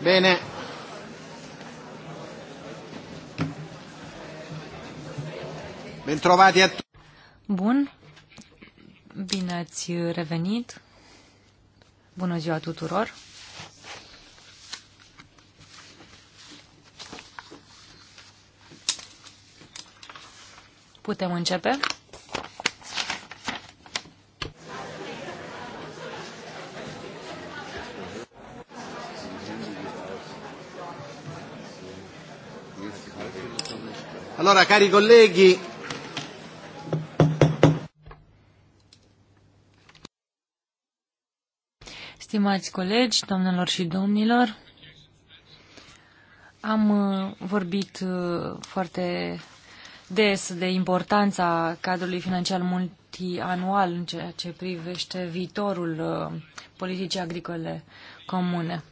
Bene. Bentrovati a tutti. Bun. Bine ați revenit. Bună ziua tuturor. Putem începe? Allora, cari colleghi. Stimați colegi, doamnelor și domnilor, am uh, vorbit uh, foarte des de importanța cadrului financiar multianual în ceea ce privește viitorul uh, politicii agricole comune.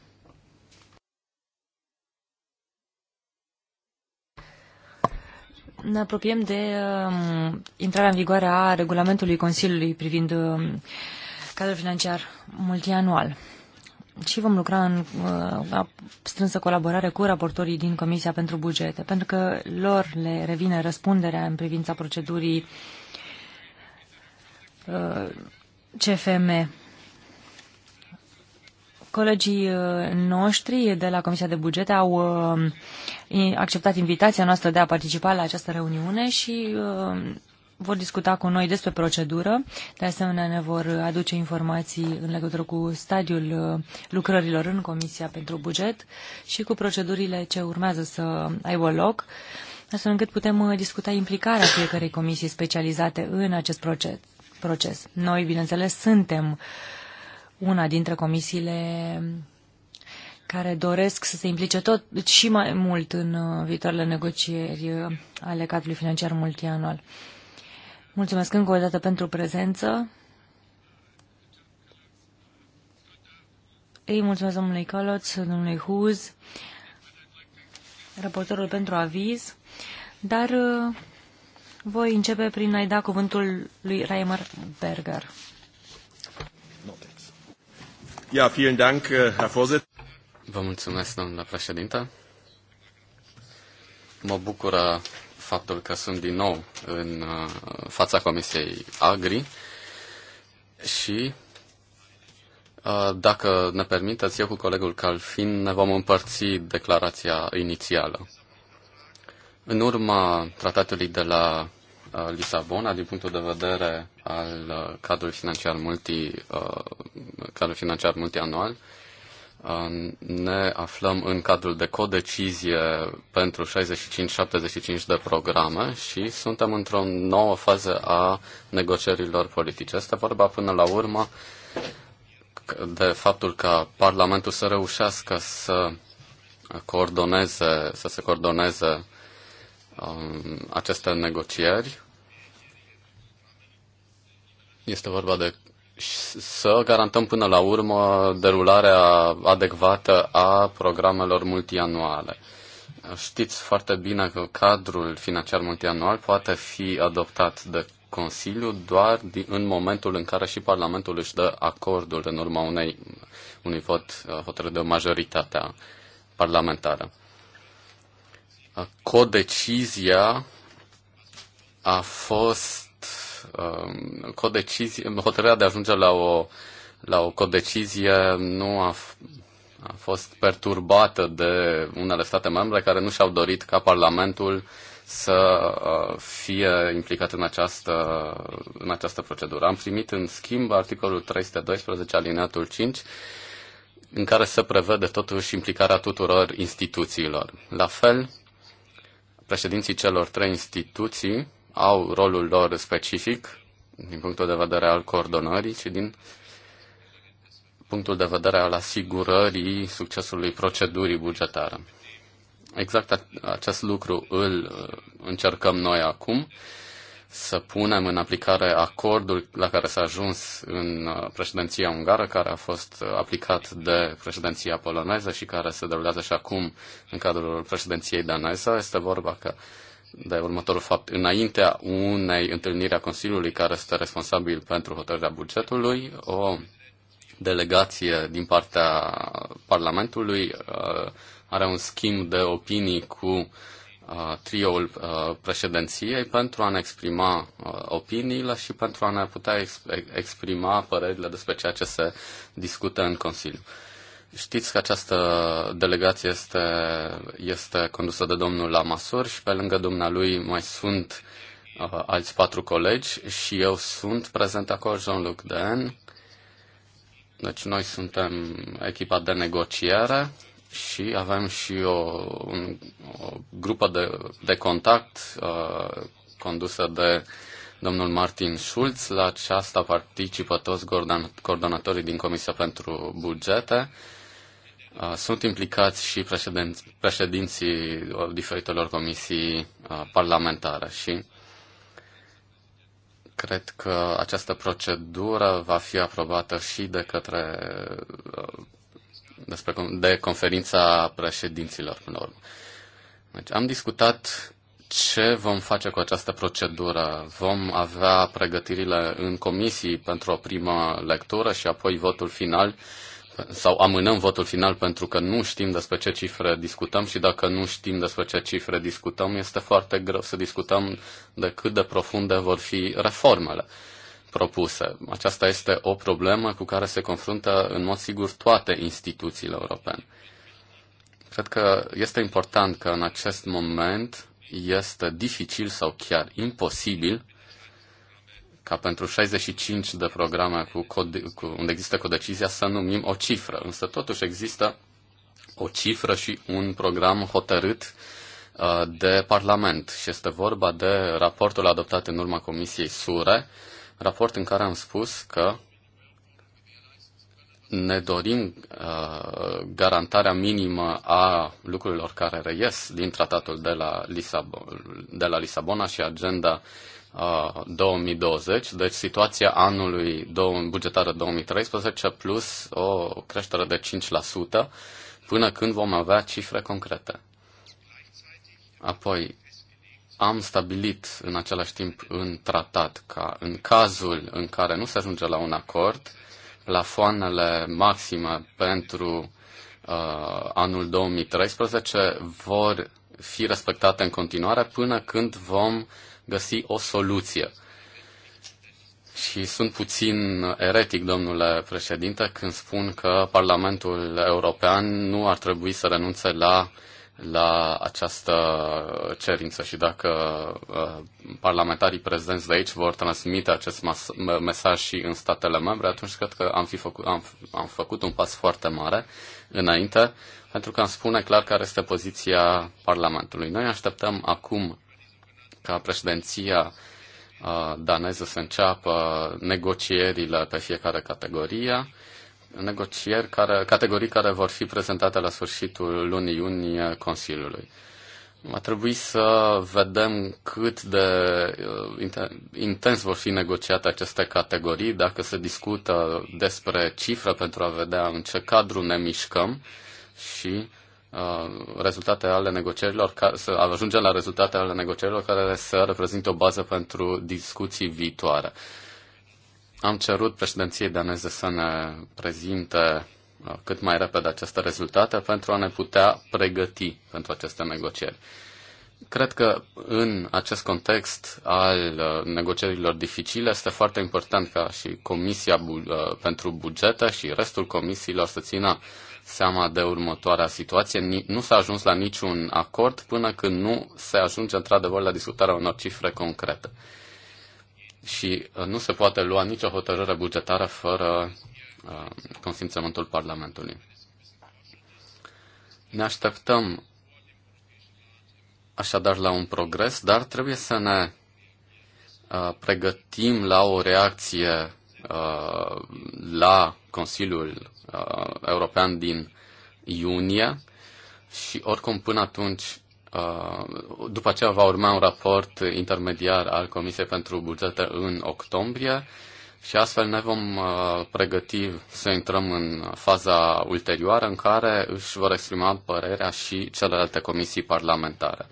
ne apropiem de um, intrarea în vigoare a regulamentului Consiliului privind um, cadrul financiar multianual și vom lucra în uh, strânsă colaborare cu raportorii din Comisia pentru Bugete, pentru că lor le revine răspunderea în privința procedurii uh, CFM. Colegii uh, noștri de la Comisia de Bugete au uh, acceptat invitația noastră de a participa la această reuniune și uh, vor discuta cu noi despre procedură. De asemenea, ne vor aduce informații în legătură cu stadiul lucrărilor în Comisia pentru Buget și cu procedurile ce urmează să aibă loc, astfel încât putem discuta implicarea fiecarei comisii specializate în acest proces. Noi, bineînțeles, suntem uh, una dintre comisiile care doresc să se implice tot și mai mult în uh, viitoarele negocieri uh, ale cadrului financiar multianual. Mulțumesc încă o dată pentru prezență. Îi mulțumesc domnului Coloț, domnului Huz, raportorul pentru aviz, dar uh, voi începe prin a-i da cuvântul lui Reimer Berger. Ja, vielen Dank, äh, Herr Vorsitzender. Vă mulțumesc, domnule președinte. Mă bucură faptul că sunt din nou în uh, fața Comisiei Agri și uh, dacă ne permiteți, eu cu colegul Calfin ne vom împărți declarația inițială. În urma tratatului de la uh, Lisabona, din punctul de vedere al uh, cadrului financiar, multi, uh, cadrul financiar multianual, uh, ne aflăm în cadrul de codecizie pentru 65-75 de programe și suntem într-o nouă fază a negocierilor politice. Este vorba până la urmă de faptul că Parlamentul să reușească să coordoneze, să se coordoneze um, aceste negocieri este vorba de să garantăm până la urmă derularea adecvată a programelor multianuale. Știți foarte bine că cadrul financiar multianual poate fi adoptat de Consiliu doar în momentul în care și Parlamentul își dă acordul în urma unei, unui vot hotărât de majoritatea parlamentară. Codecizia a fost Um, codecizie, hotărârea de a ajunge la o, la o codecizie nu a, a fost perturbată de unele state membre care nu și-au dorit ca Parlamentul să uh, fie implicat în această, în această procedură. Am primit în schimb articolul 312 alineatul 5 în care se prevede totuși implicarea tuturor instituțiilor. La fel, președinții celor trei instituții au rolul lor specific din punctul de vedere al coordonării, și din punctul de vedere al asigurării succesului procedurii bugetare. Exact acest lucru îl uh, încercăm noi acum, să punem în aplicare acordul la care s-a ajuns în uh, președinția ungară, care a fost uh, aplicat de președinția poloneză și care se derulează și acum în cadrul președinției daneză. Este vorba că de următorul fapt. Înaintea unei întâlniri a Consiliului care este responsabil pentru hotărârea bugetului, o delegație din partea Parlamentului uh, are un schimb de opinii cu uh, trioul uh, președinției pentru a ne exprima opiniile și pentru a ne putea exprima părerile despre ceea ce se discută în Consiliu. Știți că această delegație este, este condusă de domnul Lamasur și pe lângă dumnealui mai sunt uh, alți patru colegi și eu sunt prezent acolo, Jean-Luc Den. Deci noi suntem echipa de negociere și avem și o, un, o grupă de, de contact uh, condusă de domnul Martin Schulz. La aceasta participă toți coordonatorii din Comisia pentru Bugete. Uh, Uh, sunt implicați și președinți, președinții uh, diferitelor comisii uh, parlamentare și cred că această procedură va fi aprobată și de către despre, de conferința președinților până la urmă. Deci, am discutat ce vom face cu această procedură. Vom avea pregătirile în comisii pentru o primă lectură și apoi votul final sau amânăm votul final pentru că nu știm despre ce cifre discutăm și dacă nu știm despre ce cifre discutăm, este foarte greu să discutăm de cât de profunde vor fi reformele propuse. Aceasta este o problemă cu care se confruntă în mod sigur toate instituțiile europene. Cred că este important că în acest moment este dificil sau chiar imposibil ca pentru 65 de programe cu cod, cu, unde există codecizia să numim o cifră, însă totuși există o cifră și un program hotărât uh, de Parlament și este vorba de raportul adoptat în urma Comisiei Sure, raport în care am spus că ne dorim uh, garantarea minimă a lucrurilor care reies din tratatul de la, Lisab- de la Lisabona și agenda uh, 2020, uh, deci situația anului bugetară 2013 plus o creștere de 5% până când vom avea cifre concrete. Apoi, am stabilit în același timp în tratat ca în cazul în care nu se ajunge la un acord, plafoanele maxime pentru uh, anul 2013 vor fi respectate în continuare până când vom găsi o soluție. Și sunt puțin eretic, domnule președinte, când spun că Parlamentul European nu ar trebui să renunțe la, la această cerință și dacă uh, parlamentarii prezenți de aici vor transmite acest mesaj și în statele membre, atunci cred că am, fi făcut, am, am făcut un pas foarte mare înainte, pentru că am spune clar care este poziția Parlamentului. Noi așteptăm acum ca președinția daneză să înceapă negocierile pe fiecare categorie, negocieri care, categorii care vor fi prezentate la sfârșitul lunii iunie Consiliului. Va trebui să vedem cât de uh, intens vor fi negociate aceste categorii, dacă se discută despre cifre pentru a vedea în ce cadru ne mișcăm și Uh, rezultate ale negocierilor, să ajungem la rezultate ale negocierilor care să reprezinte o bază pentru discuții viitoare. Am cerut președinției daneze să ne prezinte uh, cât mai repede aceste rezultate pentru a ne putea pregăti pentru aceste negocieri. Cred că în acest context al uh, negocierilor dificile este foarte important ca și Comisia pentru Bugete și restul comisiilor să țină seama de următoarea situație. Nu s-a ajuns la niciun acord până când nu se ajunge într-adevăr la discutarea unor cifre concrete. Și uh, nu se poate lua nicio hotărâre bugetară fără uh, consimțământul Parlamentului. Ne așteptăm așadar la un progres, dar trebuie să ne uh, pregătim la o reacție la Consiliul uh, european din iunie și oricum până atunci, uh, după aceea va urma un raport intermediar al Comisiei pentru Bugete în octombrie și astfel ne vom uh, pregăti să intrăm în faza ulterioară în care își vor exprima părerea și celelalte comisii parlamentare.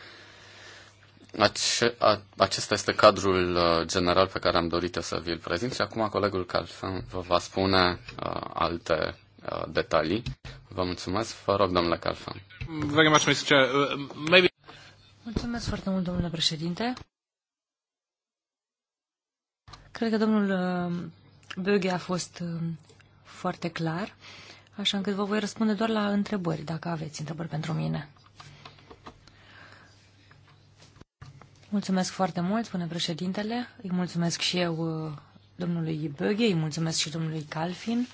Ace- a- acesta este cadrul uh, general pe care am dorit să vi-l prezint și acum colegul Calfan vă va spune uh, alte Uh, detalii. Vă mulțumesc. Vă rog, domnule Calfan. Very much, Mr. Chair. Uh, um, maybe... Mulțumesc foarte mult, domnule președinte. Cred că domnul uh, Böge a fost foarte clar, așa încât vă voi răspunde doar la întrebări, dacă aveți întrebări pentru mine. Mulțumesc foarte mult, spune președintele. Îi mulțumesc și eu domnului Böge, îi mulțumesc și domnului Calfin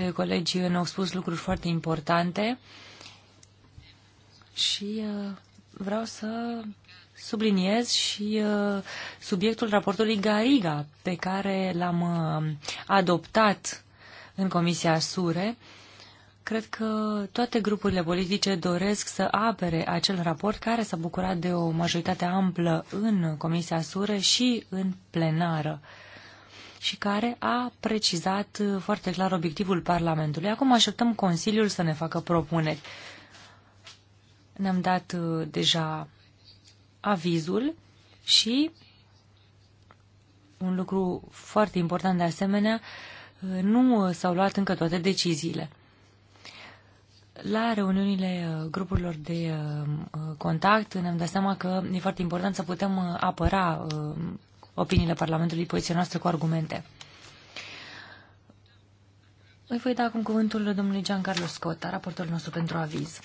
toți colegii ne-au spus lucruri foarte importante și uh, vreau să subliniez și uh, subiectul raportului Gariga, pe care l-am uh, adoptat în Comisia Sure. Cred că toate grupurile politice doresc să apere acel raport care s-a bucurat de o majoritate amplă în Comisia Sure și în plenară și care a precizat uh, foarte clar obiectivul Parlamentului. Acum așteptăm Consiliul să ne facă propuneri. Ne-am dat uh, deja avizul și un lucru foarte important de asemenea, uh, nu s-au luat încă toate deciziile. La reuniunile grupurilor de contact ne-am dat seama că e foarte important să putem apăra opiniile Parlamentului, poziția noastră cu argumente. Îi voi da acum cuvântul domnului Giancarlo Scotta, raportorul nostru pentru aviz.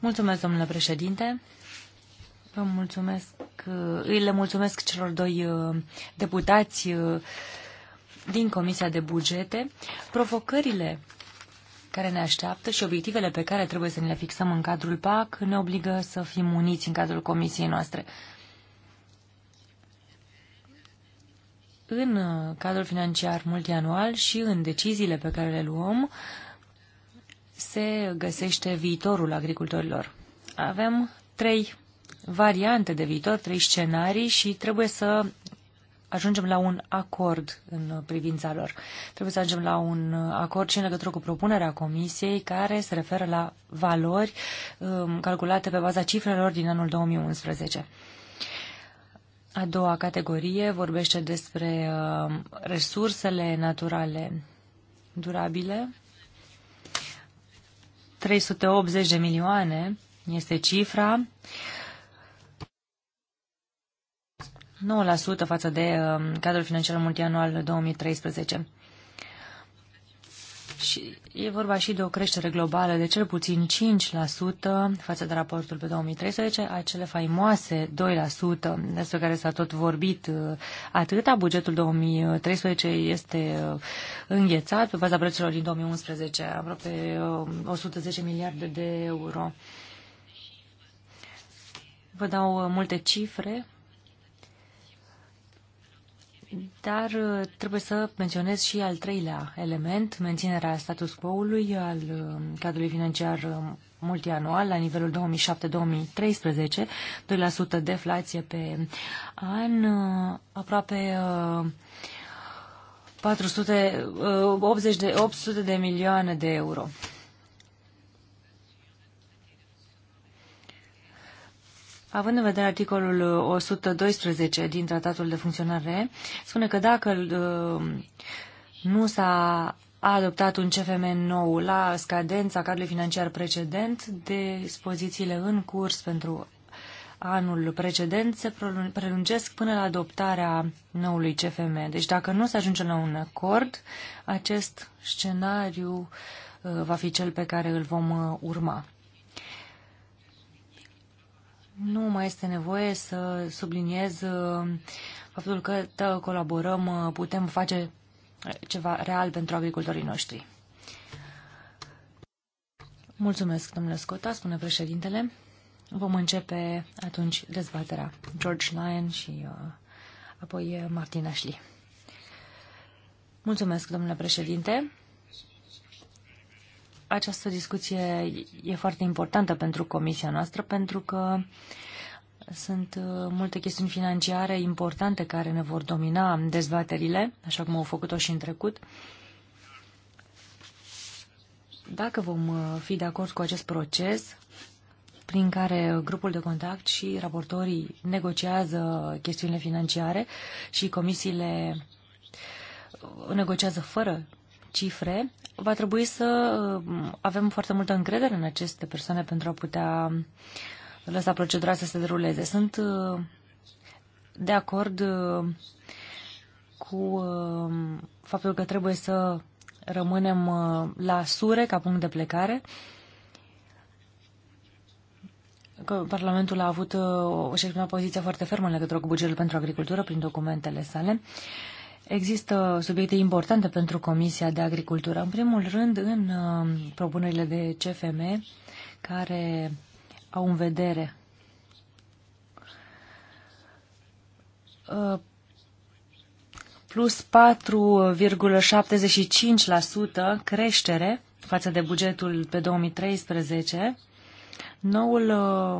Mulțumesc, domnule președinte. Vă mulțumesc, îi le mulțumesc celor doi uh, deputați uh, din Comisia de Bugete. Provocările care ne așteaptă și obiectivele pe care trebuie să ne le fixăm în cadrul PAC ne obligă să fim uniți în cadrul comisiei noastre. în uh, cadrul financiar multianual și în deciziile pe care le luăm se găsește viitorul agricultorilor. Avem trei variante de viitor, trei scenarii și trebuie să ajungem la un acord în privința lor. Trebuie să ajungem la un acord și în legătură cu propunerea comisiei care se referă la valori um, calculate pe baza cifrelor din anul 2011. A doua categorie vorbește despre uh, resursele naturale durabile. 380 de milioane este cifra. 9% față de uh, cadrul financiar multianual 2013. Și e vorba și de o creștere globală de cel puțin 5% față de raportul pe 2013, acele faimoase 2% despre care s-a tot vorbit uh, atâta. Bugetul 2013 este uh, înghețat pe baza prețurilor din 2011, aproape 110 uh, miliarde de euro. Vă dau multe cifre dar uh, trebuie să menționez și al treilea element, menținerea status quo-ului al uh, cadrului financiar uh, multianual la nivelul 2007-2013, 2% deflație pe an, aproape 400, 80 de, 800 de milioane de euro. Având în vedere articolul 112 uh, din Tratatul de Funcționare, spune că dacă uh, nu s-a adoptat un CFM nou la scadența cadrului financiar precedent, dispozițiile în curs pentru anul precedent se prelungesc până la adoptarea noului CFM. Deci dacă nu se ajunge la un acord, acest scenariu uh, va fi cel pe care îl vom urma. Nu mai este nevoie să subliniez uh, faptul că dacă colaborăm, uh, putem face uh, ceva real pentru agricultorii noștri. Mulțumesc, domnule Scota, spune președintele. Vom începe atunci dezbaterea. George Lyon și uh, apoi Martina Ashley. Mulțumesc, domnule președinte această discuție e foarte importantă pentru comisia noastră, pentru că sunt uh, multe chestiuni financiare importante care ne vor domina dezbaterile, așa cum au făcut-o și în trecut. Dacă vom uh, fi de acord cu acest proces prin care grupul de contact și raportorii negociază chestiunile financiare și comisiile uh, negociază fără cifre, va trebui să uh, avem foarte multă încredere în aceste persoane pentru a putea lăsa procedura să se deruleze. Sunt uh, de acord uh, cu faptul că trebuie să rămânem la sure ca punct de plecare. Că Parlamentul a avut o o, o poziție foarte fermă în legătură cu bugetul pentru agricultură prin documentele sale. Uh, Există subiecte importante pentru Comisia de Agricultură. În primul rând, în um, propunerile de CFM, care au în vedere uh, plus 4,75% creștere față de bugetul pe 2013. Noul uh,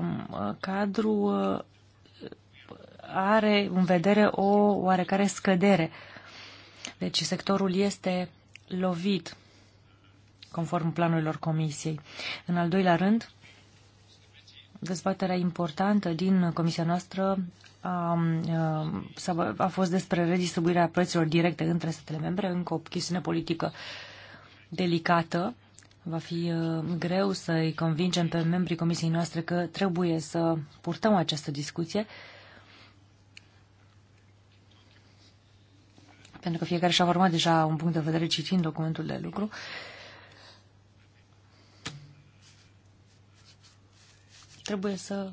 cadru uh, are în vedere o oarecare scădere deci sectorul este lovit conform planurilor comisiei. În al doilea rând, dezbaterea importantă din comisia noastră a, um, a, a fost despre redistribuirea prețurilor directe între statele membre, încă o chestiune politică delicată. Va fi uh, greu să-i convingem pe membrii comisiei noastre că trebuie să purtăm această discuție. pentru că fiecare și-a format deja un punct de vedere citind documentul de lucru. Trebuie să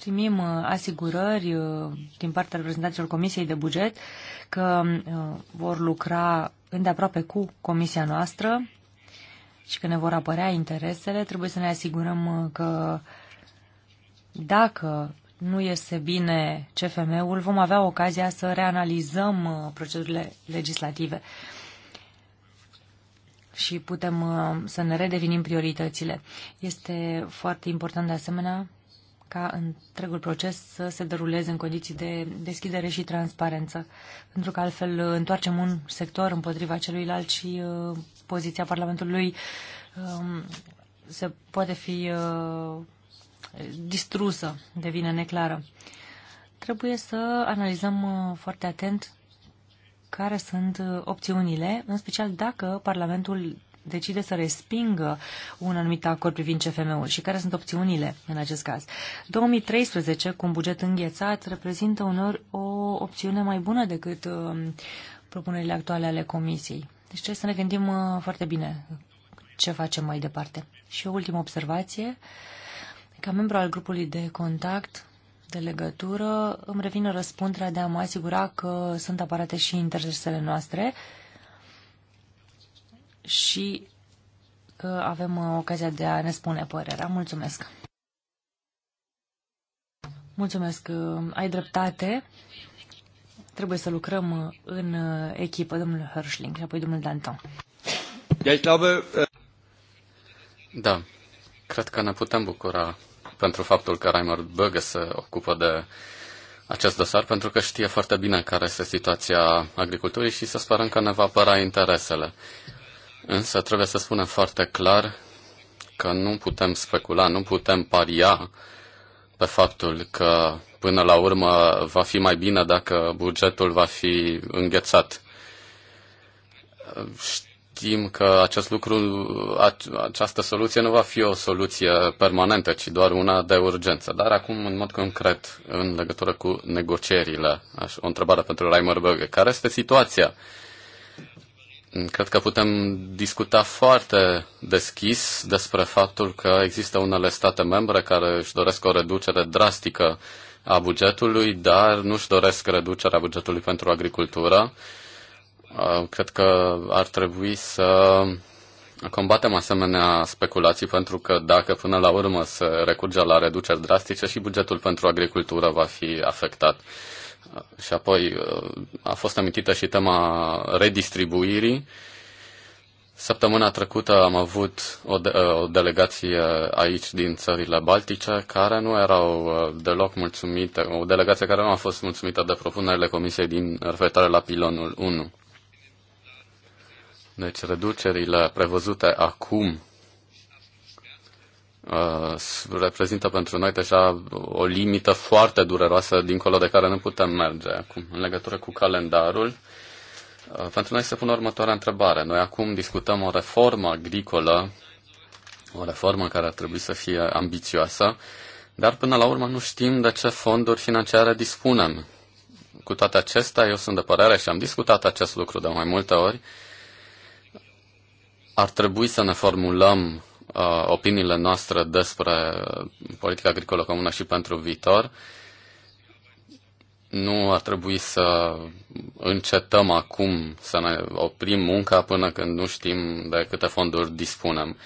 primim uh, asigurări uh, din partea reprezentanților Comisiei de Buget că uh, vor lucra îndeaproape cu comisia noastră și că ne vor apărea interesele. Trebuie să ne asigurăm că dacă nu iese bine CFM-ul, vom avea ocazia să reanalizăm uh, procedurile legislative și putem uh, să ne redevinim prioritățile. Este foarte important de asemenea ca întregul proces să se deruleze în condiții de deschidere și transparență, pentru că altfel uh, întoarcem un sector împotriva celuilalt și poziția Parlamentului um, se poate fi distrusă, devine neclară. Trebuie să analizăm uh, foarte atent care sunt uh, opțiunile, în special dacă Parlamentul decide să respingă un anumit acord privind CFM-ul și care sunt opțiunile în acest caz. 2013, cu un buget înghețat, reprezintă uneori o opțiune mai bună decât uh, propunerile actuale ale Comisiei. Deci trebuie să ne gândim foarte bine ce facem mai departe. Și o ultimă observație. Ca membru al grupului de contact, de legătură, îmi revine răspunderea de a mă asigura că sunt aparate și interesele noastre și că avem uh, ocazia de a ne spune părerea. Mulțumesc! Mulțumesc! Uh, ai dreptate! Trebuie să lucrăm uh, în echipă, domnul Hirschling și apoi domnul Danton. Da, cred că ne putem bucura pentru faptul că Reimer Böge se ocupă de acest dosar, pentru că știe foarte bine care este situația agriculturii și să sperăm că ne va apăra interesele. Însă trebuie să spunem foarte clar că nu putem specula, nu putem paria pe faptul că până la urmă va fi mai bine dacă bugetul va fi înghețat știm că acest lucru, această soluție nu va fi o soluție permanentă, ci doar una de urgență. Dar acum, în mod concret, în legătură cu negocierile, aș, o întrebare pentru Reimer Böge. Care este situația? Cred că putem discuta foarte deschis despre faptul că există unele state membre care își doresc o reducere drastică a bugetului, dar nu își doresc reducerea bugetului pentru agricultură Uh, cred că ar trebui să combatem asemenea speculații pentru că dacă până la urmă se recurge la reduceri drastice și bugetul pentru agricultură va fi afectat. Uh, și apoi uh, a fost amintită și tema redistribuirii. Săptămâna trecută am avut o, de- o delegație aici din țările Baltice care nu erau deloc mulțumite, o delegație care nu a fost mulțumită de propunerile Comisiei din referitoare la pilonul 1. Deci reducerile prevăzute acum uh, reprezintă pentru noi deja o limită foarte dureroasă dincolo de care nu putem merge acum. În legătură cu calendarul, uh, pentru noi se pune următoarea întrebare. Noi acum discutăm o reformă agricolă, o reformă care ar trebui să fie ambițioasă, dar până la urmă nu știm de ce fonduri financiare dispunem. Cu toate acestea, eu sunt de părere și am discutat acest lucru de mai multe ori, ar trebui să ne formulăm uh, opiniile noastre despre politica agricolă comună și pentru viitor. Nu ar trebui să încetăm acum să ne oprim munca până când nu știm de câte fonduri dispunem.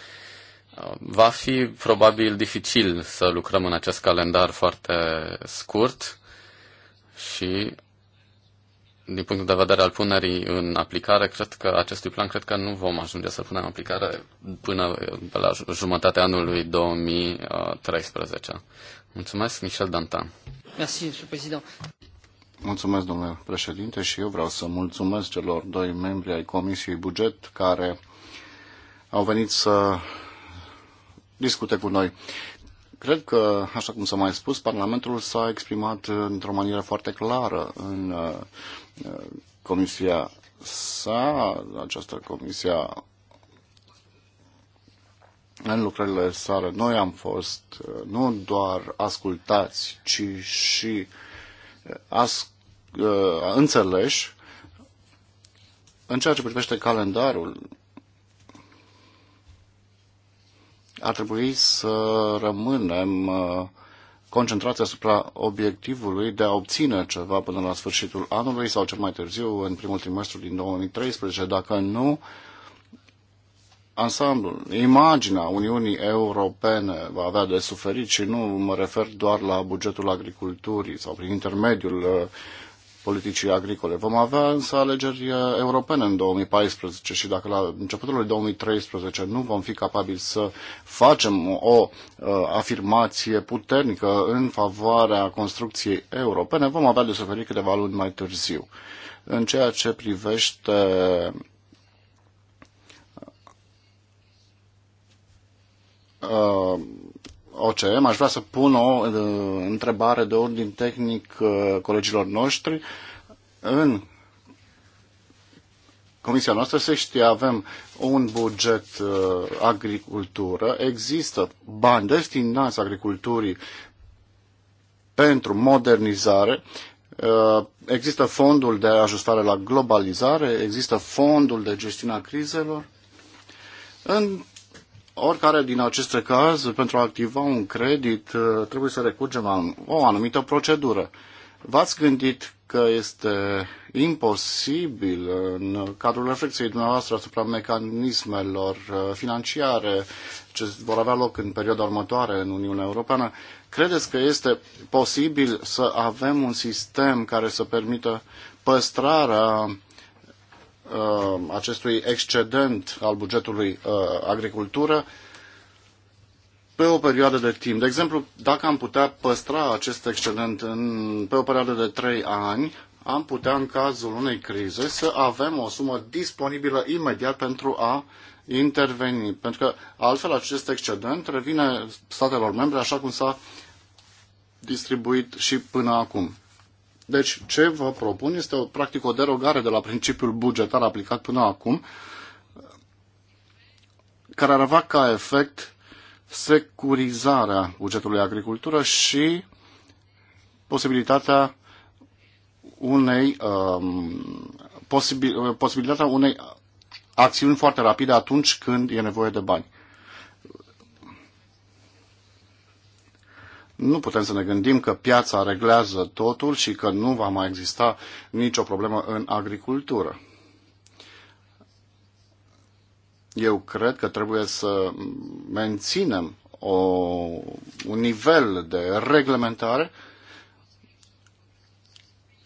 Uh, va fi probabil dificil să lucrăm în acest calendar foarte scurt și din punct de vedere al punerii în aplicare, cred că acestui plan cred că nu vom ajunge să punem în aplicare până la jumătatea anului 2013. Mulțumesc, Michel Dantan. Mulțumesc, domnule președinte, și eu vreau să mulțumesc celor doi membri ai Comisiei Buget care au venit să discute cu noi. Cred că, așa cum s-a mai spus, Parlamentul s-a exprimat într-o manieră foarte clară în uh, comisia sa, această comisia, în lucrările sale, noi am fost uh, nu doar ascultați, ci și uh, as, uh, înțeleși în ceea ce privește calendarul ar trebui să rămânem concentrați asupra obiectivului de a obține ceva până la sfârșitul anului sau cel mai târziu, în primul trimestru din 2013. Dacă nu, ansamblul, imaginea Uniunii Europene va avea de suferit și nu mă refer doar la bugetul agriculturii sau prin intermediul uh, politicii agricole. Vom avea însă alegeri uh, europene în 2014 și dacă la începutul lui 2013 nu vom fi capabili să facem o uh, afirmație puternică în favoarea construcției europene, vom avea de suferit câteva luni mai târziu. În ceea ce privește uh, OCM, aș vrea să pun o uh, întrebare de ordin tehnic uh, colegilor noștri. În comisia noastră se știe, avem un buget uh, agricultură, există bani destinați agriculturii pentru modernizare, există fondul de ajustare la globalizare, există fondul de gestiune a crizelor. În oricare din aceste cazuri, pentru a activa un credit, uh, trebuie să recurgem la o anumită procedură. V-ați gândit că este imposibil în cadrul reflexiei dumneavoastră asupra mecanismelor uh, financiare ce vor avea loc în perioada următoare în Uniunea Europeană, credeți că este posibil să avem un sistem care să permită păstrarea Uh, acestui excedent al bugetului uh, agricultură pe o perioadă de timp. De exemplu, dacă am putea păstra acest excedent în, pe o perioadă de 3 ani, am putea, în cazul unei crize, să avem o sumă disponibilă imediat pentru a interveni. Pentru că altfel acest excedent revine statelor membre așa cum s-a distribuit și până acum. Deci ce vă propun este o, practic o derogare de la principiul bugetar aplicat până acum, care ar avea ca efect securizarea bugetului agricultură și posibilitatea unei um, posibil, posibilitatea unei acțiuni foarte rapide atunci când e nevoie de bani. Nu putem să ne gândim că piața reglează totul și că nu va mai exista nicio problemă în agricultură. Eu cred că trebuie să menținem o, un nivel de reglementare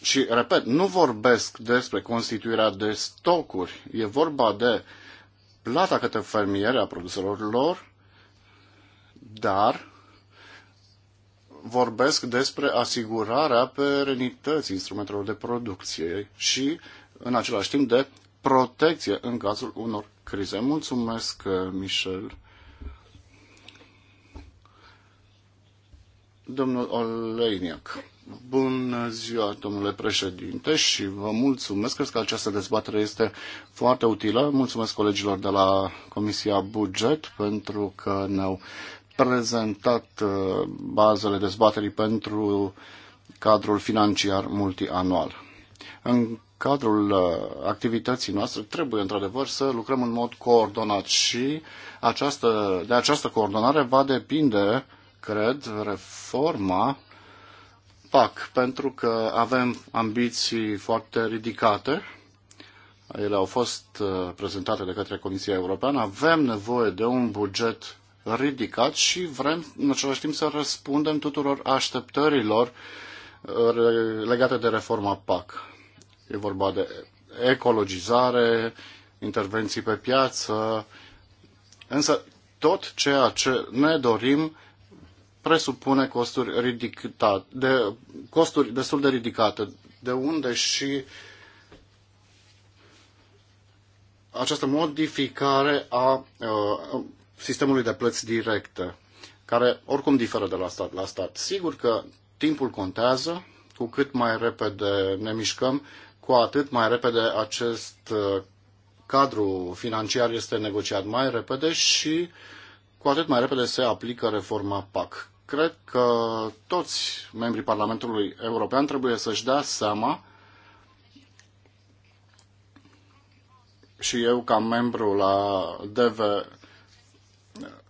și, repet, nu vorbesc despre constituirea de stocuri. E vorba de plata către fermieri a produselor lor, dar vorbesc despre asigurarea perenității instrumentelor de producție și, în același timp, de protecție în cazul unor crize. Mulțumesc, Michel. Domnul Oleiniac. Bună ziua, domnule președinte, și vă mulțumesc. Cred că această dezbatere este foarte utilă. Mulțumesc colegilor de la Comisia Buget pentru că ne-au prezentat uh, bazele dezbaterii pentru cadrul financiar multianual. În cadrul uh, activității noastre trebuie într-adevăr să lucrăm în mod coordonat și această, de această coordonare va depinde, cred, reforma PAC, pentru că avem ambiții foarte ridicate. Ele au fost uh, prezentate de către Comisia Europeană. Avem nevoie de un buget ridicat și vrem în același timp să răspundem tuturor așteptărilor uh, legate de reforma PAC. E vorba de ecologizare, intervenții pe piață, însă tot ceea ce ne dorim presupune costuri, ridicate, de, costuri destul de ridicate, de unde și această modificare a uh, sistemului de plăți directe, care oricum diferă de la stat la stat. Sigur că timpul contează, cu cât mai repede ne mișcăm, cu atât mai repede acest uh, cadru financiar este negociat mai repede și cu atât mai repede se aplică reforma PAC cred că toți membrii Parlamentului European trebuie să-și dea seama și eu ca membru la DV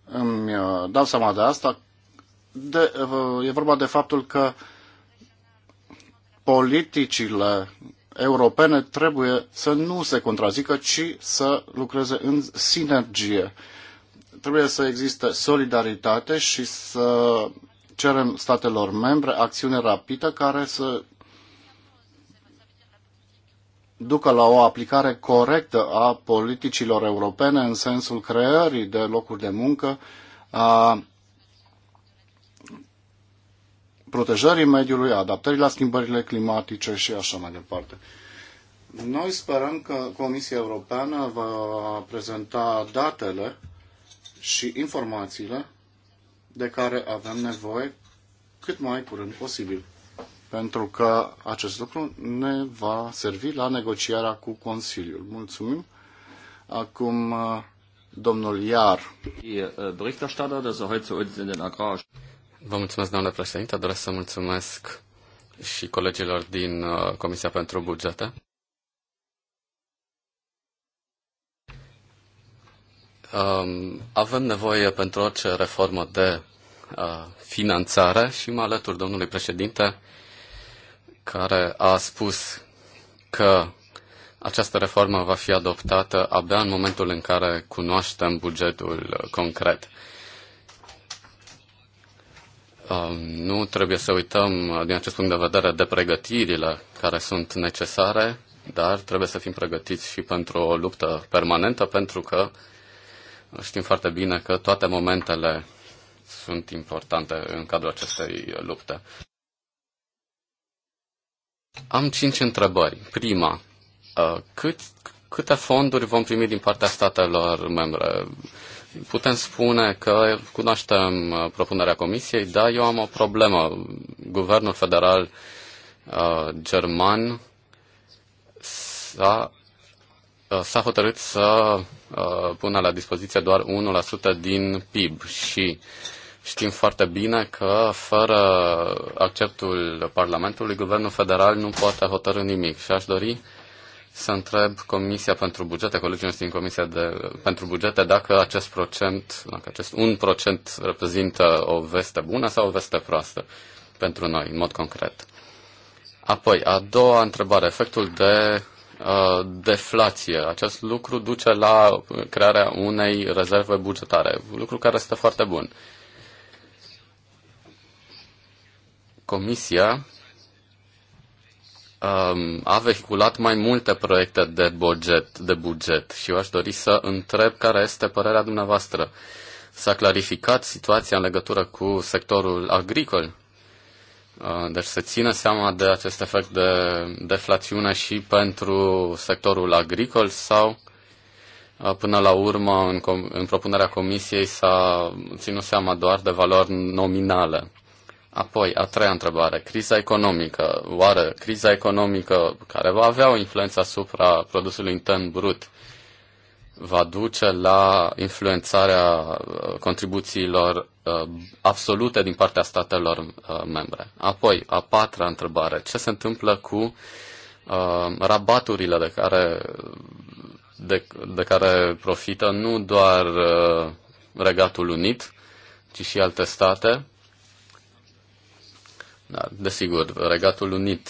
îmi uh, dau seama de asta. De, uh, e vorba de faptul că politicile europene trebuie să nu se contrazică, ci să lucreze în sinergie trebuie să existe solidaritate și să cerem statelor membre acțiune rapidă care să ducă la o aplicare corectă a politicilor europene în sensul creării de locuri de muncă, a protejării mediului, a adaptării la schimbările climatice și așa mai departe. Noi sperăm că Comisia Europeană va prezenta datele și informațiile de care avem nevoie cât mai curând posibil. Pentru că acest lucru ne va servi la negocierea cu Consiliul. Mulțumim. Acum uh, domnul Iar. Uh, Vă mulțumesc, doamnă președinte. Doresc să mulțumesc și colegilor din uh, Comisia pentru Bugete Um, avem nevoie pentru orice reformă de uh, finanțare și mă alătur domnului președinte care a spus că această reformă va fi adoptată abia în momentul în care cunoaștem bugetul concret. Um, nu trebuie să uităm, din acest punct de vedere, de pregătirile care sunt necesare, dar trebuie să fim pregătiți și pentru o luptă permanentă, pentru că Știm foarte bine că toate momentele sunt importante în cadrul acestei lupte. Am cinci întrebări. Prima, uh, cât, câte fonduri vom primi din partea statelor membre? Putem spune că cunoaștem uh, propunerea Comisiei, dar eu am o problemă. Guvernul federal uh, german s-a Uh, s-a hotărât să uh, pună la dispoziție doar 1% din PIB și știm foarte bine că fără acceptul Parlamentului, Guvernul Federal nu poate hotărâ nimic și aș dori să întreb Comisia pentru Bugete, colegii noștri din Comisia de, pentru Bugete, dacă acest procent, dacă acest 1% reprezintă o veste bună sau o veste proastă pentru noi, în mod concret. Apoi, a doua întrebare, efectul de Uh, deflație. Acest lucru duce la crearea unei rezerve bugetare, lucru care este foarte bun. Comisia um, a vehiculat mai multe proiecte de buget, de buget și eu aș dori să întreb care este părerea dumneavoastră. S-a clarificat situația în legătură cu sectorul agricol? Uh, deci se ține seama de acest efect de deflațiune și pentru sectorul agricol sau uh, până la urmă în, com- în propunerea comisiei s-a ținut seama doar de valori nominale. Apoi, a treia întrebare, criza economică. Oare criza economică care va avea o influență asupra produsului intern brut va duce la influențarea uh, contribuțiilor uh, absolute din partea statelor uh, membre. Apoi, a patra întrebare. Ce se întâmplă cu rabaturile de care, de, de care profită nu doar Regatul Unit, ci și alte state? Da, desigur, Regatul Unit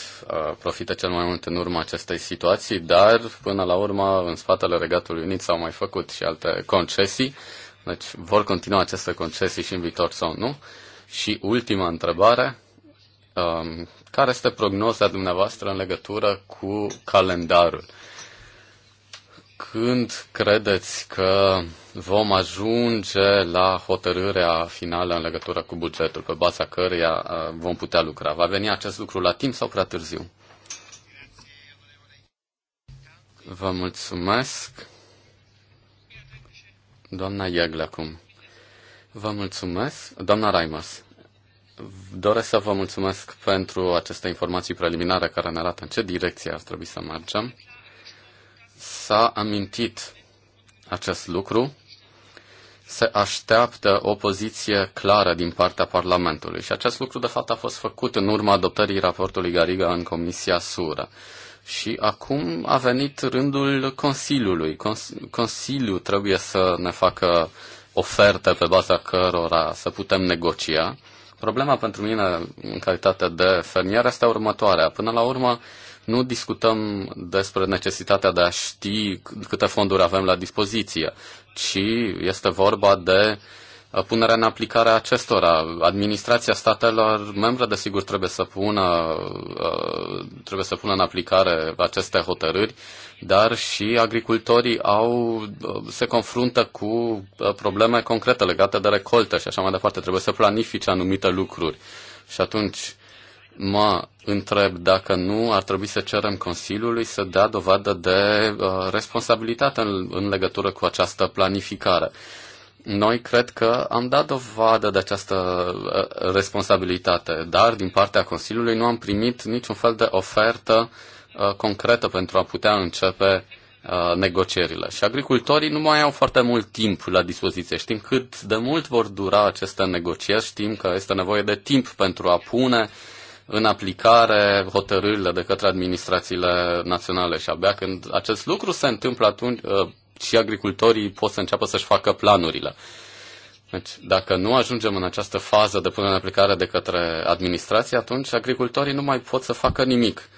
profită cel mai mult în urma acestei situații, dar până la urmă, în spatele Regatului Unit s-au mai făcut și alte concesii, deci vor continua aceste concesii și în viitor sau nu. Și ultima întrebare, care este prognoza dumneavoastră în legătură cu calendarul? Când credeți că vom ajunge la hotărârea finală în legătură cu bugetul, pe baza căreia uh, vom putea lucra. Va veni acest lucru la timp sau prea târziu? Vă mulțumesc. Doamna Iegle acum. Vă mulțumesc. Doamna Raimas, doresc să vă mulțumesc pentru aceste informații preliminare care ne arată în ce direcție ar trebui să mergem. S-a amintit acest lucru se așteaptă o poziție clară din partea Parlamentului și acest lucru de fapt a fost făcut în urma adoptării raportului Gariga în Comisia Sură. Și acum a venit rândul Consiliului. Cons- Consiliul trebuie să ne facă oferte pe baza cărora să putem negocia. Problema pentru mine în calitate de fermier este următoarea. Până la urmă, nu discutăm despre necesitatea de a ști câte fonduri avem la dispoziție ci este vorba de uh, punerea în aplicare a acestora. Administrația statelor membre, desigur, trebuie să pună, uh, trebuie să pună în aplicare aceste hotărâri, dar și agricultorii au, uh, se confruntă cu probleme concrete legate de recoltă și așa mai departe. Trebuie să planifice anumite lucruri. Și atunci, mă întreb dacă nu ar trebui să cerem Consiliului să dea dovadă de uh, responsabilitate în, în legătură cu această planificare. Noi cred că am dat dovadă de această uh, responsabilitate, dar din partea Consiliului nu am primit niciun fel de ofertă uh, concretă pentru a putea începe uh, negocierile. Și agricultorii nu mai au foarte mult timp la dispoziție. Știm cât de mult vor dura aceste negocieri, știm că este nevoie de timp pentru a pune uh, în aplicare hotărârile de către administrațiile naționale și abia când acest lucru se întâmplă atunci ă, și agricultorii pot să înceapă să-și facă planurile. Deci, dacă nu ajungem în această fază de punere în aplicare de către administrație, atunci agricultorii nu mai pot să facă nimic.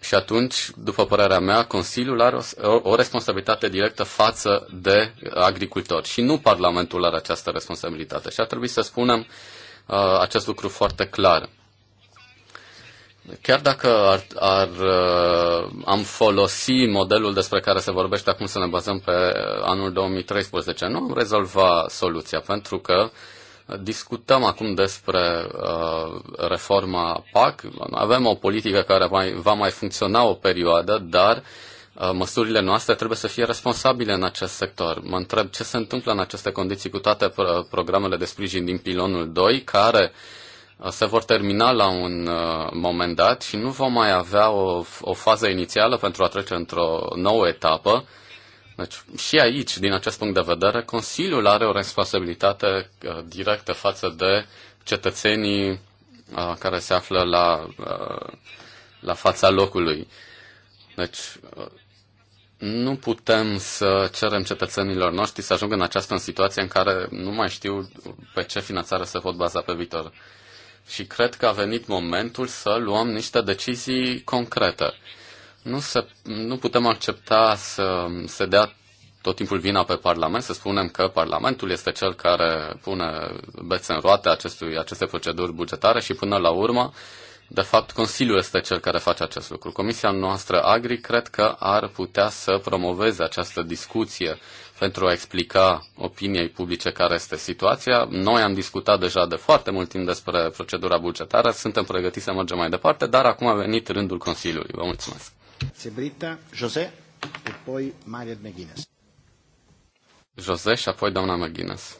Și atunci, după părerea mea, Consiliul are o, o responsabilitate directă față de agricultori și nu Parlamentul are această responsabilitate. Și ar trebui să spunem uh, acest lucru foarte clar. Chiar dacă ar, ar, uh, am folosi modelul despre care se vorbește acum să ne bazăm pe uh, anul 2013, nu am rezolvat soluția, pentru că discutăm acum despre uh, reforma PAC. Avem o politică care mai, va mai funcționa o perioadă, dar uh, măsurile noastre trebuie să fie responsabile în acest sector. Mă întreb ce se întâmplă în aceste condiții cu toate programele de sprijin din pilonul 2, care uh, se vor termina la un uh, moment dat și nu vom mai avea o, o fază inițială pentru a trece într-o nouă etapă. Deci și aici, din acest punct de vedere, Consiliul are o responsabilitate uh, directă față de cetățenii uh, care se află la, la fața locului. Deci nu putem să cerem cetățenilor noștri să ajungă în această situație în care nu mai știu pe ce finanțare se pot baza pe viitor și cred că a venit momentul să luăm niște decizii concrete. Nu, se, nu putem accepta să se dea tot timpul vina pe Parlament, să spunem că Parlamentul este cel care pune bețe în roate acestui, aceste proceduri bugetare și până la urmă, de fapt, Consiliul este cel care face acest lucru. Comisia noastră Agri cred că ar putea să promoveze această discuție pentru a explica opiniei publice care este situația. Noi am discutat deja de foarte mult timp despre procedura bugetară, suntem pregătiți să mergem mai departe, dar acum a venit rândul Consiliului. Vă mulțumesc. Sebrita, José, apoi Maria Meghines. José și apoi doamna Meghines.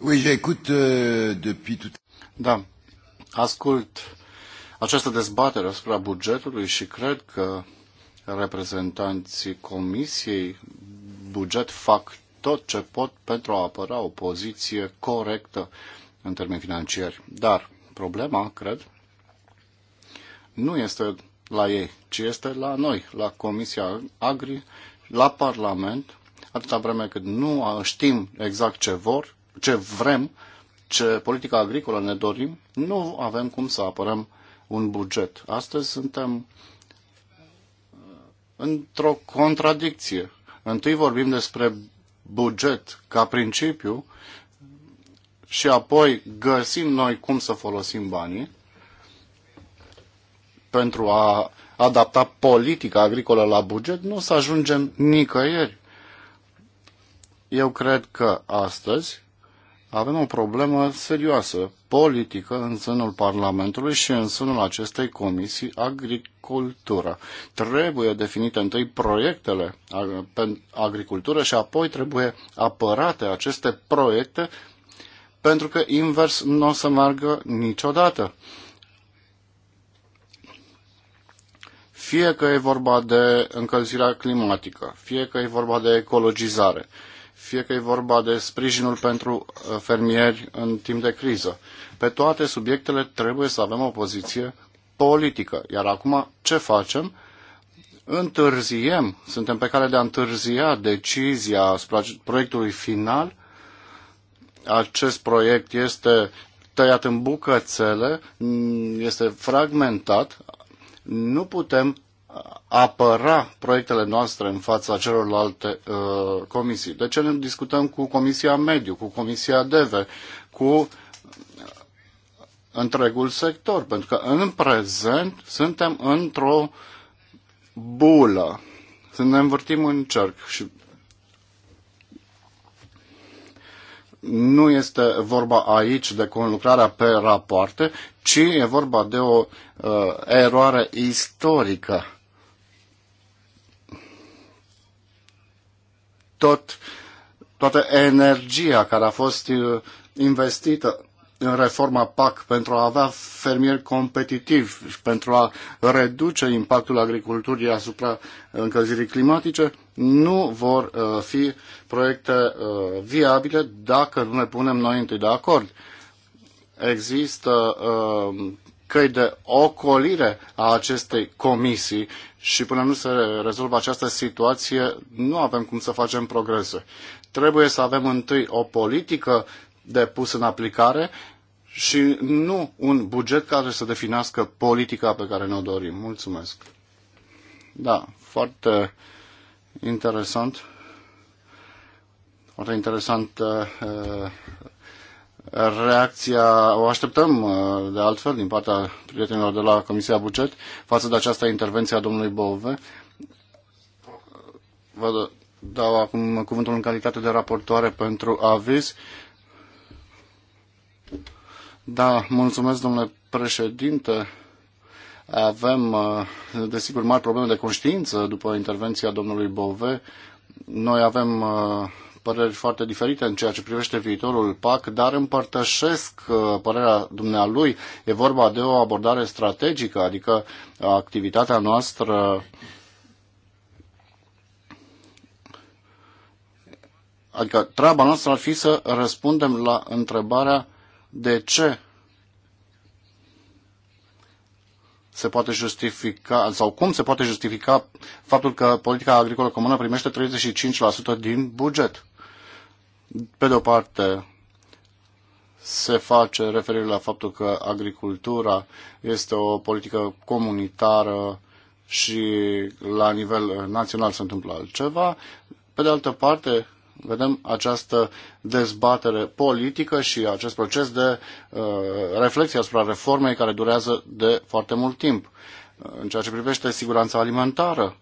Oui, j'écoute euh, depuis tout... Da, ascult această dezbatere asupra bugetului și cred că reprezentanții Comisiei buget fac tot ce pot pentru a apăra o poziție corectă în termeni financiari. Dar problema, cred, nu este la ei, ci este la noi, la Comisia Agri, la Parlament, atâta vreme cât nu știm exact ce vor, ce vrem, ce politică agricolă ne dorim, nu avem cum să apărăm un buget. Astăzi suntem uh, într-o contradicție. Întâi vorbim despre buget ca principiu și apoi găsim noi cum să folosim banii pentru a adapta politica agricolă la buget, nu o să ajungem nicăieri. Eu cred că astăzi avem o problemă serioasă politică în sânul Parlamentului și în sânul acestei comisii agricultură. Trebuie definite întâi proiectele pentru agricultură și apoi trebuie apărate aceste proiecte pentru că invers nu o să meargă niciodată. Fie că e vorba de încălzirea climatică, fie că e vorba de ecologizare, fie că e vorba de sprijinul pentru uh, fermieri în timp de criză. Pe toate subiectele trebuie să avem o poziție politică. Iar acum ce facem? Întârziem, suntem pe cale de a întârzia decizia asupra proiectului final. Acest proiect este tăiat în bucățele, este fragmentat. Nu putem apăra proiectele noastre în fața celorlalte uh, comisii. De ce nu discutăm cu Comisia Mediu, cu Comisia DEVE, cu uh, întregul sector? Pentru că în prezent suntem într-o bulă, să ne învârtim în cerc și nu este vorba aici de conlucrarea pe rapoarte, ci e vorba de o uh, eroare istorică tot, toată energia care a fost uh, investită în reforma PAC pentru a avea fermieri competitivi și pentru a reduce impactul agriculturii asupra încălzirii climatice, nu vor uh, fi proiecte uh, viabile dacă nu ne punem noi întâi de acord. Există căi de ocolire a acestei comisii și până nu se rezolvă această situație, nu avem cum să facem progrese. Trebuie să avem întâi o politică de pus în aplicare și nu un buget care să definească politica pe care ne-o dorim. Mulțumesc. Da, foarte interesant. Foarte interesant uh, uh, reacția, o așteptăm uh, de altfel din partea prietenilor de la Comisia Buget față de această intervenție a domnului Bove. Vă dau acum cuvântul în calitate de raportoare pentru aviz. Da, mulțumesc, domnule președinte. Avem, uh, desigur, mari probleme de conștiință după intervenția domnului Bove. Noi avem uh, păreri foarte diferite în ceea ce privește viitorul PAC, dar împărtășesc uh, părerea dumnealui. E vorba de o abordare strategică, adică activitatea noastră Adică treaba noastră ar fi să răspundem la întrebarea de ce se poate justifica sau cum se poate justifica faptul că politica agricolă comună primește 35% din buget. Pe de o parte, se face referire la faptul că agricultura este o politică comunitară și la nivel național se întâmplă altceva. Pe de altă parte, vedem această dezbatere politică și acest proces de uh, reflexie asupra reformei care durează de foarte mult timp. În ceea ce privește siguranța alimentară,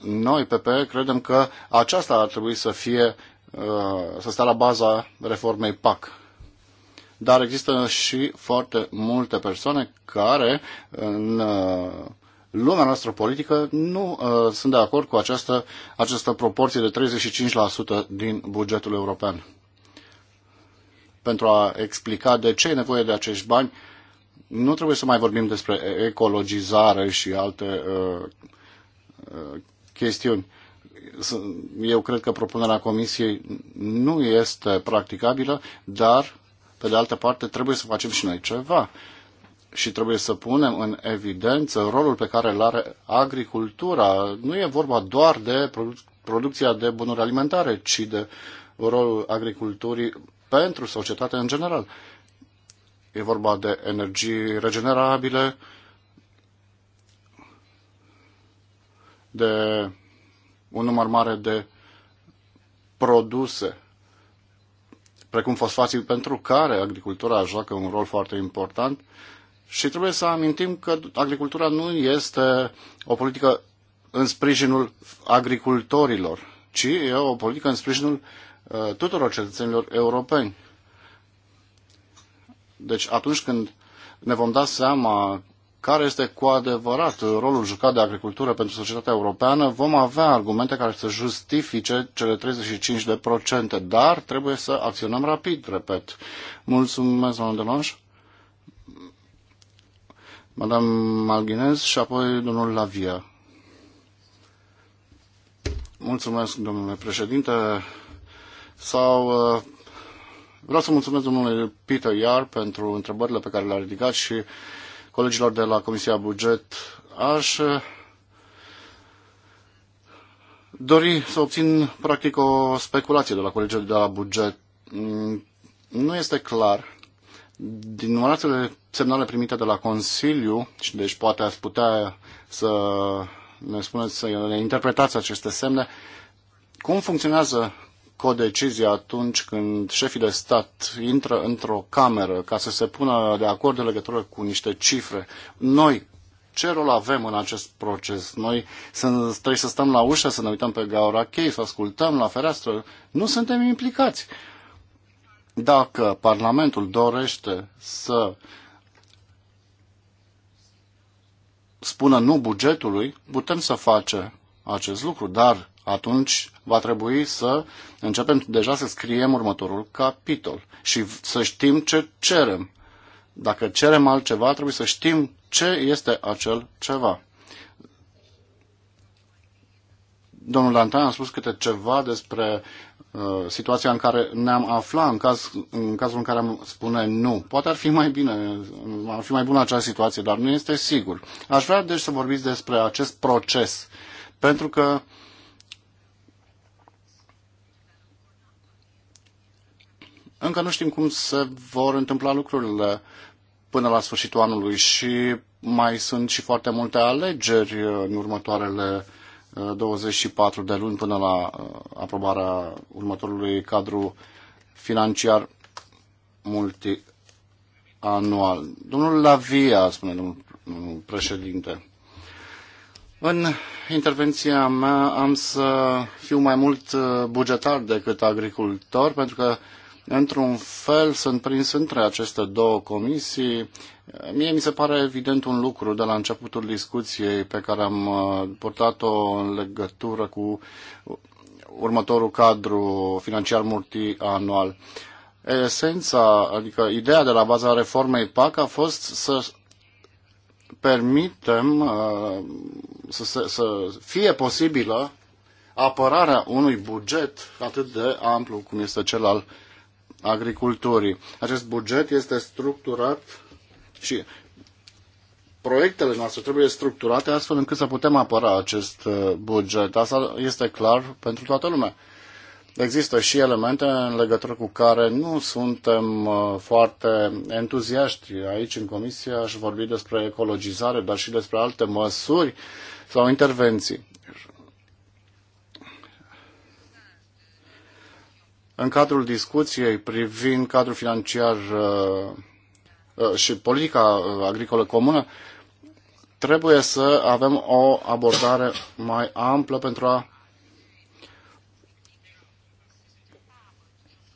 noi, PPE, credem că aceasta ar trebui să fie Uh, să stea la baza reformei PAC. Dar există și foarte multe persoane care în uh, lumea noastră politică nu uh, sunt de acord cu această, această proporție de 35% din bugetul european. Pentru a explica de ce e nevoie de acești bani, nu trebuie să mai vorbim despre ecologizare și alte uh, uh, chestiuni eu cred că propunerea Comisiei nu este practicabilă, dar, pe de altă parte, trebuie să facem și noi ceva și trebuie să punem în evidență rolul pe care îl are agricultura. Nu e vorba doar de producția de bunuri alimentare, ci de rolul agriculturii pentru societate în general. E vorba de energii regenerabile, de un număr mare de produse, precum fosfații, pentru care agricultura joacă un rol foarte important. Și trebuie să amintim că agricultura nu este o politică în sprijinul agricultorilor, ci e o politică în sprijinul uh, tuturor cetățenilor europeni. Deci atunci când ne vom da seama care este cu adevărat rolul jucat de agricultură pentru societatea europeană, vom avea argumente care să justifice cele 35 de procente, dar trebuie să acționăm rapid, repet. Mulțumesc, domnule Delanș. Madame Malghinez și apoi domnul Lavia. Mulțumesc, domnule președinte. Sau uh, vreau să mulțumesc domnului Peter Iar pentru întrebările pe care le-a ridicat și colegilor de la Comisia Buget, aș eh, dori să obțin practic o speculație de la colegii de la buget. Mm, nu este clar din numeroasele semnale primite de la Consiliu, și deci poate ați putea să ne spuneți, să ne interpretați aceste semne, cum funcționează codecizie atunci când șefii de stat intră într-o cameră ca să se pună de acord în legătură cu niște cifre. Noi ce rol avem în acest proces? Noi trebuie să stăm la ușă, să ne uităm pe gaura chei, să ascultăm la fereastră. Nu suntem implicați. Dacă Parlamentul dorește să spună nu bugetului, putem să facem acest lucru, dar atunci va trebui să începem deja să scriem următorul capitol și să știm ce cerem. Dacă cerem altceva, trebuie să știm ce este acel ceva. Domnul Dantan a spus câte ceva despre uh, situația în care ne-am aflat, în, caz, în cazul în care am spune nu. Poate ar fi mai bine, ar fi mai bună acea situație, dar nu este sigur. Aș vrea deci să vorbiți despre acest proces, pentru că uh, încă nu știm cum se vor întâmpla lucrurile până la sfârșitul anului și mai sunt și foarte multe alegeri în următoarele 24 uh, de luni până la uh, aprobarea următorului cadru financiar multianual. Domnul Lavia, spune domnul președinte, în intervenția mea am să fiu mai mult uh, bugetar decât agricultor, pentru că într-un fel sunt prins între aceste două comisii. Mie mi se pare evident un lucru de la începutul discuției pe care am uh, purtat-o în legătură cu următorul cadru financiar multianual. Esența, adică ideea de la baza reformei PAC a fost să permitem uh, să, să, să fie posibilă apărarea unui buget atât de amplu cum este cel al agriculturii. Acest buget este structurat și proiectele noastre trebuie structurate astfel încât să putem apăra acest uh, buget. Asta este clar pentru toată lumea. Există și elemente în legătură cu care nu suntem uh, foarte entuziaști. Aici, în comisie, aș vorbi despre ecologizare, dar și despre alte măsuri sau intervenții. În cadrul discuției privind cadrul financiar uh, uh, și politica uh, agricolă comună, trebuie să avem o abordare mai amplă pentru a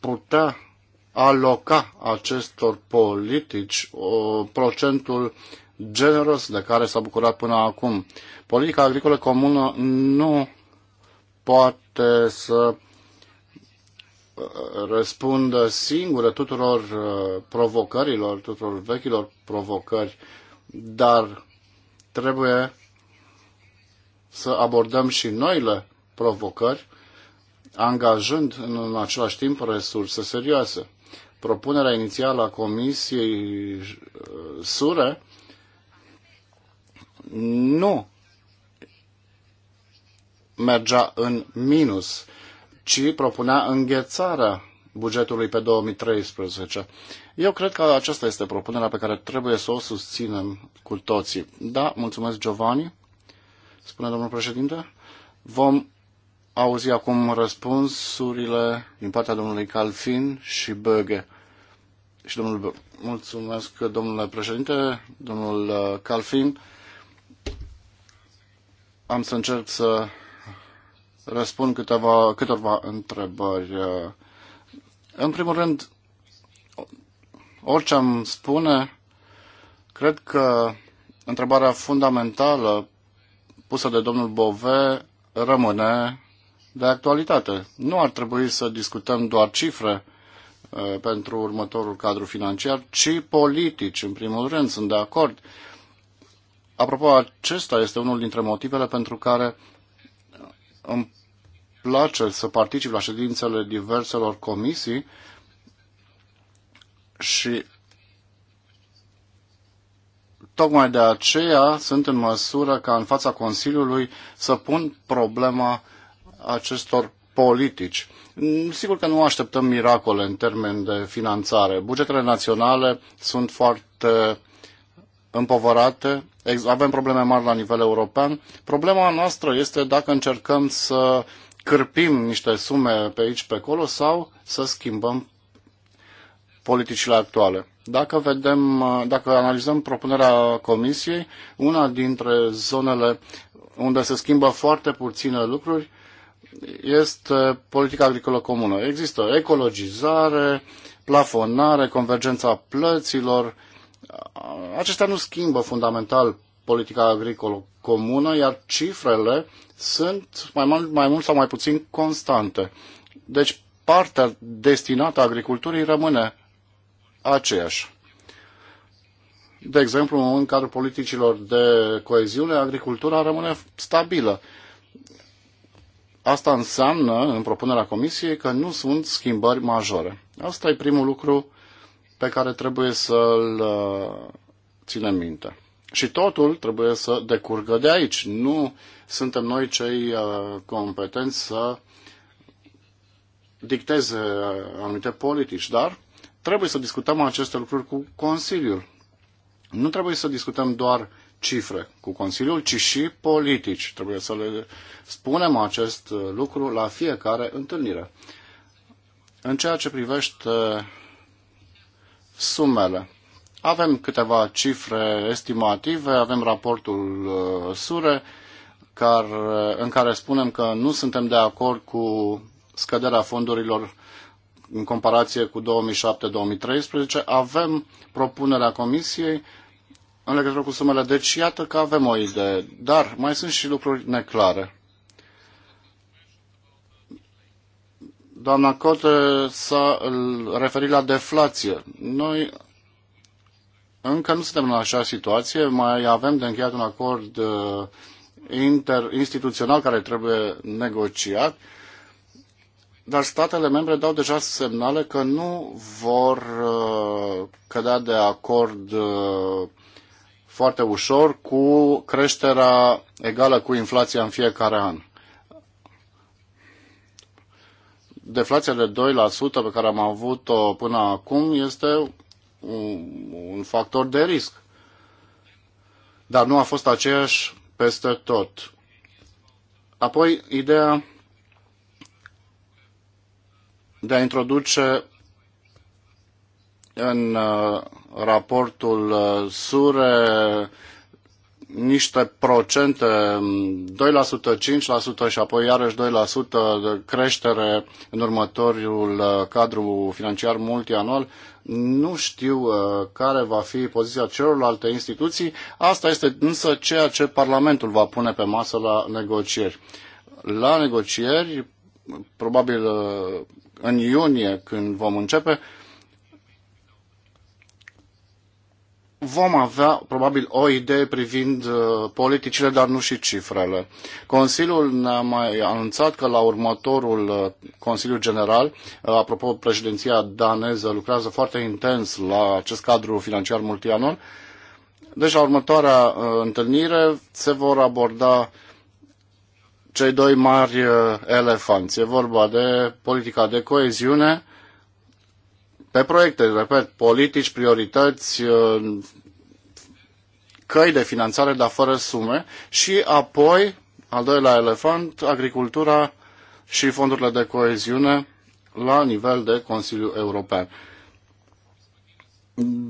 putea aloca acestor politici o, procentul generos de care s-a bucurat până acum. Politica agricolă comună nu poate să răspundă singură tuturor uh, provocărilor, tuturor vechilor provocări, dar trebuie să abordăm și noile provocări, angajând în același timp resurse serioase. Propunerea inițială a Comisiei uh, Sure nu mergea în minus ci propunea înghețarea bugetului pe 2013. Eu cred că aceasta este propunerea pe care trebuie să o susținem cu toții. Da, mulțumesc Giovanni, spune domnul președinte. Vom auzi acum răspunsurile din partea domnului Calfin și Böge. Și domnul Böge. Mulțumesc, domnule președinte, domnul uh, Calfin. Am să încerc să răspund câteva, câteva întrebări. În primul rând, orice am spune, cred că întrebarea fundamentală pusă de domnul Bove rămâne de actualitate. Nu ar trebui să discutăm doar cifre uh, pentru următorul cadru financiar, ci politici, în primul rând, sunt de acord. Apropo, acesta este unul dintre motivele pentru care îmi place să particip la ședințele diverselor comisii și tocmai de aceea sunt în măsură ca în fața Consiliului să pun problema acestor politici. Sigur că nu așteptăm miracole în termen de finanțare. Bugetele naționale sunt foarte împovărate, avem probleme mari la nivel european. Problema noastră este dacă încercăm să cârpim niște sume pe aici, pe acolo sau să schimbăm politicile actuale. Dacă, vedem, dacă analizăm propunerea Comisiei, una dintre zonele unde se schimbă foarte puține lucruri este politica agricolă comună. Există ecologizare, plafonare, convergența plăților, acestea nu schimbă fundamental politica agricolă comună, iar cifrele sunt mai, mult, mai mult sau mai puțin constante. Deci partea destinată agriculturii rămâne aceeași. De exemplu, în cadrul politicilor de coeziune, agricultura rămâne stabilă. Asta înseamnă, în propunerea Comisiei, că nu sunt schimbări majore. Asta e primul lucru pe care trebuie să-l uh, ținem minte. Și totul trebuie să decurgă de aici. Nu suntem noi cei uh, competenți să dicteze uh, anumite politici, dar trebuie să discutăm aceste lucruri cu Consiliul. Nu trebuie să discutăm doar cifre cu Consiliul, ci și politici. Trebuie să le spunem acest lucru la fiecare întâlnire. În ceea ce privește sumele. Avem câteva cifre estimative, avem raportul uh, SURE, care, în care spunem că nu suntem de acord cu scăderea fondurilor în comparație cu 2007-2013. Avem propunerea Comisiei în legătură cu sumele, deci iată că avem o idee, dar mai sunt și lucruri neclare. Doamna Cot s-a referit la deflație. Noi încă nu suntem în așa situație, mai avem de încheiat un acord uh, interinstituțional care trebuie negociat, dar statele membre dau deja semnale că nu vor uh, cădea de acord uh, foarte ușor cu creșterea egală cu inflația în fiecare an. deflația de 2% pe care am avut-o până acum este un, un factor de risc. Dar nu a fost aceeași peste tot. Apoi, ideea de a introduce în uh, raportul uh, SURE niște procente, 2%, mm, 5% și apoi iarăși 2% de creștere în următorul uh, cadru financiar multianual, nu știu uh, care va fi poziția celorlalte instituții. Asta este însă ceea ce Parlamentul va pune pe masă la negocieri. La negocieri, probabil uh, în iunie când vom începe, vom avea probabil o idee privind uh, politicile, dar nu și cifrele. Consiliul ne-a mai anunțat că la următorul uh, Consiliu General, uh, apropo, președinția daneză lucrează foarte intens la acest cadru financiar multianual, deci la următoarea întâlnire se vor aborda cei doi mari elefanți. E vorba de politica de coeziune, pe proiecte, repet, politici, priorități, uh, căi de finanțare, dar fără sume, și apoi, al doilea elefant, agricultura și fondurile de coeziune la nivel de Consiliu European.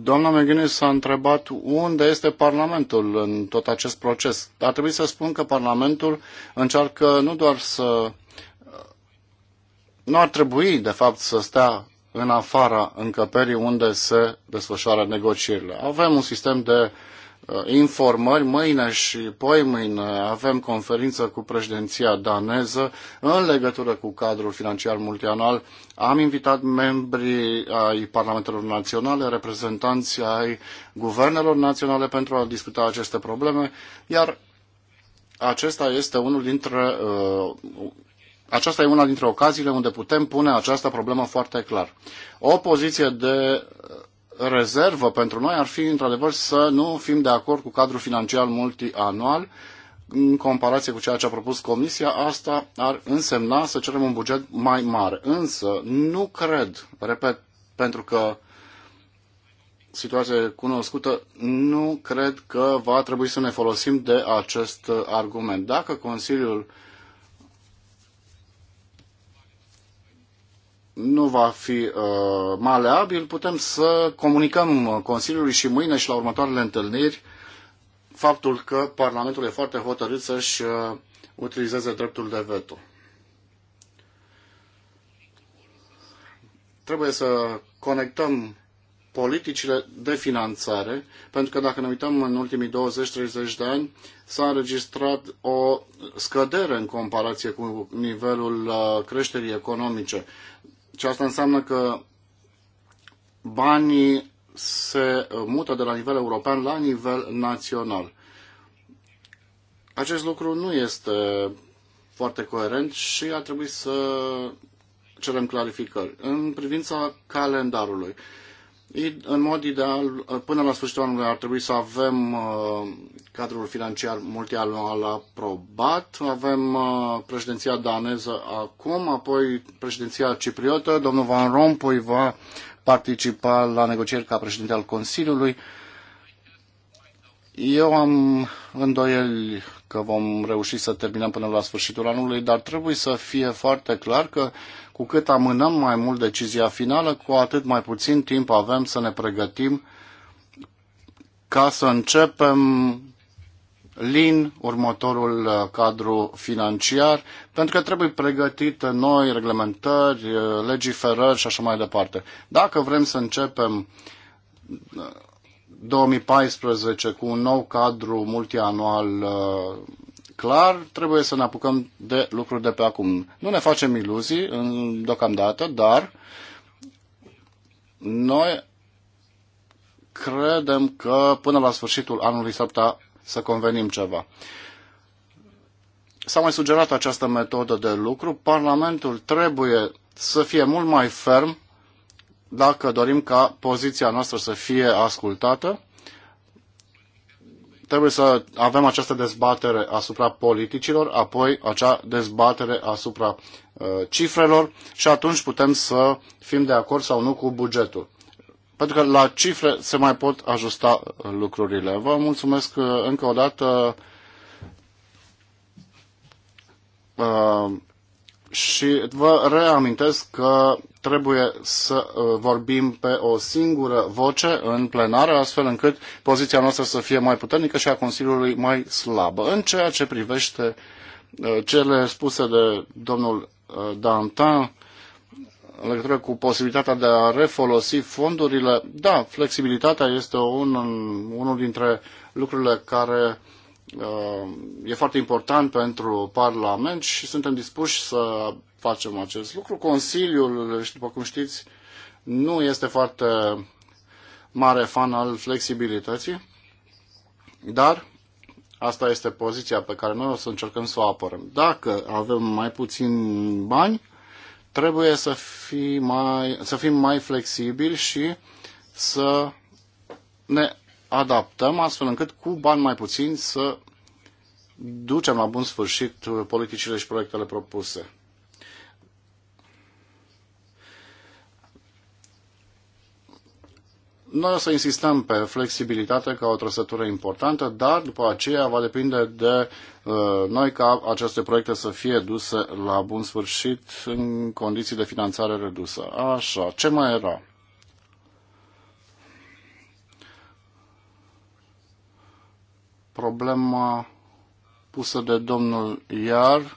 Doamna McGuinness s-a întrebat unde este Parlamentul în tot acest proces. Ar trebui să spun că Parlamentul încearcă nu doar să. Nu ar trebui, de fapt, să stea în afara încăperii unde se desfășoară negocierile. Avem un sistem de uh, informări mâine și mâine avem conferință cu președinția daneză în legătură cu cadrul financiar multianual. Am invitat membrii ai parlamentelor naționale, reprezentanții ai guvernelor naționale pentru a discuta aceste probleme, iar acesta este unul dintre uh, aceasta e una dintre ocaziile unde putem pune această problemă foarte clar. O poziție de uh, rezervă pentru noi ar fi, într-adevăr, să nu fim de acord cu cadrul financiar multianual în comparație cu ceea ce a propus Comisia, asta ar însemna să cerem un buget mai mare. Însă, nu cred, repet, pentru că situație cunoscută, nu cred că va trebui să ne folosim de acest uh, argument. Dacă Consiliul nu va fi uh, maleabil, putem să comunicăm Consiliului și mâine și la următoarele întâlniri faptul că Parlamentul e foarte hotărât să-și uh, utilizeze dreptul de veto. Trebuie să conectăm politicile de finanțare, pentru că dacă ne uităm în ultimii 20-30 de ani, s-a înregistrat o scădere în comparație cu nivelul uh, creșterii economice. Și asta înseamnă că banii se mută de la nivel european la nivel național. Acest lucru nu este foarte coerent și ar trebui să cerem clarificări. În privința calendarului, în mod ideal, până la sfârșitul anului ar trebui să avem uh, cadrul financiar multianual aprobat. Avem uh, președinția daneză acum, apoi președinția cipriotă. Domnul Van Rompuy va participa la negocieri ca președinte al Consiliului. Eu am îndoieli că vom reuși să terminăm până la sfârșitul anului, dar trebuie să fie foarte clar că uh, cu cât amânăm mai mult decizia finală, cu atât mai puțin timp avem să ne pregătim ca să începem lin următorul uh, cadru financiar, pentru că trebuie pregătite noi reglementări, uh, legiferări și așa mai departe. Dacă vrem să începem 2014 uh, cu un nou cadru multianual clar, trebuie să ne apucăm de lucruri de pe acum. Nu ne facem iluzii în, deocamdată, dar noi credem că până la sfârșitul anului s-ar putea să convenim ceva. S-a mai sugerat această metodă de lucru. Parlamentul trebuie să fie mult mai ferm dacă dorim ca poziția noastră să fie ascultată trebuie să avem această dezbatere asupra politicilor, apoi acea dezbatere asupra uh, cifrelor și atunci putem să fim de acord sau nu cu bugetul. Pentru că la cifre se mai pot ajusta uh, lucrurile. Vă mulțumesc uh, încă o dată. Uh, și vă reamintesc că trebuie să uh, vorbim pe o singură voce în plenară, astfel încât poziția noastră să fie mai puternică și a Consiliului mai slabă. În ceea ce privește uh, cele spuse de domnul uh, Dantin în legătură cu posibilitatea de a refolosi fondurile, da, flexibilitatea este un, unul dintre lucrurile care Uh, e foarte important pentru Parlament și suntem dispuși să facem acest lucru. Consiliul, după cum știți, nu este foarte mare fan al flexibilității, dar asta este poziția pe care noi o să încercăm să o apărăm. Dacă avem mai puțin bani, trebuie să, fi mai, să fim mai flexibili și să ne adaptăm astfel încât cu bani mai puțini să ducem la bun sfârșit politicile și proiectele propuse. Noi o să insistăm pe flexibilitate ca o trăsătură importantă, dar după aceea va depinde de uh, noi ca aceste proiecte să fie duse la bun sfârșit în condiții de finanțare redusă. Așa, ce mai era? problema pusă de domnul Iar.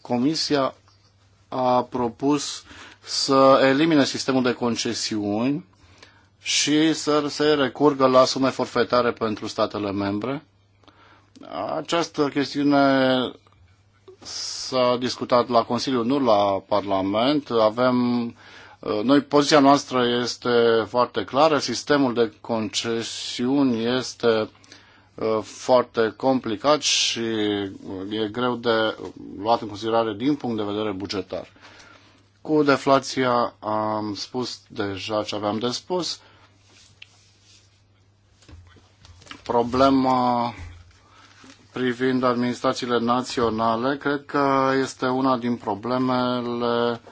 Comisia a propus să elimine sistemul de concesiuni și să se recurgă la sume forfetare pentru statele membre. Această chestiune s-a discutat la Consiliu, nu la Parlament. Avem Uh, noi, poziția noastră este foarte clară, sistemul de concesiuni este uh, foarte complicat și uh, e greu de luat în considerare din punct de vedere bugetar. Cu deflația am spus deja ce aveam de spus. Problema privind administrațiile naționale, cred că este una din problemele uh,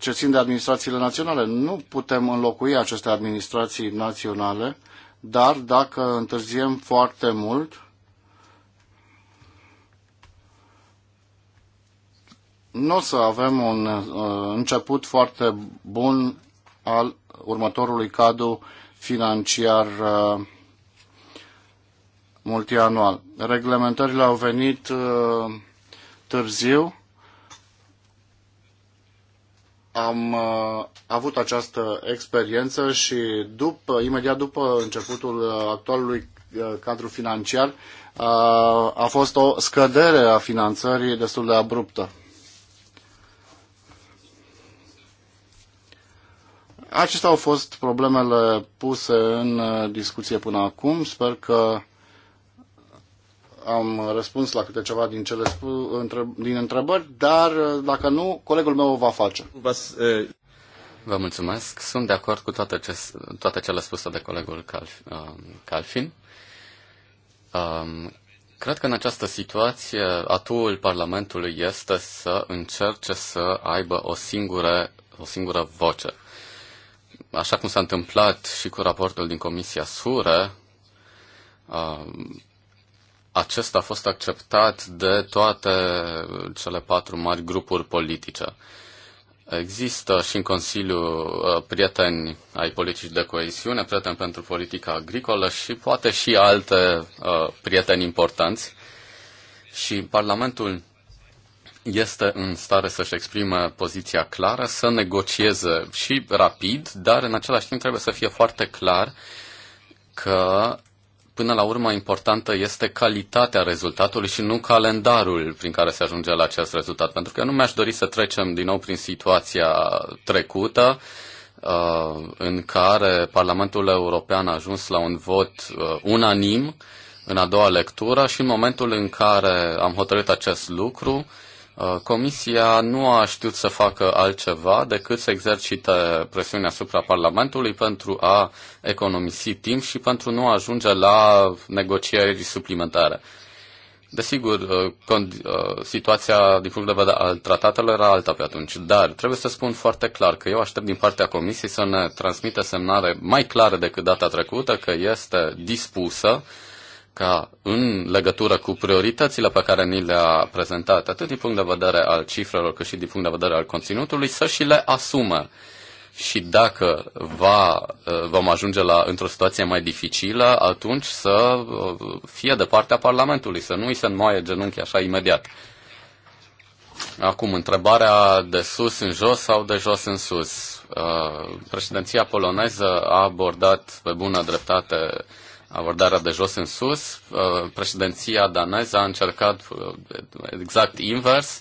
ce țin de administrațiile naționale. Nu putem înlocui aceste administrații naționale, dar dacă întârziem foarte mult, nu o să avem un uh, început foarte bun al următorului cadru financiar uh, multianual. Reglementările au venit uh, târziu am uh, avut această experiență și după, imediat după începutul actualului uh, cadru financiar uh, a fost o scădere a finanțării destul de abruptă. Acestea au fost problemele puse în discuție până acum. Sper că am răspuns la câte ceva din cele spu- între- din întrebări, dar uh, dacă nu, colegul meu o va face. Uh, Vă mulțumesc. Sunt de acord cu toate, ce, toate cele spuse de colegul Calf- um, Calfin. Um, Cred că în această situație atul Parlamentului este să încerce să aibă o singură, o singură voce. Așa cum s-a întâmplat și cu raportul din Comisia Sure, um, acesta a fost acceptat de toate cele patru mari grupuri politice. Există și în Consiliu uh, prieteni ai politicii de coeziune prieteni pentru politica agricolă și poate și alte uh, prieteni importanți. Și Parlamentul este în stare să-și exprime poziția clară, să negocieze și rapid, dar în același timp trebuie să fie foarte clar că până la urmă importantă este calitatea rezultatului și nu calendarul prin care se ajunge la acest rezultat. Pentru că nu mi-aș dori să trecem din nou prin situația trecută uh, în care Parlamentul European a ajuns la un vot uh, unanim în a doua lectură și în momentul în care am hotărât acest lucru, Uh, comisia nu a știut să facă altceva decât să exercite presiunea asupra Parlamentului pentru a economisi timp și pentru nu ajunge la negocieri suplimentare. Desigur, uh, uh, situația din punct de vedere al tratatelor era alta pe atunci, dar trebuie să spun foarte clar că eu aștept din partea Comisiei să ne transmită semnare mai clară decât data trecută că este dispusă uh, ca în legătură cu prioritățile pe care ni le-a prezentat, atât din punct de vedere al cifrelor, cât și din punct de vedere al conținutului, să și le asumă. Și dacă va, eh, vom ajunge la, într-o situație mai dificilă, atunci să eh, fie de partea Parlamentului, să nu îi se înmoaie genunchi așa imediat. Acum, întrebarea de sus în jos sau de jos în sus. Eh, președinția poloneză a abordat pe bună dreptate abordarea de jos în sus. Uh, președinția daneză a încercat uh, exact invers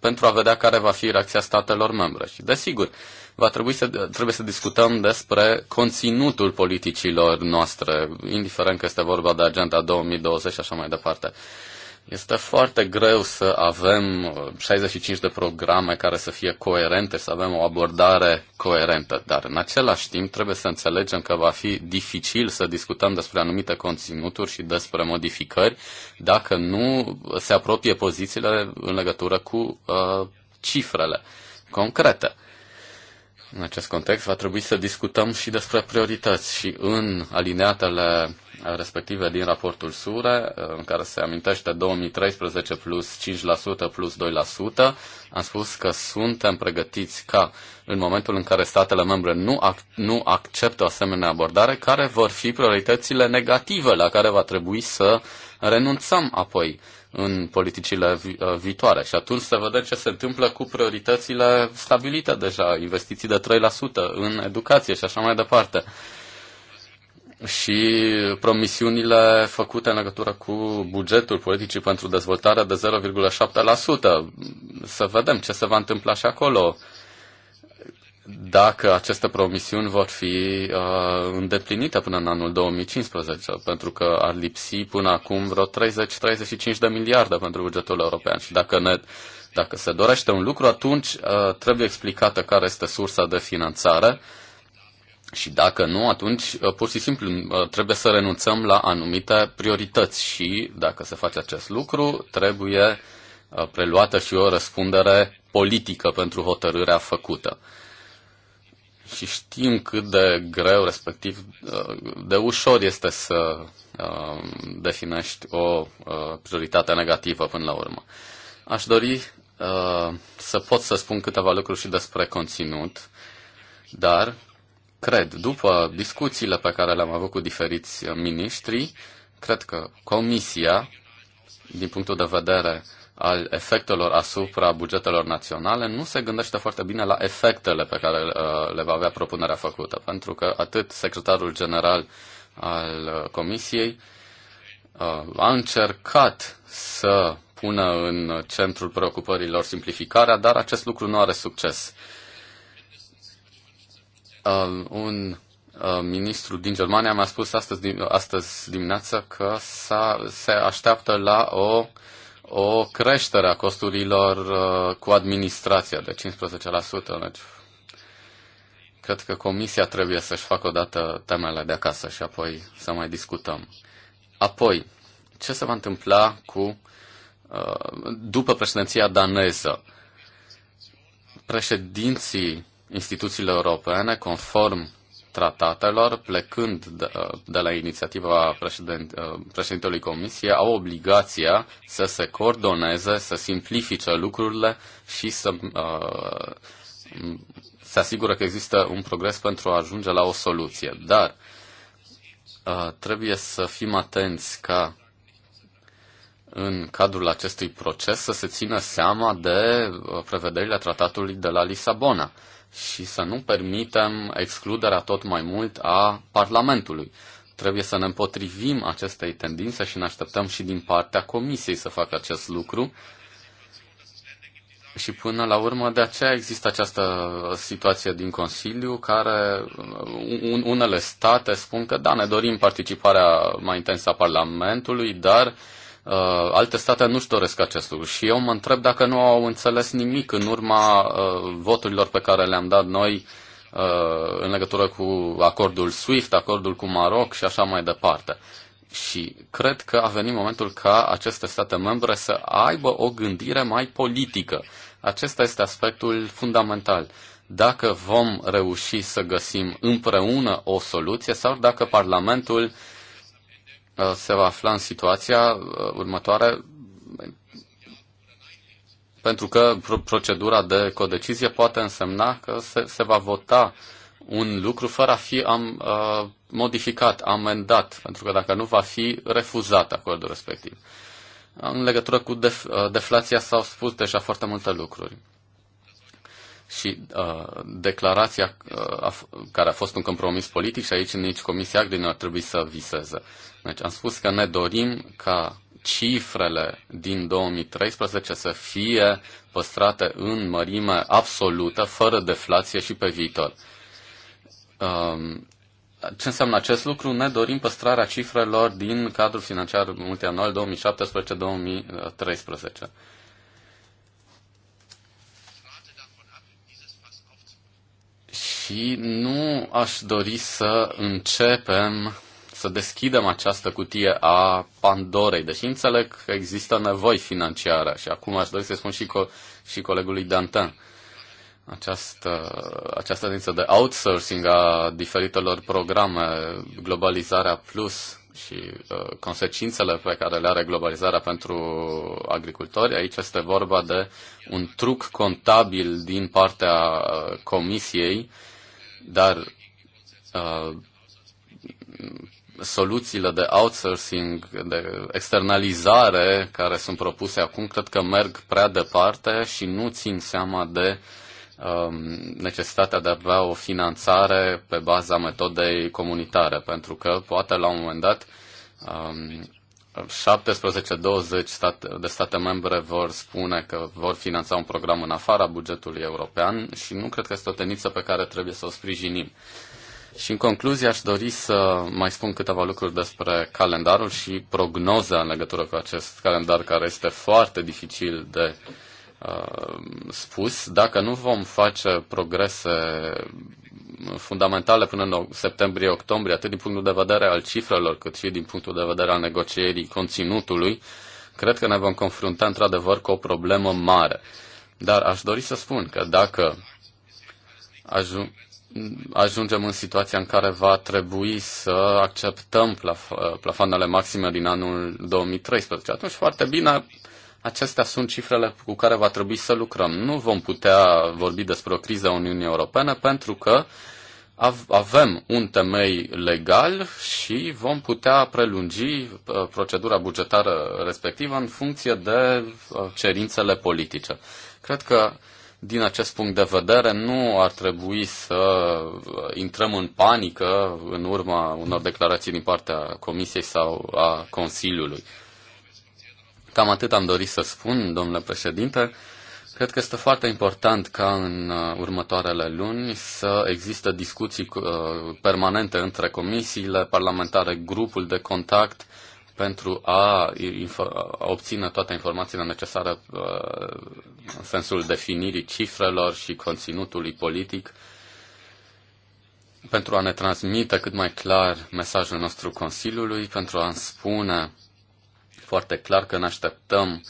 pentru a vedea care va fi reacția statelor membre. Și desigur, va trebui să, trebuie să discutăm despre conținutul politicilor noastre, indiferent că este vorba de agenda 2020 și așa mai departe. Este foarte greu să avem 65 uh, de programe care să fie coerente, să avem o abordare coerentă, dar în același timp trebuie să înțelegem că va fi dificil să discutăm despre anumite conținuturi și despre modificări dacă nu se apropie pozițiile în legătură cu uh, cifrele concrete. Uh, în acest context va trebui să discutăm și despre priorități și în alineatele respective din raportul SURE, în care se amintește 2013 plus 5% plus 2%, am spus că suntem pregătiți ca în momentul în care statele membre nu, ac- nu acceptă o asemenea abordare, care vor fi prioritățile negative la care va trebui să renunțăm apoi în politicile vi- uh, viitoare. Și atunci să vedem ce se întâmplă cu prioritățile stabilite deja, investiții de 3% în educație și așa mai departe. Și promisiunile făcute în legătură cu bugetul politicii pentru dezvoltare de 0,7%. Să vedem ce se va întâmpla și acolo dacă aceste promisiuni vor fi uh, îndeplinite până în anul 2015, pentru că ar lipsi până acum vreo 30-35 de miliarde pentru bugetul european. Și dacă, ne, dacă se dorește un lucru, atunci uh, trebuie explicată care este sursa de finanțare și dacă nu, atunci uh, pur și simplu uh, trebuie să renunțăm la anumite priorități și dacă se face acest lucru, trebuie uh, preluată și o răspundere politică pentru hotărârea făcută și știm cât de greu, respectiv uh, de ușor este să uh, definești o uh, prioritate negativă până la urmă. Aș dori să pot să spun câteva lucruri și despre conținut, dar cred, după discuțiile pe care le-am avut cu diferiți miniștri, cred că Comisia, din punctul de vedere uh, al efectelor asupra bugetelor naționale, nu se gândește foarte bine la efectele pe care uh, le va avea propunerea făcută, pentru că atât secretarul general al uh, Comisiei uh, a încercat să pună în centrul preocupărilor simplificarea, dar acest lucru nu are succes. Un ministru din Germania mi-a spus astăzi, astăzi dimineață că se așteaptă la o uh, o creștere a costurilor uh, cu administrația de 15%. Deci, cred că comisia trebuie să-și facă odată temele de acasă și apoi să mai discutăm. Apoi, ce se va întâmpla cu uh, după președinția daneză? Președinții instituțiilor europene, conform tratatelor, plecând de, de la inițiativa președint, uh, președintelui Comisiei, au obligația să se coordoneze, să simplifice lucrurile și să uh, se asigură că există un progres pentru a ajunge la o soluție. Dar uh, trebuie să fim atenți ca în cadrul acestui proces să se țină seama de prevederile tratatului de la Lisabona și să nu permitem excluderea tot mai mult a Parlamentului. Trebuie să ne împotrivim acestei tendințe și ne așteptăm și din partea Comisiei să facă acest lucru. Și până la urmă, de aceea există această situație din Consiliu, care un, unele state spun că da, ne dorim participarea mai intensă a Parlamentului, dar uh, uh, alte state nu-și doresc acest lucru. Și eu mă întreb dacă nu au înțeles nimic în urma uh, voturilor pe care le-am dat noi uh, în legătură cu acordul SWIFT, acordul cu Maroc și așa mai departe. Și cred că a venit momentul ca aceste state membre să aibă o gândire mai politică. Acesta este aspectul fundamental dacă vom reuși să găsim împreună o soluție sau dacă Parlamentul Uh, se va afla în situația uh, următoare pentru că procedura de codecizie poate însemna că se, se va vota un lucru fără a fi am, uh, modificat, amendat, pentru că dacă nu va fi refuzat acordul respectiv. În legătură cu def, uh, deflația s-au spus deja foarte multe lucruri și uh, declarația uh, a care a fost un compromis politic și aici nici Comisia Agri nu ar trebui să viseze. Deci am spus că ne dorim ca cifrele din 2013 să fie păstrate în mărime absolută, fără deflație și pe viitor. Um, ce înseamnă acest lucru? Ne dorim păstrarea cifrelor din cadrul financiar multianual 2017-2013. și nu aș dori să începem să deschidem această cutie a Pandorei, deși înțeleg că există nevoi financiare și acum aș dori să spun și, co- și colegului Dantan această, această tendință de outsourcing a diferitelor programe, globalizarea plus și uh, consecințele pe care le are globalizarea pentru agricultori. Aici este vorba de un truc contabil din partea uh, comisiei dar uh, soluțiile de outsourcing, de externalizare care sunt propuse acum, cred că merg prea departe și nu țin seama de um, necesitatea de a avea o finanțare pe baza metodei comunitare, pentru că poate la un moment dat um, 17-20 de state membre vor spune că vor finanța un program în afara bugetului european și nu cred că este o teniță pe care trebuie să o sprijinim. Și în concluzie aș dori să mai spun câteva lucruri despre calendarul și prognoza în legătură cu acest calendar care este foarte dificil de uh, spus. Dacă nu vom face progrese fundamentale până în septembrie-octombrie, atât din punctul de vedere al cifrelor, cât și din punctul de vedere al negocierii conținutului, cred că ne vom confrunta într-adevăr cu o problemă mare. Dar aș dori să spun că dacă ajungem în situația în care va trebui să acceptăm plafoanele maxime din anul 2013. Atunci foarte bine Acestea sunt cifrele cu care va trebui să lucrăm. Nu vom putea vorbi despre o criză a Uniunii Europene pentru că avem un temei legal și vom putea prelungi uh, procedura bugetară respectivă în funcție de uh, cerințele politice. Cred că din acest punct de vedere, nu ar trebui să uh, intrăm în panică în urma unor declarații din partea Comisiei sau a Consiliului. Cam atât am dorit să spun, domnule președinte. Cred că este foarte important ca în uh, următoarele luni să există discuții uh, permanente între comisiile parlamentare, grupul de contact pentru a, obține toate informațiile necesare uh, în sensul definirii cifrelor și conținutului politic pentru a ne transmite cât mai clar mesajul nostru Consiliului, pentru a-mi spune foarte clar că ne așteptăm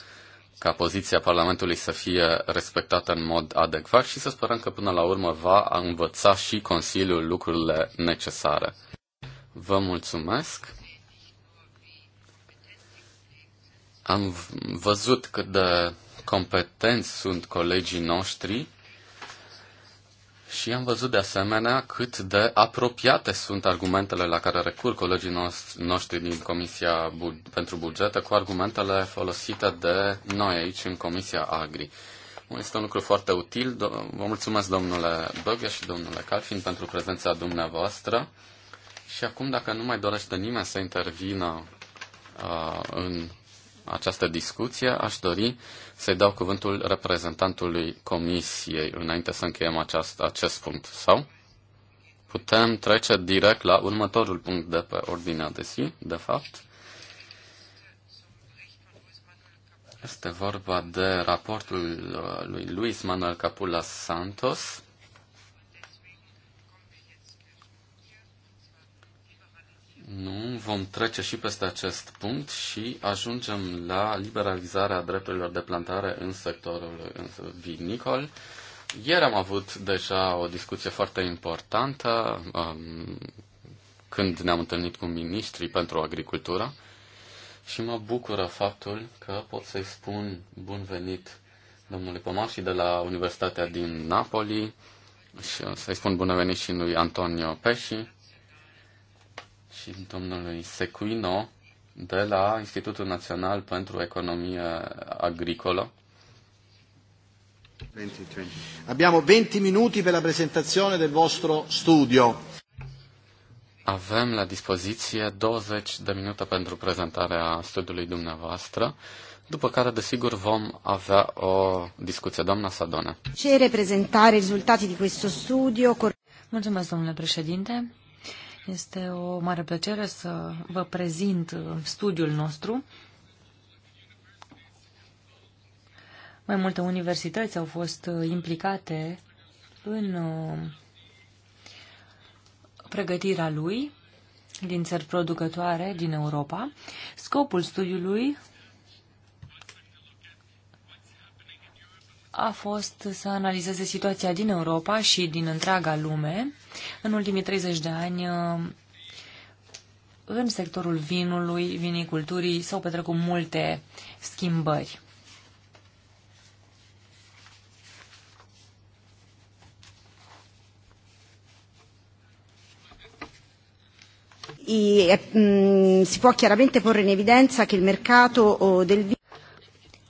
ca poziția Parlamentului să fie respectată în mod adecvat și să sperăm că până la urmă va învăța și Consiliul lucrurile necesare. Vă mulțumesc! Am văzut cât de competenți sunt colegii noștri și am văzut de asemenea cât de apropiate sunt argumentele la care recur colegii noștri din Comisia pentru Bugete cu argumentele folosite de noi aici în Comisia Agri. Este un lucru foarte util. Vă mulțumesc, domnule Băghe și domnule Calfin, pentru prezența dumneavoastră. Și acum, dacă nu mai dorește nimeni să intervină uh, în această discuție, aș dori să-i dau cuvântul reprezentantului Comisiei înainte să încheiem aceast, acest punct. Sau putem trece direct la următorul punct de pe ordinea de zi, de fapt. Este vorba de raportul uh, lui Luis Manuel Capula Santos Nu, vom trece și peste acest punct și ajungem la liberalizarea drepturilor de plantare în sectorul vinicol. Ieri am avut deja o discuție foarte importantă um, când ne-am întâlnit cu ministrii pentru agricultură și mă bucură faptul că pot să-i spun bun venit domnului Pomași de la Universitatea din Napoli și să-i spun bun venit și lui Antonio Pesci și domnului Secuino de la Institutul Național pentru Economie Agricolă. 20, 20. Abbiamo 20 minuti per la presentazione del vostro studio. Avem la dispoziție 20 de minute pentru prezentarea studiului dumneavoastră, după care, desigur, vom avea o discuție. Doamna Sadone. Ce reprezentare rezultatii de questo studio? Mulțumesc, domnule președinte. Este o mare plăcere să vă prezint uh, studiul nostru. Mai multe universități au fost uh, implicate în uh, pregătirea lui din țări producătoare din Europa. Scopul studiului a fost să analizeze situația din Europa și din întreaga lume. În ultimii 30 de ani, în sectorul vinului, viniculturii, s-au petrecut multe schimbări. I, eh, mm, si può chiaramente porre in evidenza che il mercato oh, del vino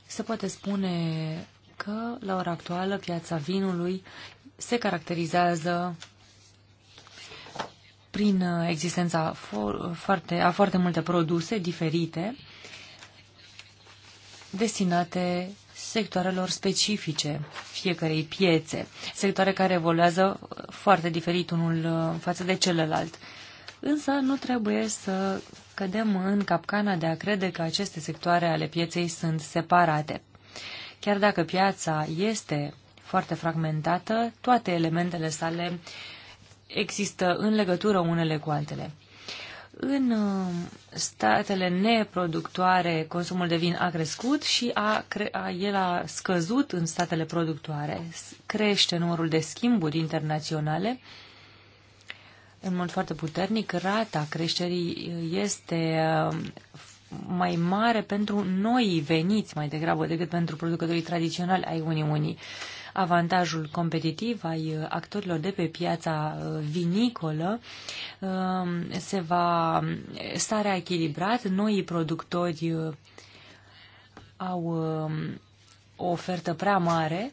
se poate spune că, la ora actuală, piața vinului se caracterizează prin existența foarte, a foarte multe produse diferite destinate sectoarelor specifice fiecarei piețe, sectoare care evoluează foarte diferit unul uh, față de celălalt. Însă nu trebuie să cădem în capcana de a crede că aceste sectoare ale pieței sunt separate. Chiar dacă piața este foarte fragmentată, toate elementele sale există în legătură unele cu altele. În uh, statele neproductoare, consumul de vin a crescut și a, a, el a scăzut în statele productoare. Crește numărul de schimburi internaționale în mod foarte puternic. Rata creșterii uh, este uh, mai mare pentru noi veniți mai degrabă decât pentru producătorii tradiționali ai Uniunii. Avantajul competitiv ai uh, actorilor de pe piața uh, vinicolă um, se va um, sta reechilibrat. Noi productori uh, au um, o ofertă prea mare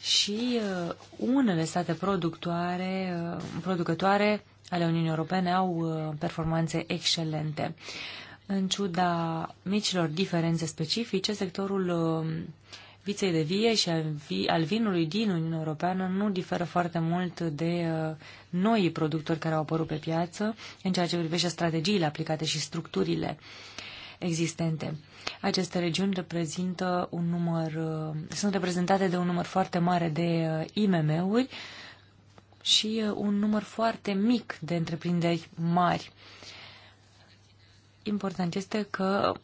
și unele state productoare, producătoare ale Uniunii Europene au performanțe excelente. În ciuda micilor diferențe specifice, sectorul um, viței de vie și al vinului din Uniunea Europeană nu diferă foarte mult de uh, noi productori care au apărut pe piață în ceea ce privește strategiile aplicate și structurile existente. Aceste regiuni reprezintă un număr, uh, sunt reprezentate de un număr foarte mare de uh, IMM-uri și un număr foarte mic de întreprinderi mari important este că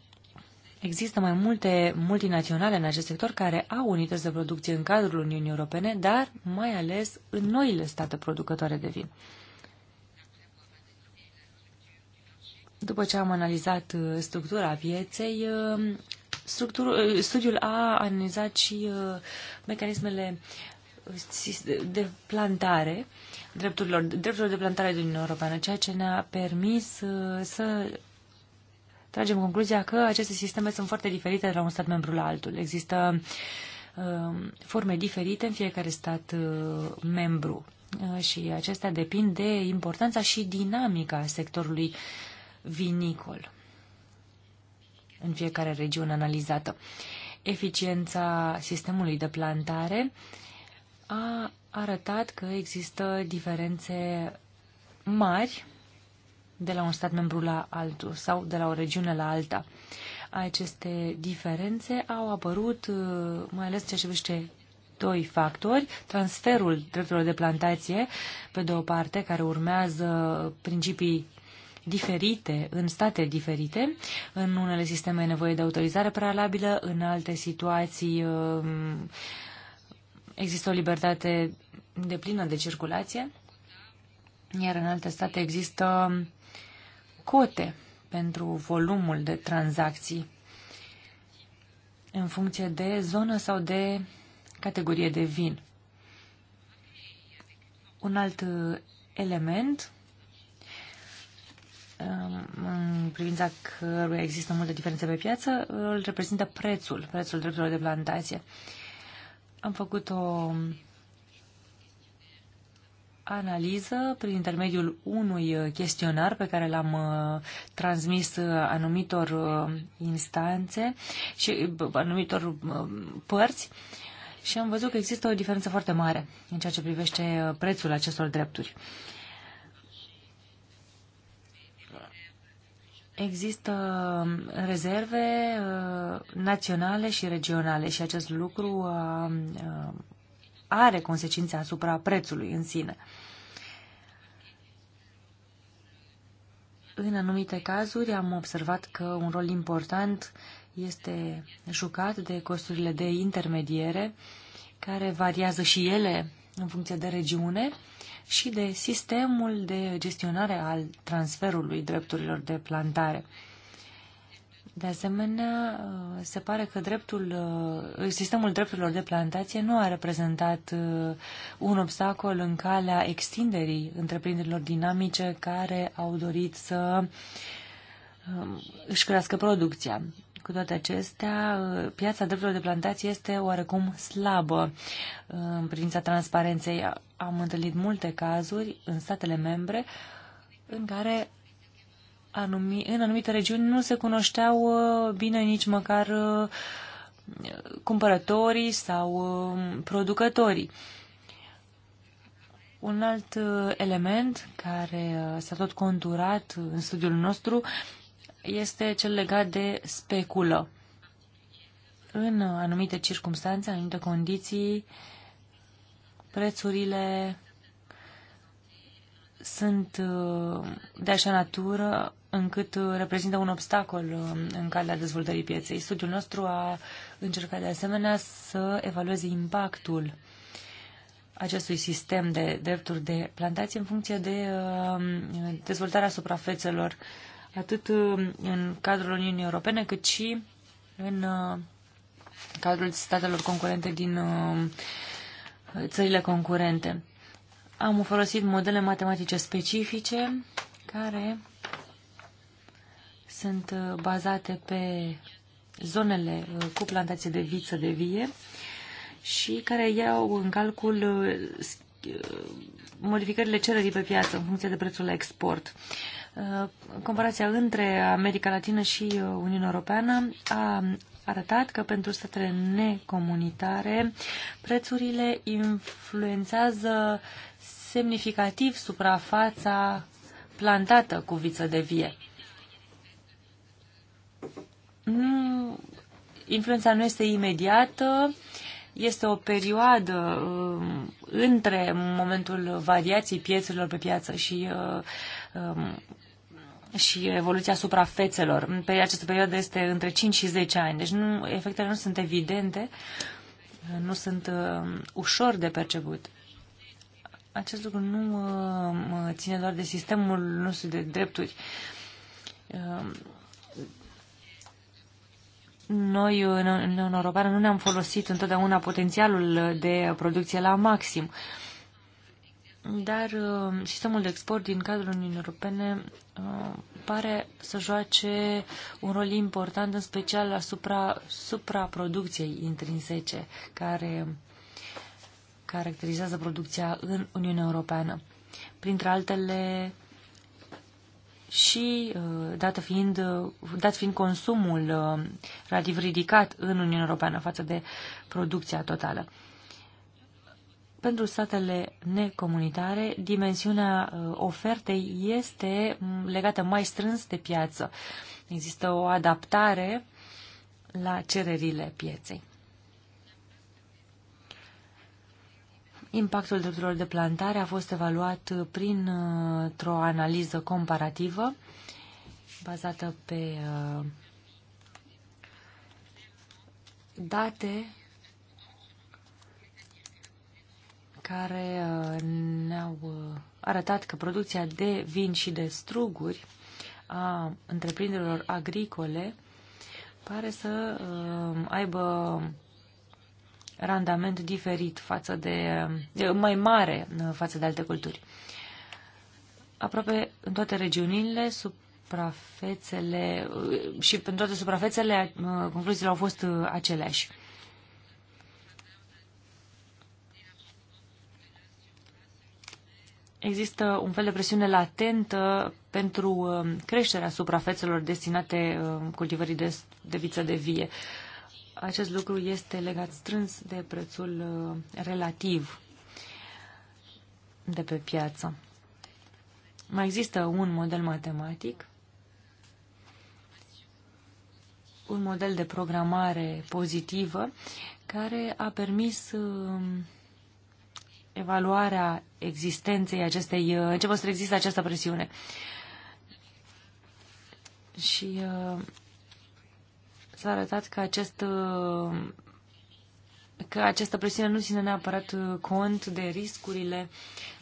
există mai multe multinaționale în acest sector care au unități de producție în cadrul Uniunii Europene, dar mai ales în noile state producătoare de vin. După ce am analizat uh, structura pieței, uh, uh, studiul a analizat și mecanismele de plantare, drepturilor, drepturilor de plantare din Uniunea Europeană, ceea ce ne-a permis să tragem concluzia că aceste sisteme sunt foarte diferite de la un stat membru la altul. Există uh, forme diferite în fiecare stat uh, membru uh, și acestea depind de importanța și dinamica sectorului vinicol în fiecare regiune analizată. Eficiența sistemului de plantare a arătat că există diferențe mari de la un stat membru la altul sau de la o regiune la alta. Aceste diferențe au apărut uh, mai ales ce privește doi factori, transferul drepturilor de plantație, pe de o parte, care urmează principii diferite, în state diferite. În unele sisteme e nevoie de autorizare prealabilă, în alte situații um, există o libertate de plină de circulație, iar în alte state există cote pentru volumul de tranzacții în funcție de zonă sau de categorie de vin. Un alt uh, element um, în privința căruia există multe diferențe pe piață, îl reprezintă prețul, prețul drepturilor de plantație. Am făcut o analiză prin intermediul unui uh, chestionar pe care l-am uh, transmis uh, anumitor instanțe și anumitor părți și am văzut că există o diferență foarte mare în ceea ce privește prețul acestor drepturi. Există rezerve naționale și regionale și acest lucru a are consecințe asupra prețului în sine. În anumite cazuri am observat că un rol important este jucat de costurile de intermediere, care variază și ele în funcție de regiune și de sistemul de gestionare al transferului drepturilor de plantare. De asemenea, uh, se pare că dreptul, uh, sistemul drepturilor de plantație nu a reprezentat uh, un obstacol în calea extinderii întreprinderilor dinamice care au dorit să um, își crească producția. Cu toate acestea, piața drepturilor de plantație este oarecum slabă în privința transparenței. Am întâlnit multe cazuri în statele membre în care anumi, în anumite regiuni nu se cunoșteau uh, bine nici măcar uh, cumpărătorii sau uh, producătorii. Un alt element care s-a tot conturat în studiul nostru este cel legat de speculă. În anumite circunstanțe, în anumite condiții, prețurile sunt de așa natură încât uh, reprezintă un obstacol uh, în calea dezvoltării pieței. Studiul nostru a încercat de asemenea să evalueze impactul acestui sistem de drepturi de plantație în funcție de uh, dezvoltarea suprafețelor, atât în cadrul Uniunii Europene, cât și în cadrul statelor concurente din țările concurente. Am folosit modele matematice specifice care sunt uh, bazate pe zonele uh, cu plantație de viță de vie și care iau în calcul uh, modificările cererii pe piață în funcție de prețul la export. Comparația între America Latină și Uniunea Europeană a arătat că pentru statele necomunitare prețurile influențează semnificativ suprafața plantată cu viță de vie nu, influența nu este imediată, este o perioadă uh, între momentul variației piețelor pe piață și, uh, um, și evoluția suprafețelor. Pe această perioadă este între 5 și 10 ani, deci nu, efectele nu sunt evidente, nu sunt uh, ușor de perceput. Acest lucru nu uh, ține doar de sistemul nostru de drepturi. Uh, noi în Uniunea Europeană nu ne-am folosit întotdeauna potențialul de producție la maxim. Dar uh, sistemul de export din cadrul Uniunii Europene uh, pare să joace un rol important, în special asupra supraproducției intrinsece care caracterizează producția în Uniunea Europeană. Printre altele, și uh, dat fiind, uh, dat fiind consumul uh, relativ ridicat în Uniunea Europeană față de producția totală. Pentru statele necomunitare, dimensiunea ofertei este mm, legată mai strâns de piață. Există o adaptare la cererile pieței. Impactul drepturilor de plantare a fost evaluat prin uh, o analiză comparativă bazată pe uh, date care uh, ne-au arătat că producția de vin și de struguri a întreprinderilor agricole pare să aibă randament diferit față de, mai mare uh, față de alte culturi. Aproape în toate regiunile, suprafețele uh, și în toate suprafețele, uh, concluziile au fost aceleași. Există un fel de presiune latentă pentru creșterea suprafețelor destinate cultivării de, de viță de vie. Uh, acest lucru este legat strâns de prețul uh, relativ de pe piață. Mai există un model matematic, un model de programare pozitivă care a permis uh, evaluarea existenței acestei, uh, în ce măsură există această presiune. Și s-a arătat că acest uh, că această presiune nu ține neapărat uh, cont de riscurile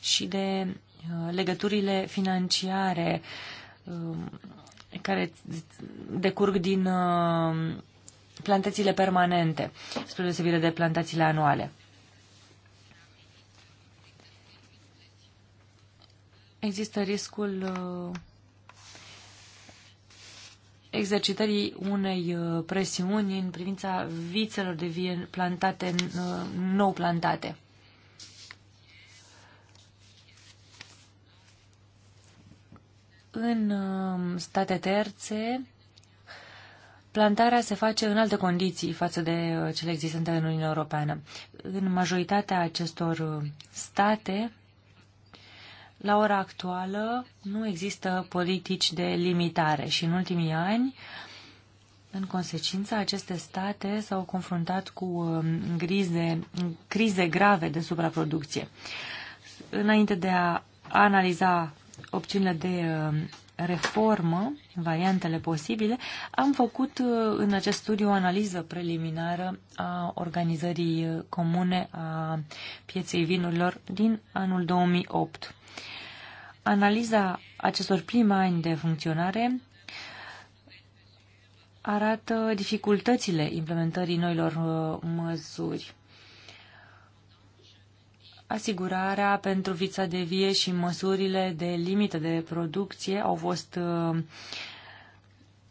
și de uh, legăturile financiare um, care decurg din plantațiile permanente, spre deosebire de plantațiile anuale. Există riscul exercitării unei uh, presiuni în privința vițelor de vie plantate, uh, nou plantate. În uh, state terțe, plantarea se face în alte condiții față de cele existente în Uniunea Europeană. În majoritatea acestor state, la ora actuală nu există politici de limitare și în ultimii ani, în consecință, aceste state s-au confruntat cu um, grize, crize grave de supraproducție. Înainte de a analiza opțiunile de um, reformă, variantele posibile, am făcut uh, în acest studiu o analiză preliminară a organizării uh, comune a pieței vinurilor din anul 2008. Analiza acestor prime ani de funcționare arată dificultățile implementării noilor uh, măsuri. Asigurarea pentru vița de vie și măsurile de limită de producție au fost uh,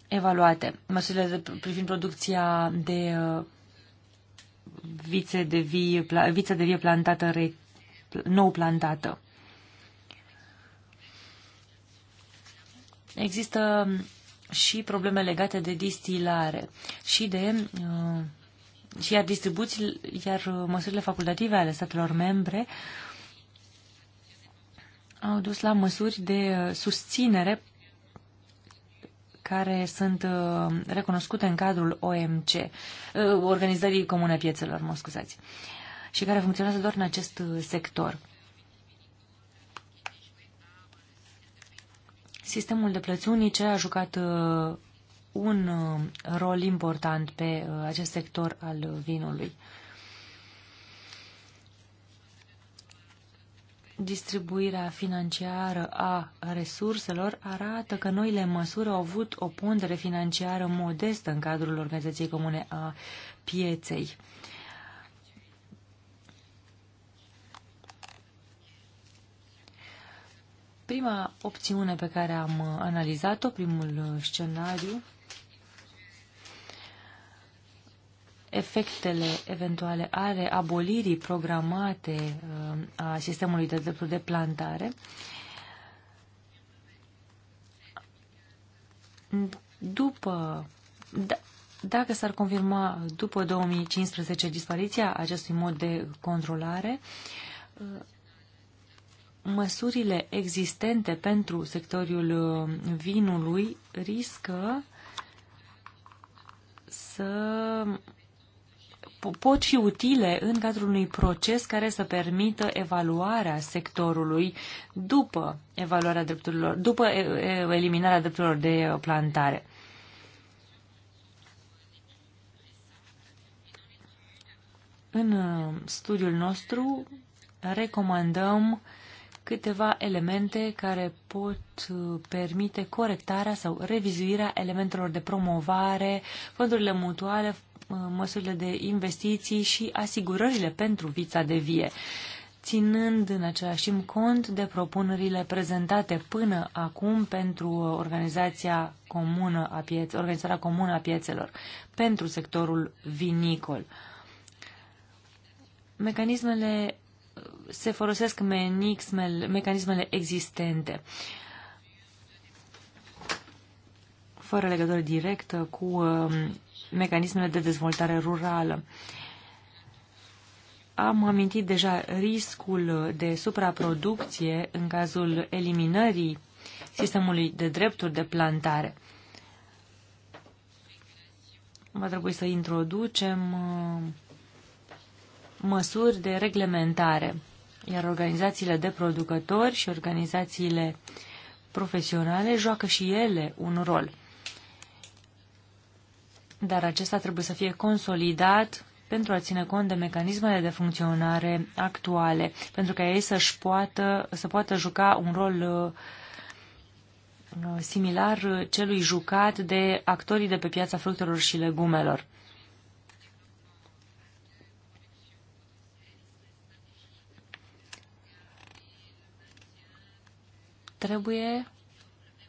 evaluate. Măsurile privind producția de uh, vițe de vie, viță de vie plantată, nou plantată. Există um, și probleme legate de distilare și de uh, și iar distribuții, iar uh, măsurile facultative ale statelor membre au dus la măsuri de uh, susținere care sunt recunoscute în cadrul OMC, Organizării Comune Piețelor, mă scuzați, și care funcționează doar în acest sector. Sistemul de plăți unice a jucat uh, un uh, rol important pe uh, acest sector al vinului. distribuirea financiară a resurselor arată că noile măsuri au avut o pondere financiară modestă în cadrul Organizației Comune a Pieței. Prima opțiune pe care am uh, analizat-o, primul uh, scenariu, efectele eventuale ale abolirii programate uh, a sistemului de drepturi de plantare, după, da, dacă s-ar confirma după 2015 dispariția acestui mod de controlare, măsurile existente pentru sectorul uh, vinului riscă să pot fi utile în cadrul unui proces care să permită evaluarea sectorului după evaluarea drepturilor, după eliminarea drepturilor de plantare. În uh, studiul nostru recomandăm câteva elemente care pot uh, permite corectarea sau revizuirea elementelor de promovare, fondurile mutuale, uh, măsurile de investiții și asigurările pentru vița de vie, ținând în același timp cont de propunerile prezentate până acum pentru organizația comună a pieț- organizarea comună a piețelor pentru sectorul vinicol. Mecanismele se folosesc mecanismele existente fără legătură directă cu um, mecanismele de dezvoltare rurală. Am amintit deja riscul de supraproducție în cazul eliminării sistemului de drepturi de plantare. Va trebui să introducem uh, măsuri de reglementare iar organizațiile de producători și organizațiile profesionale joacă și ele un rol. Dar acesta trebuie să fie consolidat pentru a ține cont de mecanismele de funcționare actuale, pentru ca ei să-și poată, să poată juca un rol uh, similar celui jucat de actorii de pe piața fructelor și legumelor. trebuie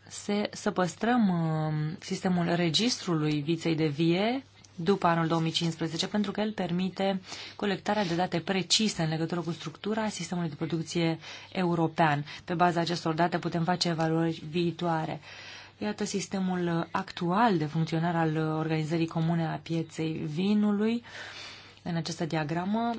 să să păstrăm um, sistemul registrului viței de vie după anul 2015, pentru că el permite colectarea de date precise în legătură cu structura sistemului de producție european. Pe baza acestor date putem face evaluări viitoare. Iată sistemul actual de funcționare al organizării comune a pieței vinului. În această diagramă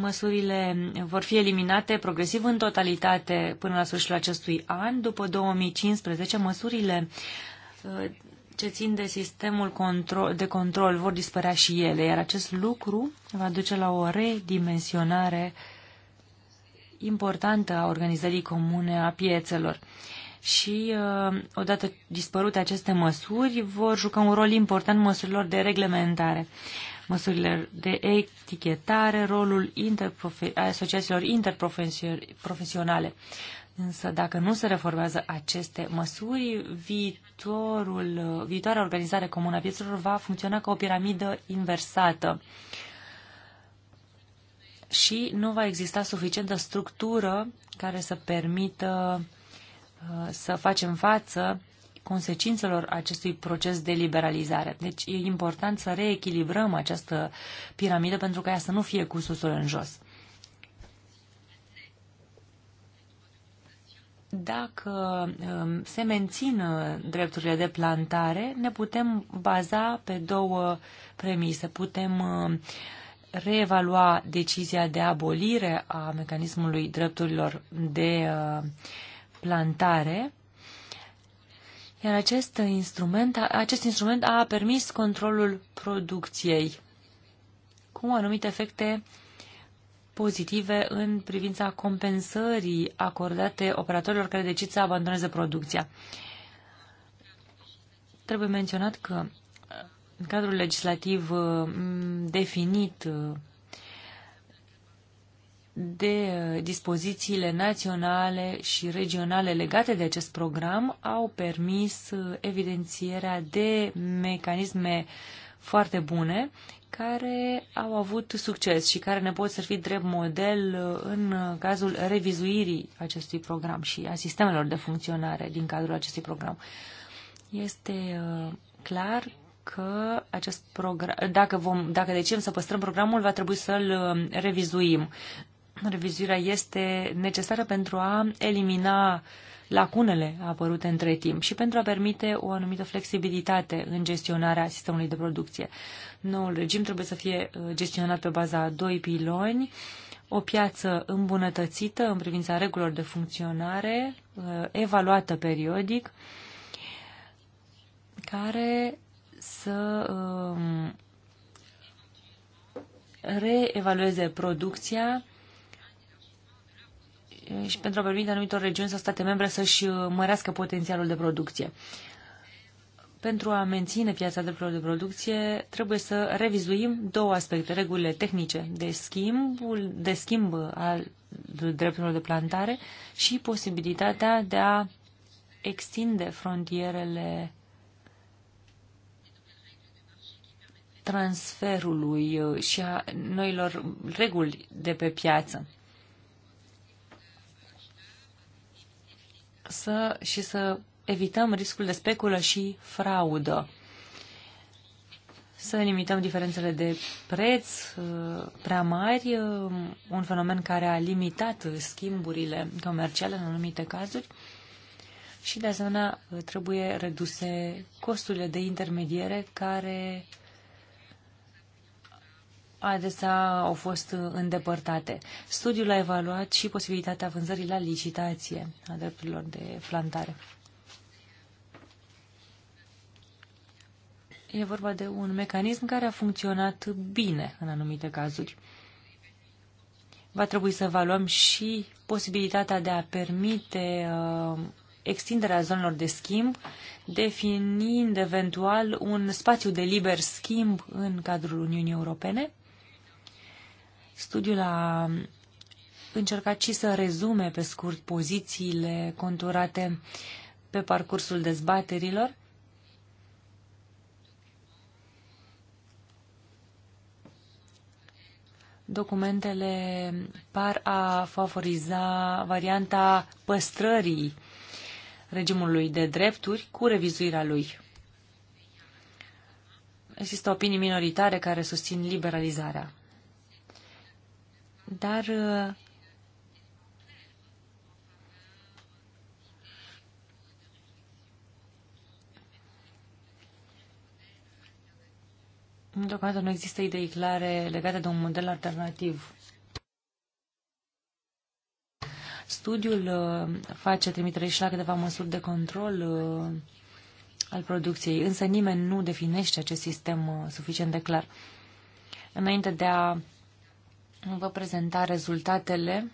Măsurile vor fi eliminate progresiv în totalitate până la sfârșitul acestui an. După 2015, măsurile uh, ce țin de sistemul control, de control vor dispărea și ele, iar acest lucru va duce la o redimensionare importantă a organizării comune a piețelor. Și uh, odată dispărute aceste măsuri, vor juca un rol important măsurilor de reglementare măsurile de etichetare, rolul interprofe asociațiilor interprofesionale. Însă, dacă nu se reformează aceste măsuri, viitorul, viitoarea organizare comună a piețelor va funcționa ca o piramidă inversată și nu va exista suficientă structură care să permită uh, să facem față consecințelor acestui proces de liberalizare. Deci e important să reechilibrăm această piramidă pentru ca ea să nu fie cu susul în jos. Dacă um, se mențin uh, drepturile de plantare, ne putem baza pe două premise. Putem uh, reevalua decizia de abolire a mecanismului drepturilor de uh, plantare iar acest instrument, acest instrument a permis controlul producției cu anumite efecte pozitive în privința compensării acordate operatorilor care decid să abandoneze producția. Trebuie menționat că în cadrul legislativ mm, definit de uh, dispozițiile naționale și regionale legate de acest program au permis uh, evidențierea de mecanisme foarte bune care au avut succes și care ne pot servi drept model uh, în cazul revizuirii acestui program și a sistemelor de funcționare din cadrul acestui program. Este clar că acest program, dacă, vom, dacă decim să păstrăm programul, va trebui să-l revizuim revizuirea este necesară pentru a elimina lacunele apărute între timp și pentru a permite o anumită flexibilitate în gestionarea sistemului de producție. Noul regim trebuie să fie uh, gestionat pe baza a doi piloni, o piață îmbunătățită în privința regulilor de funcționare, uh, evaluată periodic, care să um, reevalueze producția și pentru a permite anumitor regiuni sau state membre să-și uh, mărească potențialul de producție. Pentru a menține piața drepturilor de producție, trebuie să revizuim două aspecte, regulile tehnice de schimb, de schimb al drepturilor de plantare și posibilitatea de a extinde frontierele transferului uh, și a noilor reguli de pe piață să, și să evităm riscul de speculă și fraudă. Să limităm diferențele de preț uh, prea mari, uh, un fenomen care a limitat schimburile comerciale în anumite cazuri și, de asemenea, trebuie reduse costurile de intermediere care adesea au fost îndepărtate. Studiul a evaluat și posibilitatea vânzării la licitație a drepturilor de plantare. E vorba de un mecanism care a funcționat bine în anumite cazuri. Va trebui să evaluăm și posibilitatea de a permite uh, extinderea zonelor de schimb, definind eventual un spațiu de liber schimb în cadrul Uniunii Europene. Studiul a încercat și să rezume pe scurt pozițiile conturate pe parcursul dezbaterilor. Documentele par a favoriza varianta păstrării regimului de drepturi cu revizuirea lui. Există opinii minoritare care susțin liberalizarea dar uh, Deocamdată nu există idei clare legate de un model alternativ. Studiul uh, face trimitere și la câteva măsuri de control uh, al producției, însă nimeni nu definește acest sistem suficient de clar. Înainte de a vă prezenta rezultatele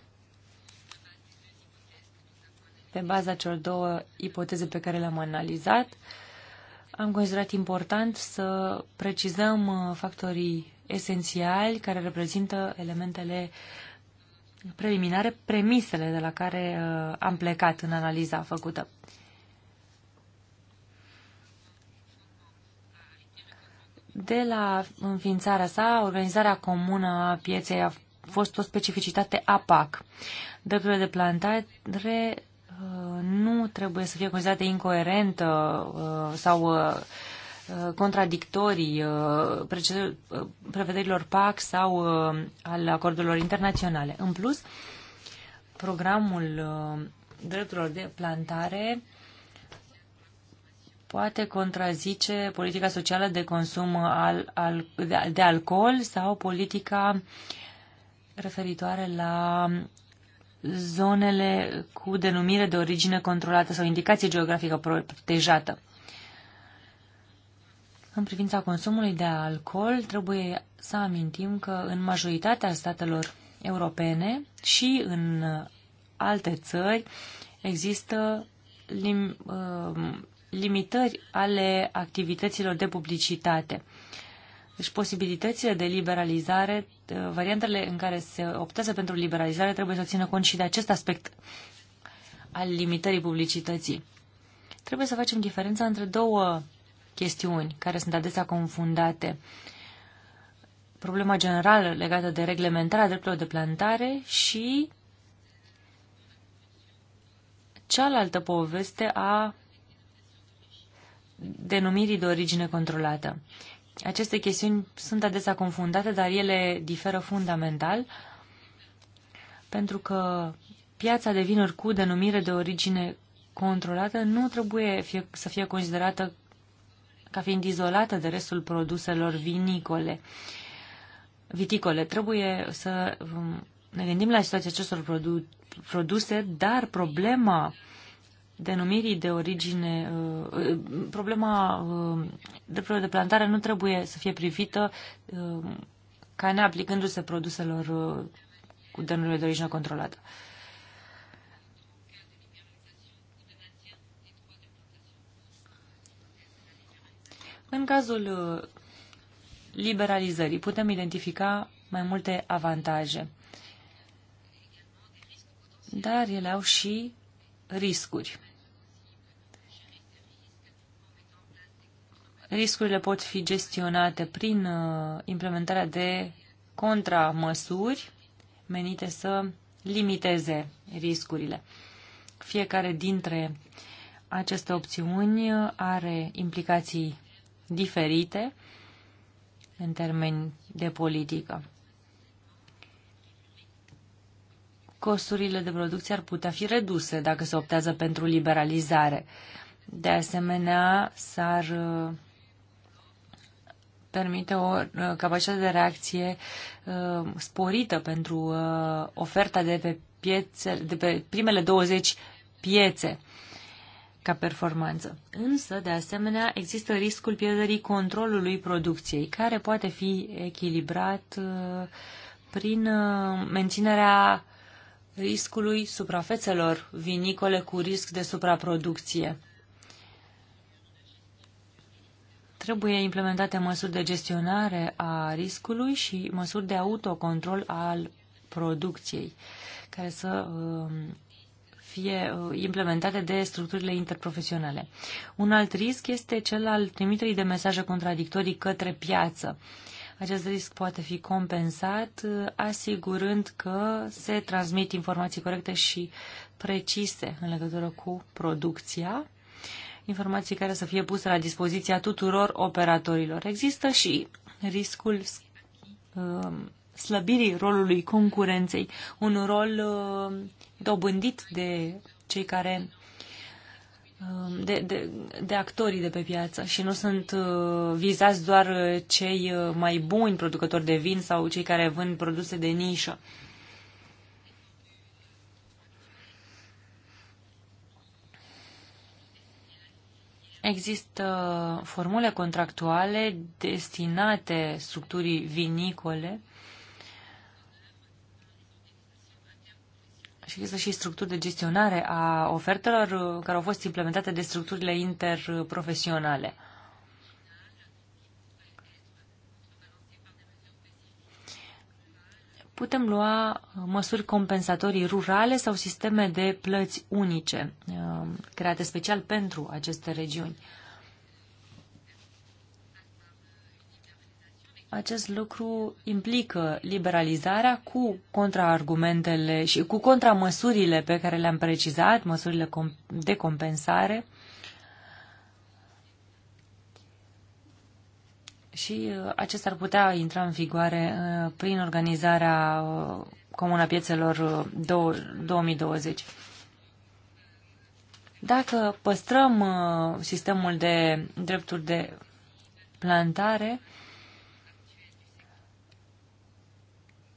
pe baza celor două ipoteze pe care le-am analizat. Am considerat important să precizăm uh, factorii esențiali care reprezintă elementele preliminare, premisele de la care uh, am plecat în analiza făcută. De la înființarea sa, organizarea comună a pieței a fost o specificitate a PAC. Drepturile de plantare uh, nu trebuie să fie considerate incoerentă uh, sau uh, contradictorii prevederilor PAC sau al acordurilor internaționale. În plus, programul drepturilor de plantare poate contrazice politica socială de consum al, al, de, de alcool sau politica referitoare la zonele cu denumire de origine controlată sau indicație geografică protejată. În privința consumului de alcool, trebuie să amintim că în majoritatea statelor europene și în alte țări există lim, uh, limitări ale activităților de publicitate. Deci posibilitățile de liberalizare, ă, variantele în care se optează pentru liberalizare trebuie să țină cont și de acest aspect al limitării publicității. Trebuie să facem diferența între două chestiuni care sunt adesea confundate. Problema generală legată de reglementarea drepturilor de plantare și cealaltă poveste a denumirii de origine controlată. Aceste chestiuni sunt adesea confundate, dar ele diferă fundamental, pentru că piața de vinuri cu denumire de origine controlată nu trebuie fie, să fie considerată ca fiind izolată de restul produselor vinicole. Viticole. Trebuie să um, ne gândim la situația acestor produ- produse, dar problema uh, denumirii de origine, uh, uh, problema uh, drepturilor de plantare nu trebuie să fie privită ca neaplicându-se produselor cu denumirile de origine controlată. În cazul liberalizării putem identifica mai multe avantaje, dar ele au și riscuri. Riscurile pot fi gestionate prin uh, implementarea de contramăsuri menite să limiteze riscurile. Fiecare dintre aceste opțiuni are implicații diferite în termeni de politică. Costurile de producție ar putea fi reduse dacă se optează pentru liberalizare. De asemenea, s-ar uh, permite o uh, capacitate de reacție uh, sporită pentru uh, oferta de pe, piețe, de pe primele 20 piețe ca performanță. Însă, de asemenea, există riscul pierderii controlului producției, care poate fi echilibrat prin menținerea riscului suprafețelor vinicole cu risc de supraproducție Trebuie implementate măsuri de gestionare a riscului și măsuri de autocontrol al producției, care să um, fie uh, implementate de structurile interprofesionale. Un alt risc este cel al trimiterii de mesaje contradictorii către piață. Acest risc poate fi compensat uh, asigurând că se transmit informații corecte și precise în legătură cu producția informații care să fie puse la dispoziția tuturor operatorilor. Există și riscul um, slăbirii rolului concurenței, un rol um, dobândit de cei care um, de, de, de actorii de pe piață și nu sunt uh, vizați doar uh, cei uh, mai buni producători de vin sau cei care vând produse de nișă. Există formule contractuale destinate structurii vinicole și există și structuri de gestionare a ofertelor care au fost implementate de structurile interprofesionale. putem lua uh, măsuri compensatorii rurale sau sisteme de plăți unice uh, create special pentru aceste regiuni. Acest lucru implică liberalizarea cu contraargumentele și cu contramăsurile pe care le-am precizat, măsurile de compensare și uh, acesta ar putea intra în vigoare uh, prin organizarea uh, Comuna Piețelor 2020. Dacă păstrăm sistemul de drepturi de plantare,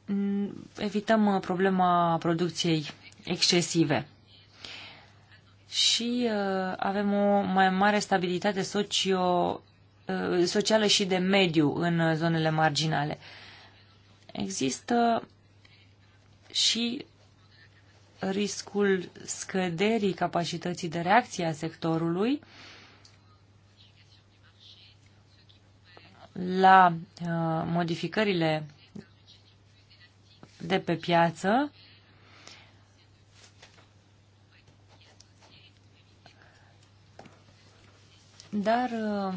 mm, evităm problema producției excesive și avem o mai mare stabilitate socio Uh, socială și de mediu în zonele marginale. Există și riscul scăderii capacității de reacție a sectorului la uh, modificările de pe piață dar uh,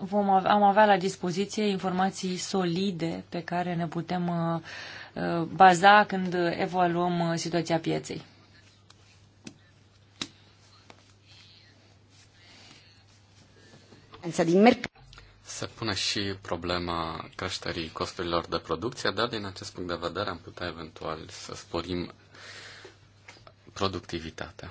vom avea, am avea la dispoziție informații solide pe care ne putem uh, uh, baza când evaluăm uh, situația pieței. Se pune și problema creșterii costurilor de producție, dar din acest punct de vedere am putea eventual să sporim productivitatea.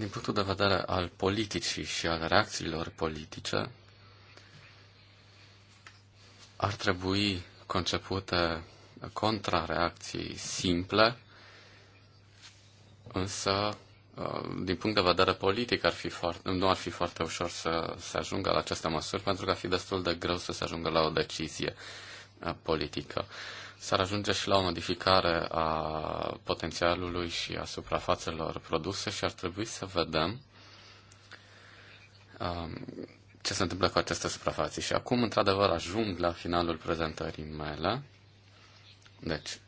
Din punctul de vedere al politicii și al reacțiilor politice, ar trebui concepute contrareacții simple, însă uh, din punct de vedere politic ar fi foarte, nu ar fi foarte ușor să se ajungă la aceste măsuri pentru că ar fi destul de greu să se ajungă la o decizie uh, politică s-ar ajunge și la o modificare a potențialului și a suprafațelor produse și ar trebui să vedem um, ce se întâmplă cu aceste suprafații. Și acum, într-adevăr, ajung la finalul prezentării mele. Deci,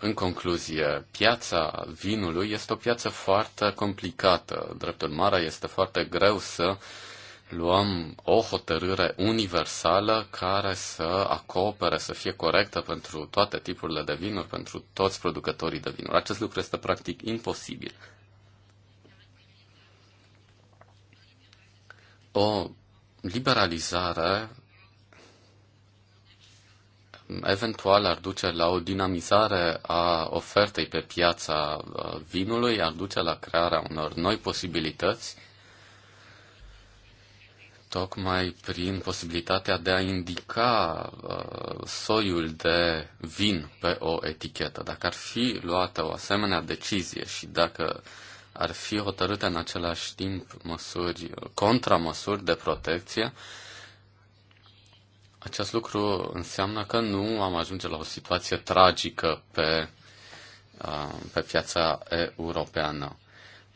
în concluzie, piața vinului este o piață foarte complicată. Dreptul mare este foarte greu să uh, luăm o hotărâre universală care să acopere, să fie corectă pentru toate tipurile de vinuri, pentru toți producătorii de vinuri. Acest lucru este practic imposibil. O liberalizare eventual ar duce la o dinamizare a ofertei pe piața uh, vinului, ar duce la crearea unor noi posibilități tocmai prin posibilitatea de a indica uh, soiul de vin pe o etichetă. Dacă ar fi luată o asemenea decizie și dacă ar fi hotărâte în același timp măsuri, contramăsuri de protecție, acest lucru înseamnă că nu am ajunge la o situație tragică pe, uh, pe piața europeană.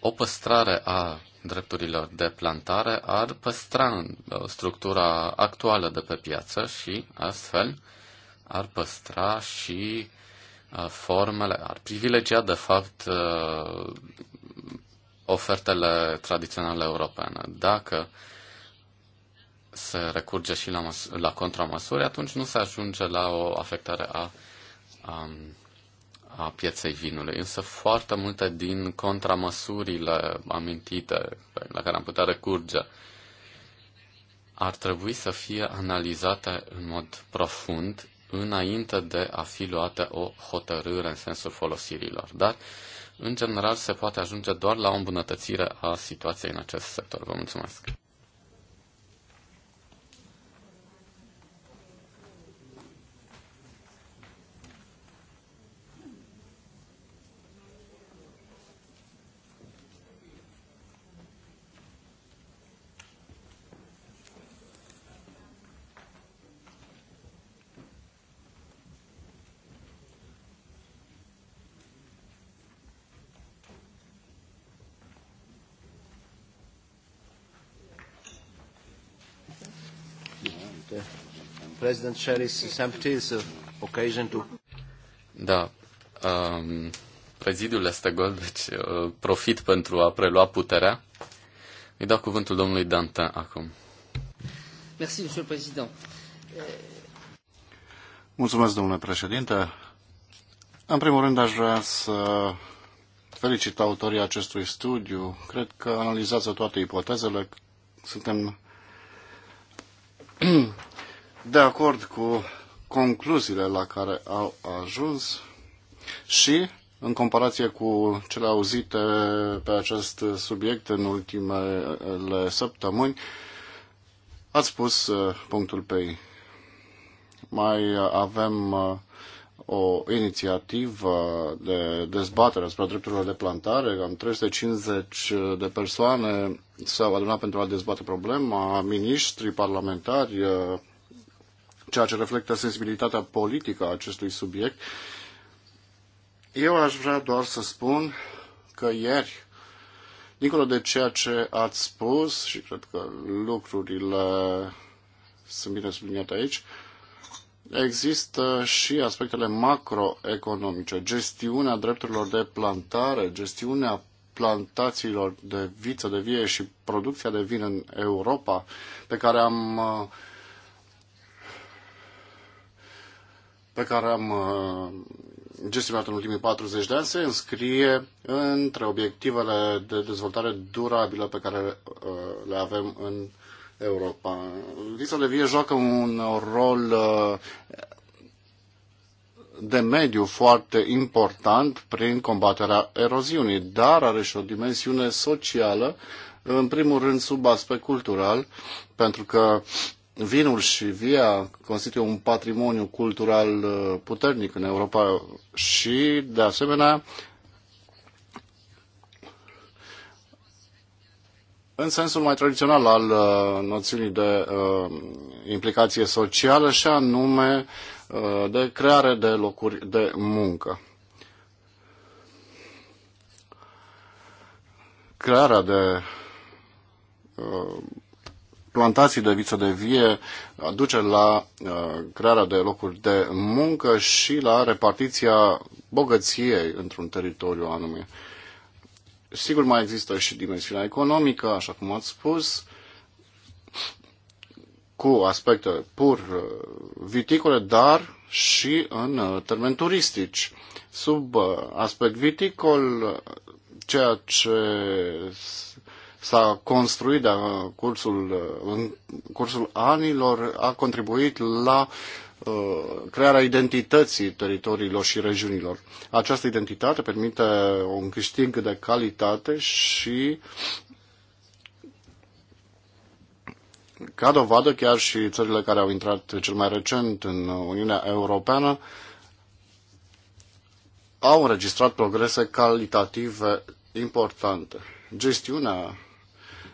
O păstrare a drepturilor de plantare ar păstra uh, structura actuală de pe piață și astfel ar păstra și uh, formele, ar privilegia de fapt uh, ofertele tradiționale europene. Dacă se recurge și la, la contramăsuri, atunci nu se ajunge la o afectare a, a um, a pieței vinului, însă foarte multe din contramăsurile amintite la care am putea recurge ar trebui să fie analizate în mod profund înainte de a fi luată o hotărâre în sensul folosirilor. Dar, în general, se poate ajunge doar la o îmbunătățire a situației în acest sector. Vă mulțumesc! President Sherry's is an occasion to... Da. Um, prezidiul este gol, deci uh, profit pentru a prelua puterea. Îi dau cuvântul domnului Dantin acum. Merci, domnule președinte. Mulțumesc, domnule președinte. În primul rând, aș vrea să felicit autorii acestui studiu. Cred că analizează toate ipotezele. Suntem de acord cu concluziile la care au ajuns și în comparație cu cele auzite pe acest subiect în ultimele săptămâni, ați pus uh, punctul pe ei. Mai avem uh, o inițiativă de dezbatere asupra drepturilor de plantare. Am 350 de persoane s-au adunat pentru a dezbate problema, Ministri, parlamentari, uh, ceea ce reflectă sensibilitatea politică a acestui subiect. Eu aș vrea doar să spun că ieri, dincolo de ceea ce ați spus, și cred că lucrurile sunt bine subliniate aici, există și aspectele macroeconomice, gestiunea drepturilor de plantare, gestiunea plantațiilor de viță de vie și producția de vin în Europa, pe care am uh, pe care am uh, gestionat în ultimii 40 de ani se înscrie între obiectivele de dezvoltare durabilă pe care uh, le avem în Europa. Lisa vie joacă un rol uh, de mediu foarte important prin combaterea eroziunii, dar are și o dimensiune socială, în primul rând sub aspect cultural, pentru că vinul și via constituie un patrimoniu cultural uh, puternic în Europa și, de asemenea, în sensul mai tradițional al uh, noțiunii de uh, implicație socială și anume uh, de creare de locuri de muncă. Crearea de uh, plantații de viță de vie duce la uh, crearea de locuri de muncă și la repartiția bogăției într-un teritoriu anume. Sigur, mai există și dimensiunea economică, așa cum ați spus, cu aspecte pur uh, viticole, dar și în uh, termeni turistici. Sub aspect viticol, ceea ce s-a construit în cursul, în cursul anilor a contribuit la crearea identității teritoriilor și regiunilor. Această identitate permite un câștig de calitate și ca dovadă chiar și țările care au intrat cel mai recent în Uniunea Europeană au înregistrat progrese calitative importante. Gestiunea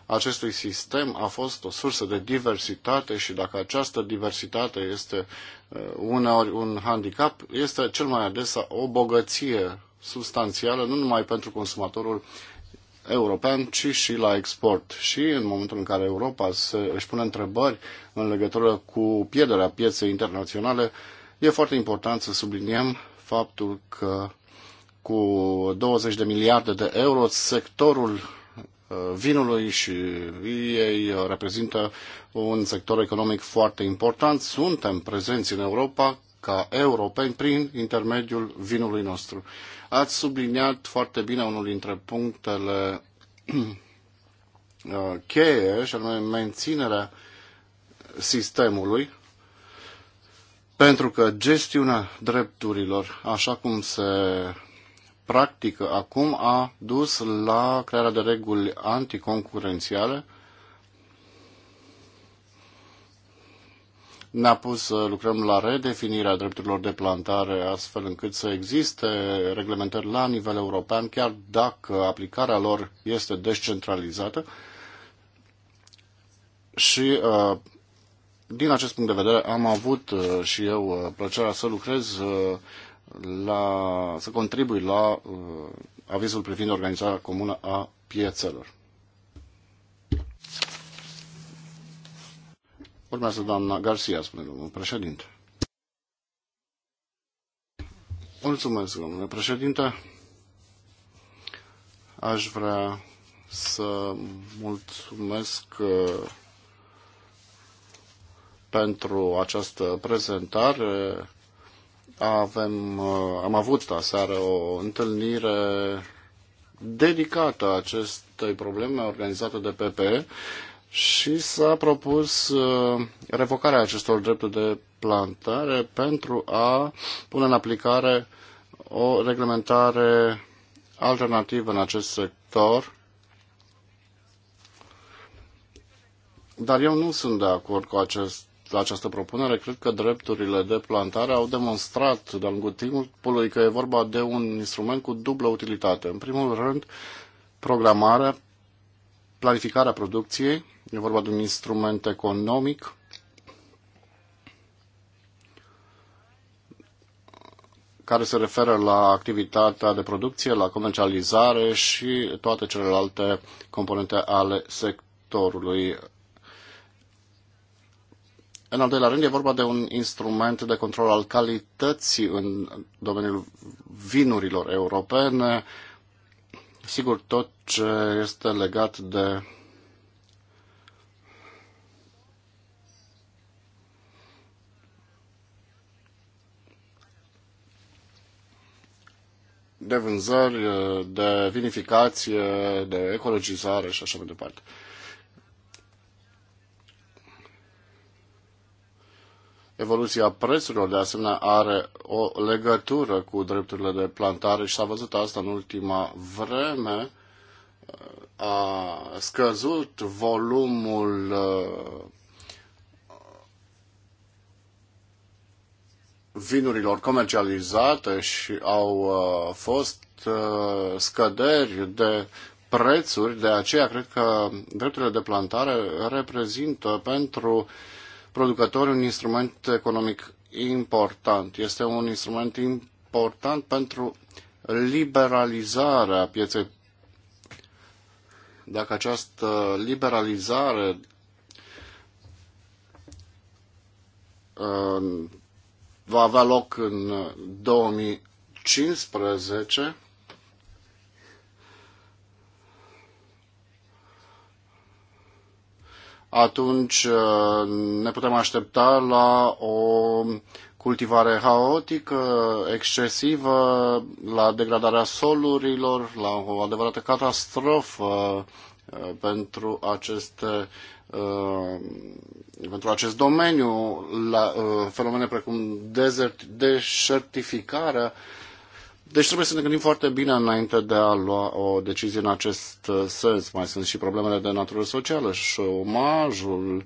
acestui sistem a fost o sursă de diversitate și dacă această diversitate este uh, uneori un handicap, este cel mai adesea o bogăție substanțială, nu numai pentru consumatorul european, ci și la export. Și în momentul în care Europa se, își pune întrebări în legătură cu pierderea pieței internaționale, e foarte important să subliniem faptul că cu 20 de miliarde de euro, sectorul Uh, vinului și ei reprezintă un sector economic foarte important. Suntem prezenți în Europa ca europeni prin intermediul vinului nostru. Ați subliniat foarte bine unul dintre punctele uh, cheie, și anume menținerea sistemului, pentru că gestiunea drepturilor, așa cum se practică acum a dus la crearea de reguli anticoncurențiale. Ne-a pus să lucrăm la redefinirea drepturilor de plantare astfel încât să existe reglementări la nivel european, chiar dacă aplicarea lor este descentralizată. Și uh, din acest punct de vedere am avut uh, și eu uh, plăcerea să lucrez la, să contribui la uh, avizul privind organizarea comună a piețelor. Urmează doamna Garcia, spune domnul președinte. Mulțumesc, domnule președinte. Aș vrea să mulțumesc uh, pentru această prezentare avem, uh, am avut aseară o întâlnire dedicată acestei probleme organizată de PPE și s-a propus uh, revocarea acestor drepturi de plantare pentru a pune în aplicare o reglementare alternativă în acest sector. Dar eu nu sunt de acord cu acest la această propunere, cred că drepturile de plantare au demonstrat de-a lungul timpului că e vorba de un instrument cu dublă utilitate. În primul rând, programarea, planificarea producției, e vorba de un instrument economic, care se referă la activitatea de producție, la comercializare și toate celelalte componente ale sectorului. În al doilea rând, e vorba de un instrument de control al calității în domeniul vinurilor europene. Sigur, tot ce este legat de de vânzări, de vinificație, de ecologizare și așa mai departe. Evoluția prețurilor, de asemenea, are o legătură cu drepturile de plantare și s-a văzut asta în ultima vreme. A scăzut volumul uh, vinurilor comercializate și au uh, fost uh, scăderi de prețuri, de aceea cred că drepturile de plantare reprezintă pentru uh, producători un instrument economic important. Este un instrument important pentru liberalizarea pieței. Dacă această liberalizare uh, va avea loc în 2015, atunci uh, ne putem aștepta la o cultivare haotică, excesivă, la degradarea solurilor, la o adevărată catastrofă uh, pentru aceste uh, pentru acest domeniu, la fenomene precum desert deșertificarea, deci trebuie să ne gândim foarte bine înainte de a lua o decizie în acest uh, sens. Mai sunt și problemele de natură socială, șomajul,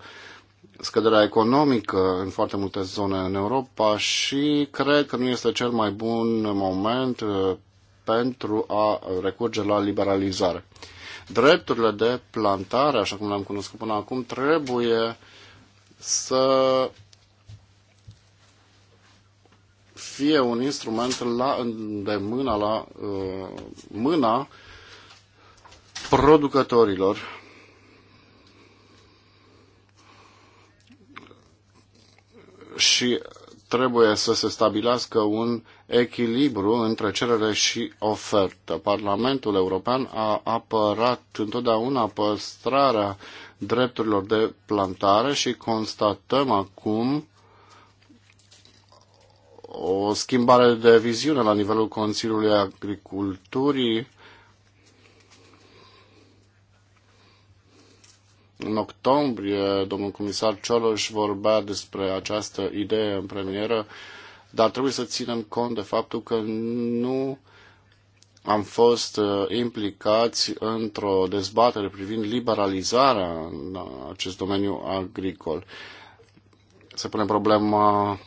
scăderea economică în foarte multe zone în Europa și cred că nu este cel mai bun moment uh, pentru a recurge la liberalizare. Drepturile de plantare, așa cum le-am cunoscut până acum, trebuie să fie un instrument la îndemâna, la uh, mâna producătorilor. Și trebuie să se stabilească un echilibru între cerere și ofertă. Parlamentul European a apărat întotdeauna păstrarea drepturilor de plantare și constatăm acum o schimbare de viziune la nivelul Consiliului Agriculturii. În octombrie, domnul comisar Cioloș vorbea despre această idee în premieră, dar trebuie să ținem cont de faptul că nu am fost uh, implicați într-o dezbatere privind liberalizarea în acest domeniu agricol. Se pune problema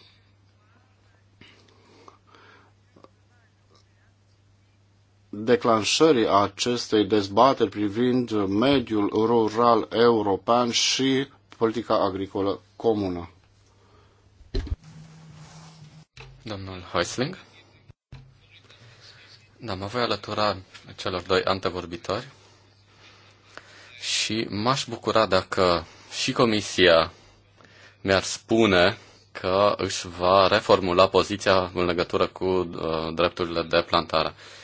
declanșării acestei dezbateri privind mediul rural european și politica agricolă comună. Domnul Heusling? Da, mă voi alătura celor doi antevorbitori și m-aș bucura dacă și Comisia mi-ar spune că își va reformula poziția în legătură cu uh, drepturile de plantare. Uh,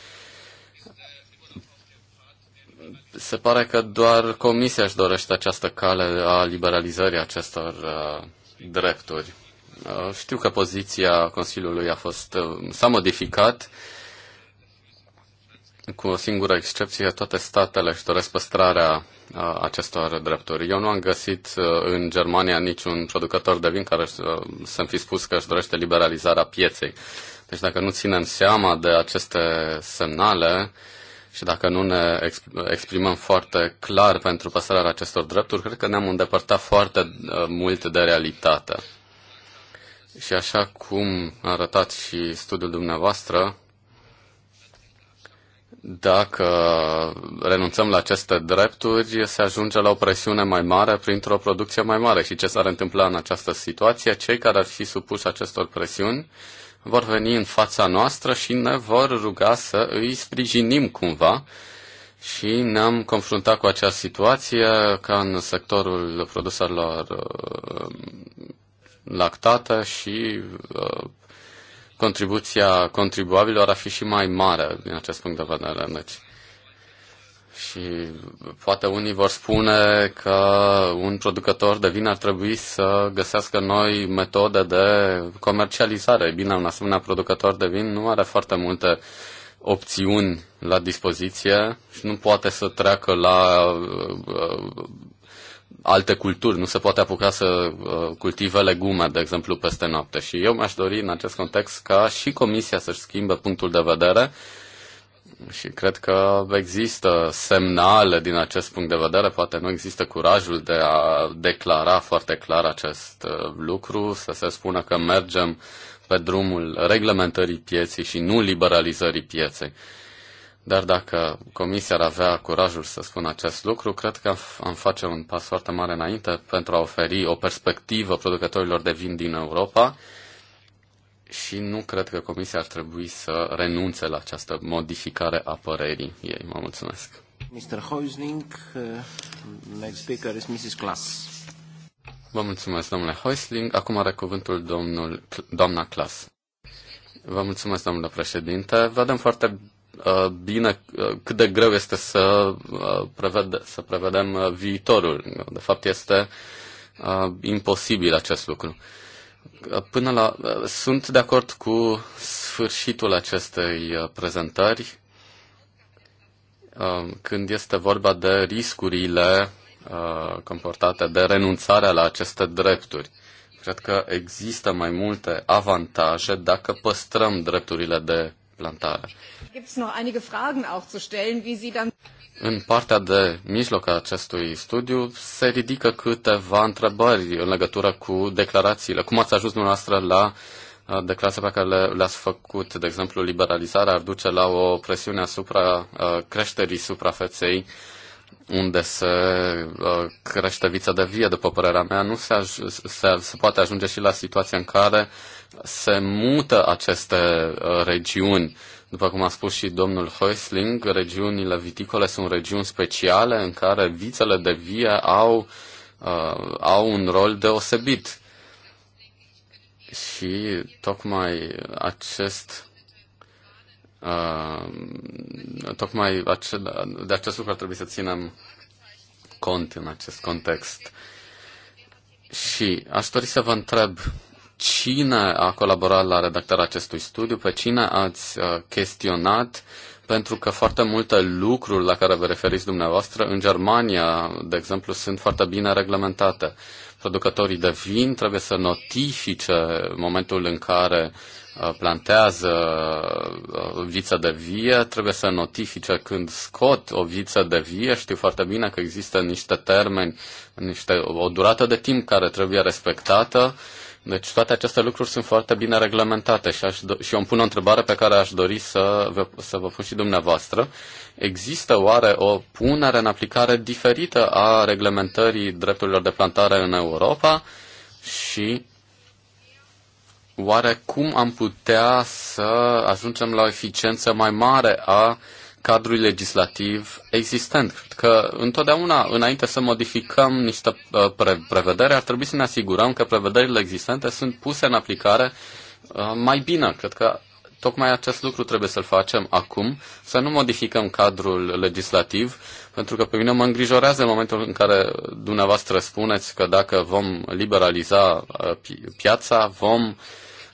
Se pare că doar Comisia își dorește această cale a liberalizării acestor uh, drepturi. Uh, știu că poziția Consiliului a fost, uh, s-a modificat, cu o singură excepție, toate statele își doresc păstrarea uh, acestor drepturi. Eu nu am găsit uh, în Germania niciun producător de vin care uh, să-mi fi spus că își dorește liberalizarea pieței. Deci dacă nu ținem seama de aceste semnale, și dacă nu ne exprimăm foarte clar pentru păstrarea acestor drepturi, cred că ne-am îndepărtat foarte uh, mult de realitate. Și așa cum a arătat și studiul dumneavoastră, dacă renunțăm la aceste drepturi, se ajunge la o presiune mai mare printr-o producție mai mare. Și ce s-ar întâmpla în această situație? Cei care ar fi supuși acestor presiuni vor veni în fața noastră și ne vor ruga să îi sprijinim cumva și ne-am confruntat cu această situație ca în sectorul produselor uh, lactate și uh, contribuția contribuabilor ar fi și mai mare din acest punct de vedere. Deci, și poate unii vor spune că un producător de vin ar trebui să găsească noi metode de comercializare. Bine, un asemenea producător de vin nu are foarte multe opțiuni la dispoziție și nu poate să treacă la uh, alte culturi, nu se poate apuca să uh, cultive legume, de exemplu, peste noapte. Și eu mi-aș dori în acest context ca și Comisia să-și schimbe punctul de vedere uh, și cred că există semnale din acest punct de vedere, poate nu există curajul de a declara foarte clar acest uh, lucru, să se spună că mergem pe drumul reglementării pieței și nu liberalizării pieței. Dar dacă Comisia ar avea curajul să spună acest lucru, cred că am face un pas foarte mare înainte pentru a oferi o perspectivă producătorilor de vin din Europa și nu cred că Comisia ar trebui să renunțe la această modificare a părerii ei. Mă mulțumesc. Mr. Hoisling, uh, next speaker is Mrs. Klass. Vă mulțumesc, domnule Hoisling. Acum are cuvântul domnul, doamna Klass. Vă mulțumesc, domnule președinte. Vedem foarte uh, bine uh, cât de greu este să, uh, prevede, să prevedem viitorul. De fapt, este imposibil acest lucru. Până la, sunt de acord cu sfârșitul acestei uh, prezentări um, când este vorba de riscurile uh, comportate de renunțarea la aceste drepturi. Cred că există mai multe avantaje dacă păstrăm drepturile de plantare. În partea de mijloc a acestui studiu se ridică câteva întrebări în legătură cu declarațiile. Cum ați ajuns dumneavoastră la uh, declarația pe care le, le-ați făcut, de exemplu, liberalizarea ar duce la o presiune asupra uh, creșterii suprafeței uh, unde se uh, crește vița de vie, după părerea mea, nu se, aj- se, se poate ajunge și la situația în care se mută aceste uh, regiuni. După cum a spus și domnul Heusling, regiunile viticole sunt regiuni speciale în care vițele de vie au, uh, au un rol deosebit. Și tocmai acest Ehm, tocmai de acest lucru ar trebui să ținem cont în acest context. Și aș dori să vă întreb cine a colaborat la redactarea acestui studiu, pe cine ați uh, chestionat, pentru că foarte multe lucruri la care vă referiți dumneavoastră, în Germania, de exemplu, sunt foarte bine reglementate. Producătorii de vin trebuie să notifice momentul în care uh, Uh, plantează uh, viță de vie, trebuie să notifice când scot o viță de vie. Știu foarte bine că există niște termeni, niște, o durată de timp care trebuie respectată. Deci toate aceste lucruri sunt foarte bine reglementate și, aș do- și eu îmi pun o întrebare pe care aș dori să vă, să vă pun și dumneavoastră. Există oare o punere în aplicare diferită a reglementării drepturilor de plantare în Europa și oare cum am putea să ajungem la o eficiență mai mare a cadrului legislativ existent? Cred că întotdeauna, înainte să modificăm niște uh, prevedere, ar trebui să ne asigurăm că prevederile existente sunt puse în aplicare uh, mai bine. Cred că tocmai acest lucru trebuie să-l facem acum, să nu modificăm cadrul legislativ, pentru că pe mine mă îngrijorează în momentul în care dumneavoastră spuneți că dacă vom liberaliza uh, piața, vom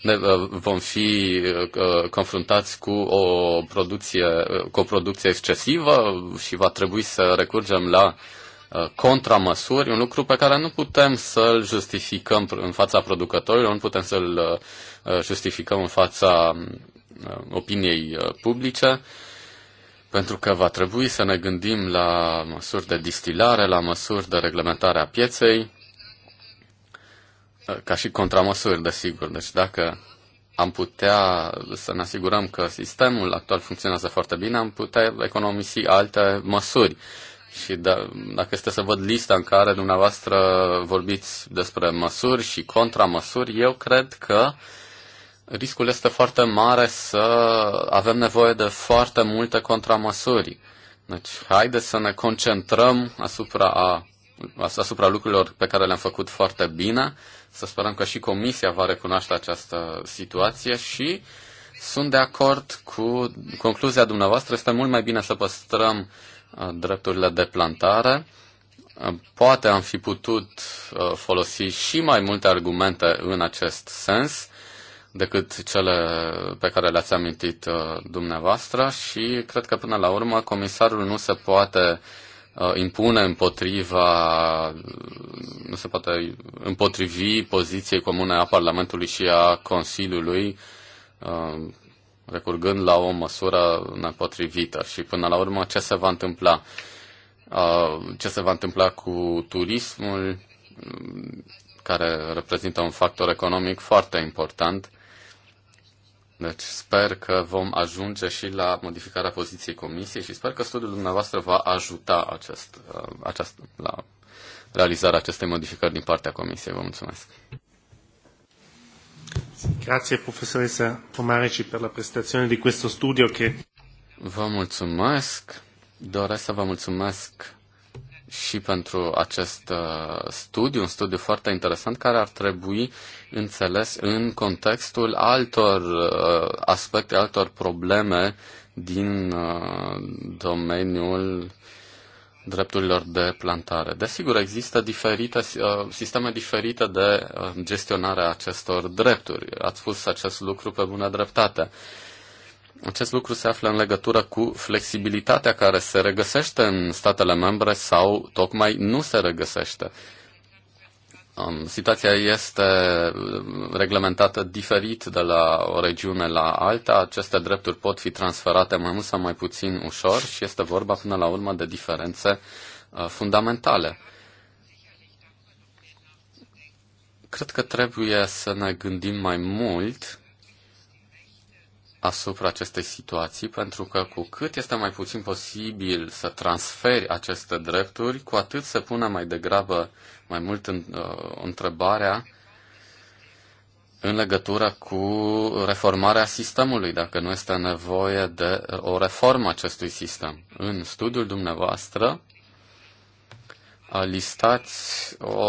ne, uh, vom fi uh, uh, confruntați cu o producție, cu o producție excesivă și va trebui să recurgem la contramăsuri, un lucru pe care nu putem să-l justificăm în fața producătorilor, nu putem să-l justificăm în fața opiniei publice, pentru că va trebui să ne gândim la măsuri de distilare, la măsuri de reglementare a pieței, ca și contramăsuri, desigur. Deci dacă am putea să ne asigurăm că sistemul actual funcționează foarte bine, am putea economisi alte măsuri. Și da, dacă este să văd lista în care dumneavoastră vorbiți despre măsuri și contramăsuri, eu cred că riscul este foarte mare să avem nevoie de foarte multe contramăsuri. Deci, haideți să ne concentrăm asupra, a, asupra lucrurilor pe care le-am făcut foarte bine să sperăm că și Comisia va recunoaște această situație și sunt de acord cu concluzia dumneavoastră. Este mult mai bine să păstrăm uh, drepturile de plantare. Uh, poate am fi putut uh, folosi și mai multe argumente în acest sens decât cele pe care le-ați amintit dumneavoastră și cred că până la urmă comisarul nu se poate uh, Uh, impune împotriva, nu se poate împotrivi poziției comune a Parlamentului și a Consiliului, uh, recurgând la o măsură nepotrivită. Și până la urmă, ce se va întâmpla? Uh, ce se va întâmpla cu turismul, care reprezintă un factor economic foarte important? Deci sper că vom ajunge și la modificarea poziției comisiei și sper că studiul dumneavoastră va ajuta acest, uh, acest, la realizarea acestei modificări din partea comisiei. Vă mulțumesc. Grazie la questo studio che... Vă mulțumesc. Doresc să vă mulțumesc și pentru acest uh, studiu, un studiu foarte interesant care ar trebui înțeles în contextul altor uh, aspecte, altor probleme din uh, domeniul drepturilor de plantare. Desigur, există diferite, sisteme diferite de gestionare a acestor drepturi. Ați spus acest lucru pe bună dreptate. Acest lucru se află în legătură cu flexibilitatea care se regăsește în statele membre sau tocmai nu se regăsește. Um, situația este uh, reglementată diferit de la o regiune la alta. Aceste drepturi pot fi transferate mai mult sau mai puțin ușor și este vorba până la urmă de diferențe uh, fundamentale. Cred că trebuie să ne gândim mai mult asupra acestei situații, pentru că cu cât este mai puțin posibil să transferi aceste drepturi, cu atât se pune mai degrabă mai mult în, uh, întrebarea în legătură cu reformarea sistemului, dacă nu este nevoie de o reformă acestui sistem. În studiul dumneavoastră listați o,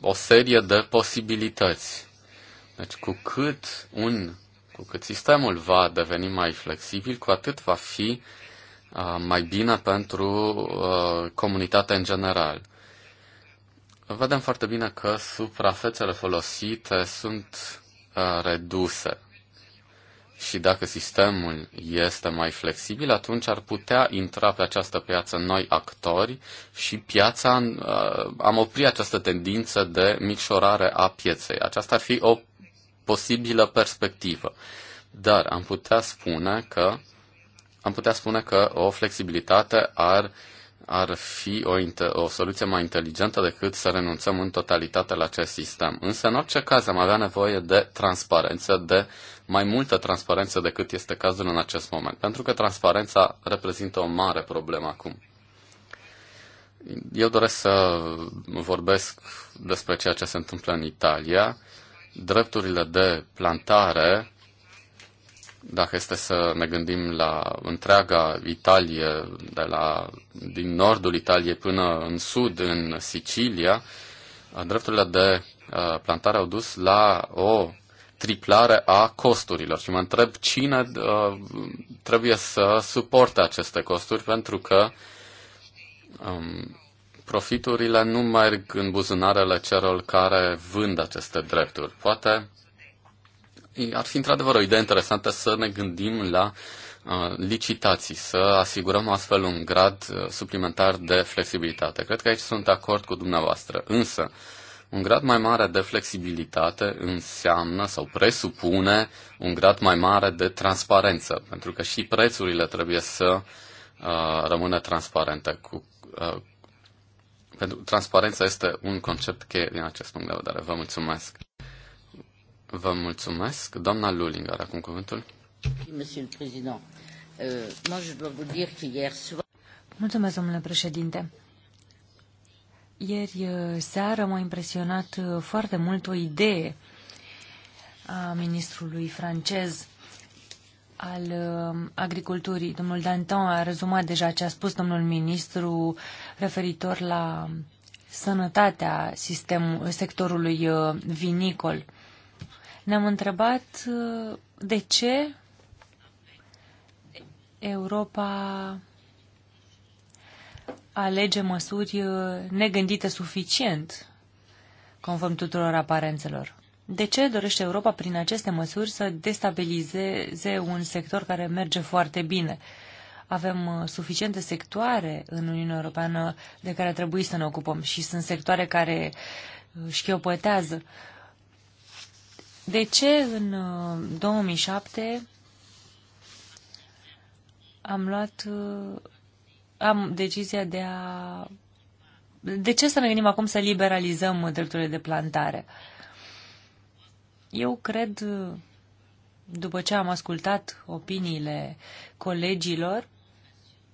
o serie de posibilități. Deci cu cât un cu cât sistemul va deveni mai flexibil, cu atât va fi uh, mai bine pentru uh, comunitatea în general. Vedem foarte bine că suprafețele folosite sunt uh, reduse. Și dacă sistemul este mai flexibil, atunci ar putea intra pe această piață noi actori și piața, am opri această tendință de micșorare a pieței. Aceasta ar fi o posibilă perspectivă. Dar am putea spune că am putea spune că o flexibilitate ar, ar fi o, o soluție mai inteligentă decât să renunțăm în totalitate la acest sistem. Însă, în orice caz, am avea nevoie de transparență, de mai multă transparență decât este cazul în acest moment, pentru că transparența reprezintă o mare problemă acum. Eu doresc să vorbesc despre ceea ce se întâmplă în Italia drepturile de plantare, dacă este să ne gândim la întreaga Italie, de la, din nordul Italiei până în sud, în Sicilia, drepturile de uh, plantare au dus la o triplare a costurilor. Și mă întreb cine uh, trebuie să suporte aceste costuri, pentru că um, profiturile nu merg în buzunarele celor care vând aceste drepturi. Poate ar fi într-adevăr o idee interesantă să ne gândim la uh, licitații, să asigurăm astfel un grad uh, suplimentar de flexibilitate. Cred că aici sunt de acord cu dumneavoastră. Însă, un grad mai mare de flexibilitate înseamnă sau presupune un grad mai mare de transparență, pentru că și prețurile trebuie să uh, rămână transparente. Cu, uh, pentru transparența este un concept cheie din acest punct de vedere. Vă mulțumesc. Vă mulțumesc. Doamna Luling are acum cuvântul. Euh, mulțumesc, domnule președinte. Ieri uh, seară m-a impresionat uh, foarte mult o idee a ministrului francez al um, agriculturii. Domnul Danton a rezumat deja ce a spus domnul ministru referitor la sănătatea sistemul sectorului uh, vinicol. Ne-am întrebat uh, de ce Europa alege măsuri uh, negândite suficient, conform tuturor aparențelor. De ce dorește Europa prin aceste măsuri să destabilizeze un sector care merge foarte bine? Avem uh, suficiente sectoare în Uniunea Europeană de care trebuie să ne ocupăm și sunt sectoare care uh, șchiopătează. De ce în 2007 uh, am luat am decizia de a de ce să ne gândim acum să liberalizăm drepturile de plantare? Uh, eu cred, după ce am ascultat opiniile colegilor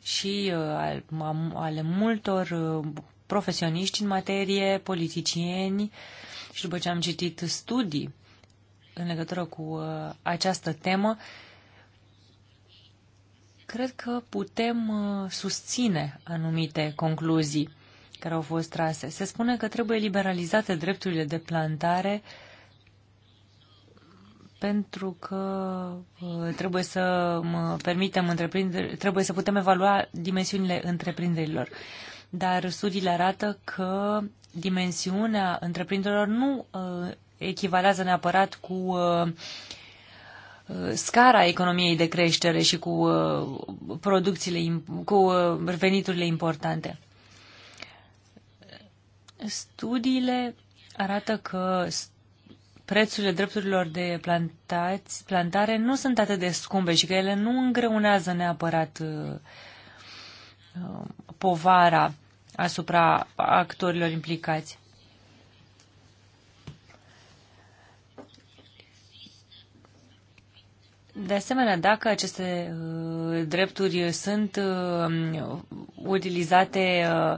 și uh, ale multor uh, profesioniști în materie, politicieni și după ce am citit studii în legătură cu uh, această temă, cred că putem susține anumite concluzii care au fost trase. Se spune că trebuie liberalizate drepturile de plantare uh, pentru că uh, trebuie să permitem trebuie să putem evalua dimensiunile întreprinderilor. Dar studiile arată că dimensiunea întreprinderilor nu uh, echivalează neapărat cu uh, scara economiei de creștere și cu producțiile, cu veniturile importante. Studiile arată că prețurile drepturilor de plantați, plantare nu sunt atât de scumpe și că ele nu îngreunează neapărat uh, uh, povara asupra actorilor implicați. De asemenea, dacă aceste uh, drepturi sunt uh, utilizate uh,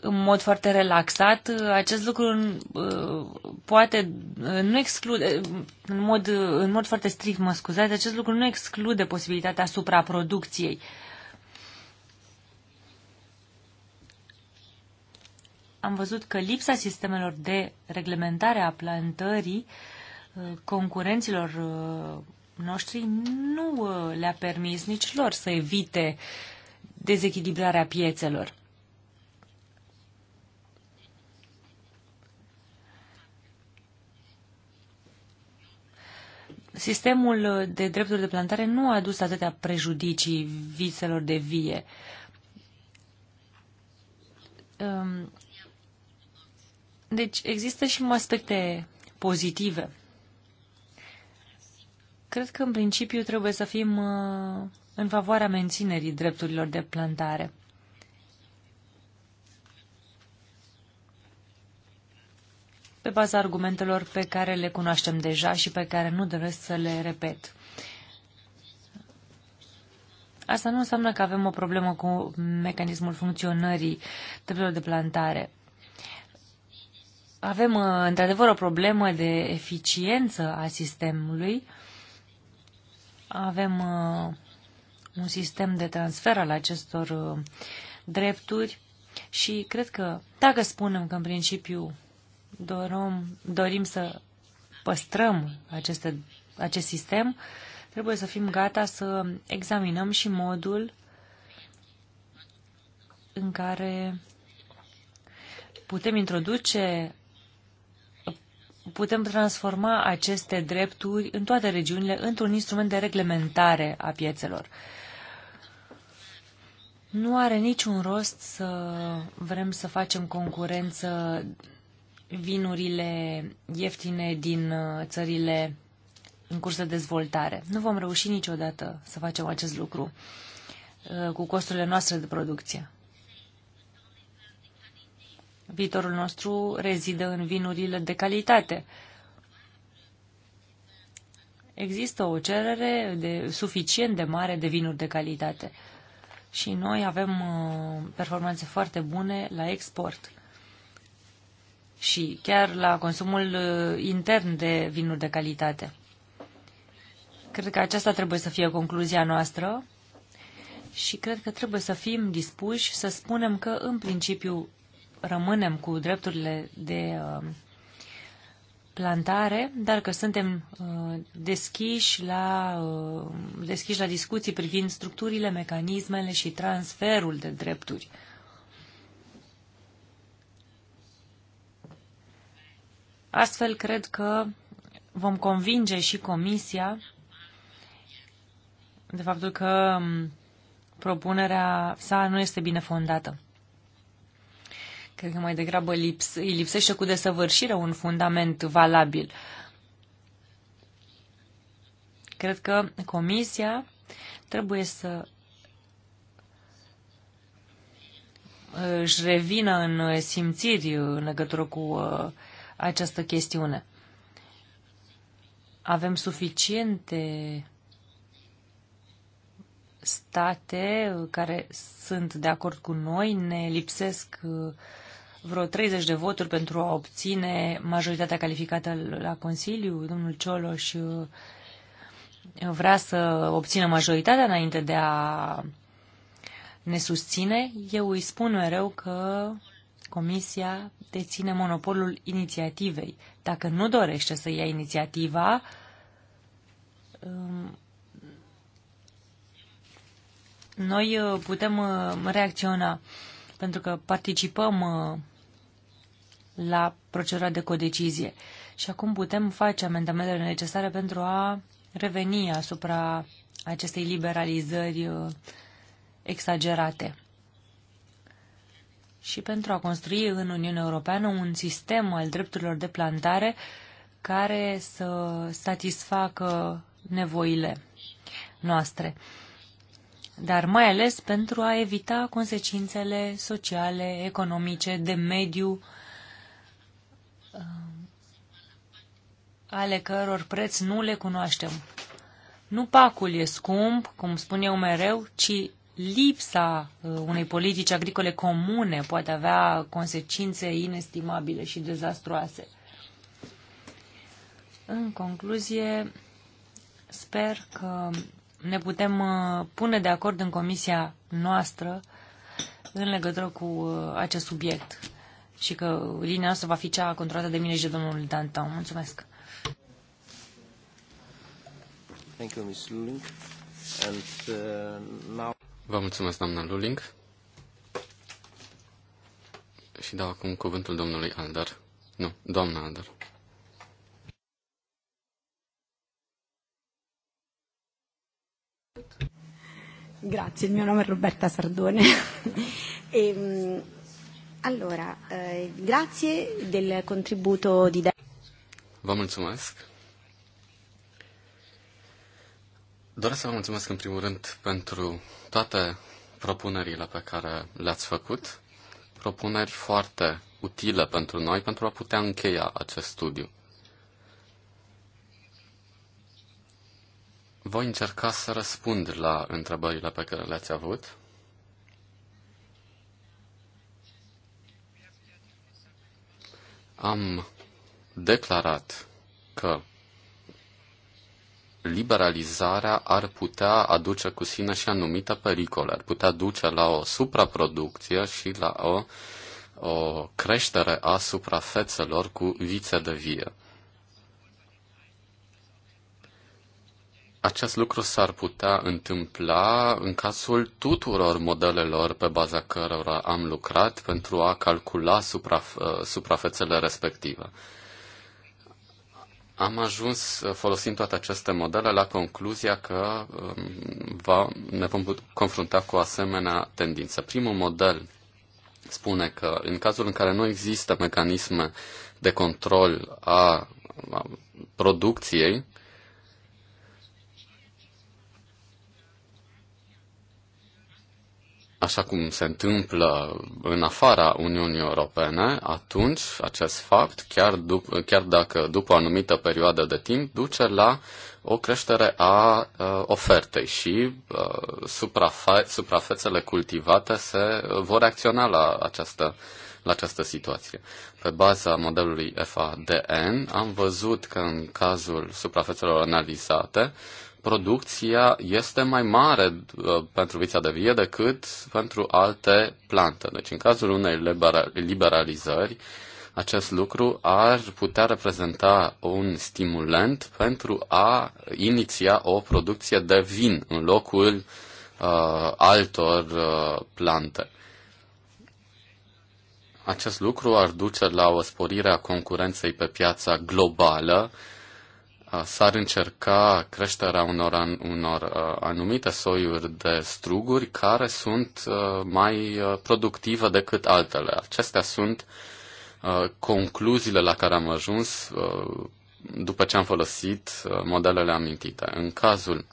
în mod foarte relaxat, acest lucru uh, poate uh, nu exclude, uh, în mod, în mod foarte strict, mă scuzați, acest lucru nu exclude posibilitatea supraproducției. Am văzut că lipsa sistemelor de reglementare a plantării concurenților noștri nu le-a permis nici lor să evite dezechilibrarea piețelor. Sistemul de drepturi de plantare nu a adus atâtea prejudicii viselor de vie. Um, deci există și aspecte pozitive. Cred că în principiu trebuie să fim uh, în favoarea menținerii drepturilor de plantare. pe baza argumentelor pe care le cunoaștem deja și pe care nu doresc să le repet. Asta nu înseamnă că avem o problemă cu mecanismul funcționării trebuilor de plantare. Avem, uh, într-adevăr, o problemă de eficiență a sistemului. Avem uh, un sistem de transfer al acestor uh, drepturi și cred că dacă spunem că, în principiu, dorim, dorim să păstrăm aceste, acest sistem, trebuie să fim gata să examinăm și modul în care putem introduce, putem transforma aceste drepturi în toate regiunile într-un instrument de reglementare a piețelor. Nu are niciun rost să vrem să facem concurență vinurile ieftine din uh, țările în curs de dezvoltare. Nu vom reuși niciodată să facem acest lucru uh, cu costurile noastre de producție. Viitorul nostru rezidă în vinurile de calitate. Există o cerere de, suficient de mare de vinuri de calitate. Și noi avem uh, performanțe foarte bune la export și chiar la consumul uh, intern de vinuri de calitate. Cred că aceasta trebuie să fie concluzia noastră și cred că trebuie să fim dispuși să spunem că, în principiu, rămânem cu drepturile de uh, plantare, dar că suntem uh, deschiși la, deschiși la discuții privind structurile, mecanismele și transferul de drepturi. Astfel, cred că vom convinge și Comisia de faptul că propunerea sa nu este bine fondată. Cred că mai degrabă lips, îi lipsește cu desăvârșire un fundament valabil. Cred că Comisia trebuie să își revină în simțiri în legătură cu uh, această chestiune. Avem suficiente state care sunt de acord cu noi, ne lipsesc uh, vreo 30 de voturi pentru a obține majoritatea calificată la Consiliu. Domnul Cioloș uh, vrea să obțină majoritatea înainte de a ne susține. Eu îi spun mereu că Comisia deține monopolul inițiativei. Dacă nu dorește să ia inițiativa, um, noi uh, putem uh, reacționa pentru că participăm uh, la procedura de codecizie și acum putem face amendamentele necesare pentru a reveni asupra acestei liberalizări exagerate și pentru a construi în Uniunea Europeană un sistem al drepturilor de plantare care să satisfacă nevoile noastre, dar mai ales pentru a evita consecințele sociale, economice, de mediu, uh, ale căror preț nu le cunoaștem. Nu pacul e scump, cum spun eu mereu, ci lipsa uh, unei politici agricole comune poate avea consecințe inestimabile și dezastroase. În concluzie, sper că ne putem uh, pune de acord în comisia noastră în legătură cu uh, acest subiect și că linia noastră va fi cea controlată de mine și de domnul Danta. Mulțumesc! Thank you, Ms. Luling. And, uh, now... Vă mulțumesc, doamna Luling. Și dau acum cuvântul domnului Aldar. Nu, doamna Aldar. Grazie, il mio nome è Roberta Sardone. e, ehm, allora, eh, grazie del contributo di... Vă mulțumesc Doresc să vă mulțumesc în primul rând pentru toate propunerile pe care le-ați făcut, propuneri foarte utile pentru noi pentru a putea încheia acest studiu. Voi încerca să răspund la întrebările pe care le-ați avut. Am declarat că liberalizarea ar putea aduce cu sine și anumite pericole. Ar putea duce la o supraproducție și la o, o creștere a suprafețelor cu vițe de vie. Acest lucru s-ar putea întâmpla în cazul tuturor modelelor pe baza cărora am lucrat pentru a calcula supraf- suprafețele respective am ajuns, uh, folosind toate aceste modele, la concluzia că um, va, ne vom confrunta cu o asemenea tendință. Primul model spune că în cazul în care nu există mecanisme de control a, a producției, așa cum se întâmplă în afara Uniunii Europene, atunci acest fapt, chiar, dup- chiar dacă după o anumită perioadă de timp, duce la o creștere a uh, ofertei și uh, suprafe- suprafețele cultivate se vor acționa la această, la această situație. Pe baza modelului FADN am văzut că în cazul suprafețelor analizate, producția este mai mare uh, pentru vița de vie decât pentru alte plante. Deci, în cazul unei liberalizări, acest lucru ar putea reprezenta un stimulant pentru a iniția o producție de vin în locul uh, altor uh, plante. Acest lucru ar duce la o sporire a concurenței pe piața globală, uh, s-ar încerca creșterea unor, an, unor anumite soiuri de struguri care sunt mai productive decât altele. Acestea sunt concluziile la care am ajuns după ce am folosit modelele amintite. În cazul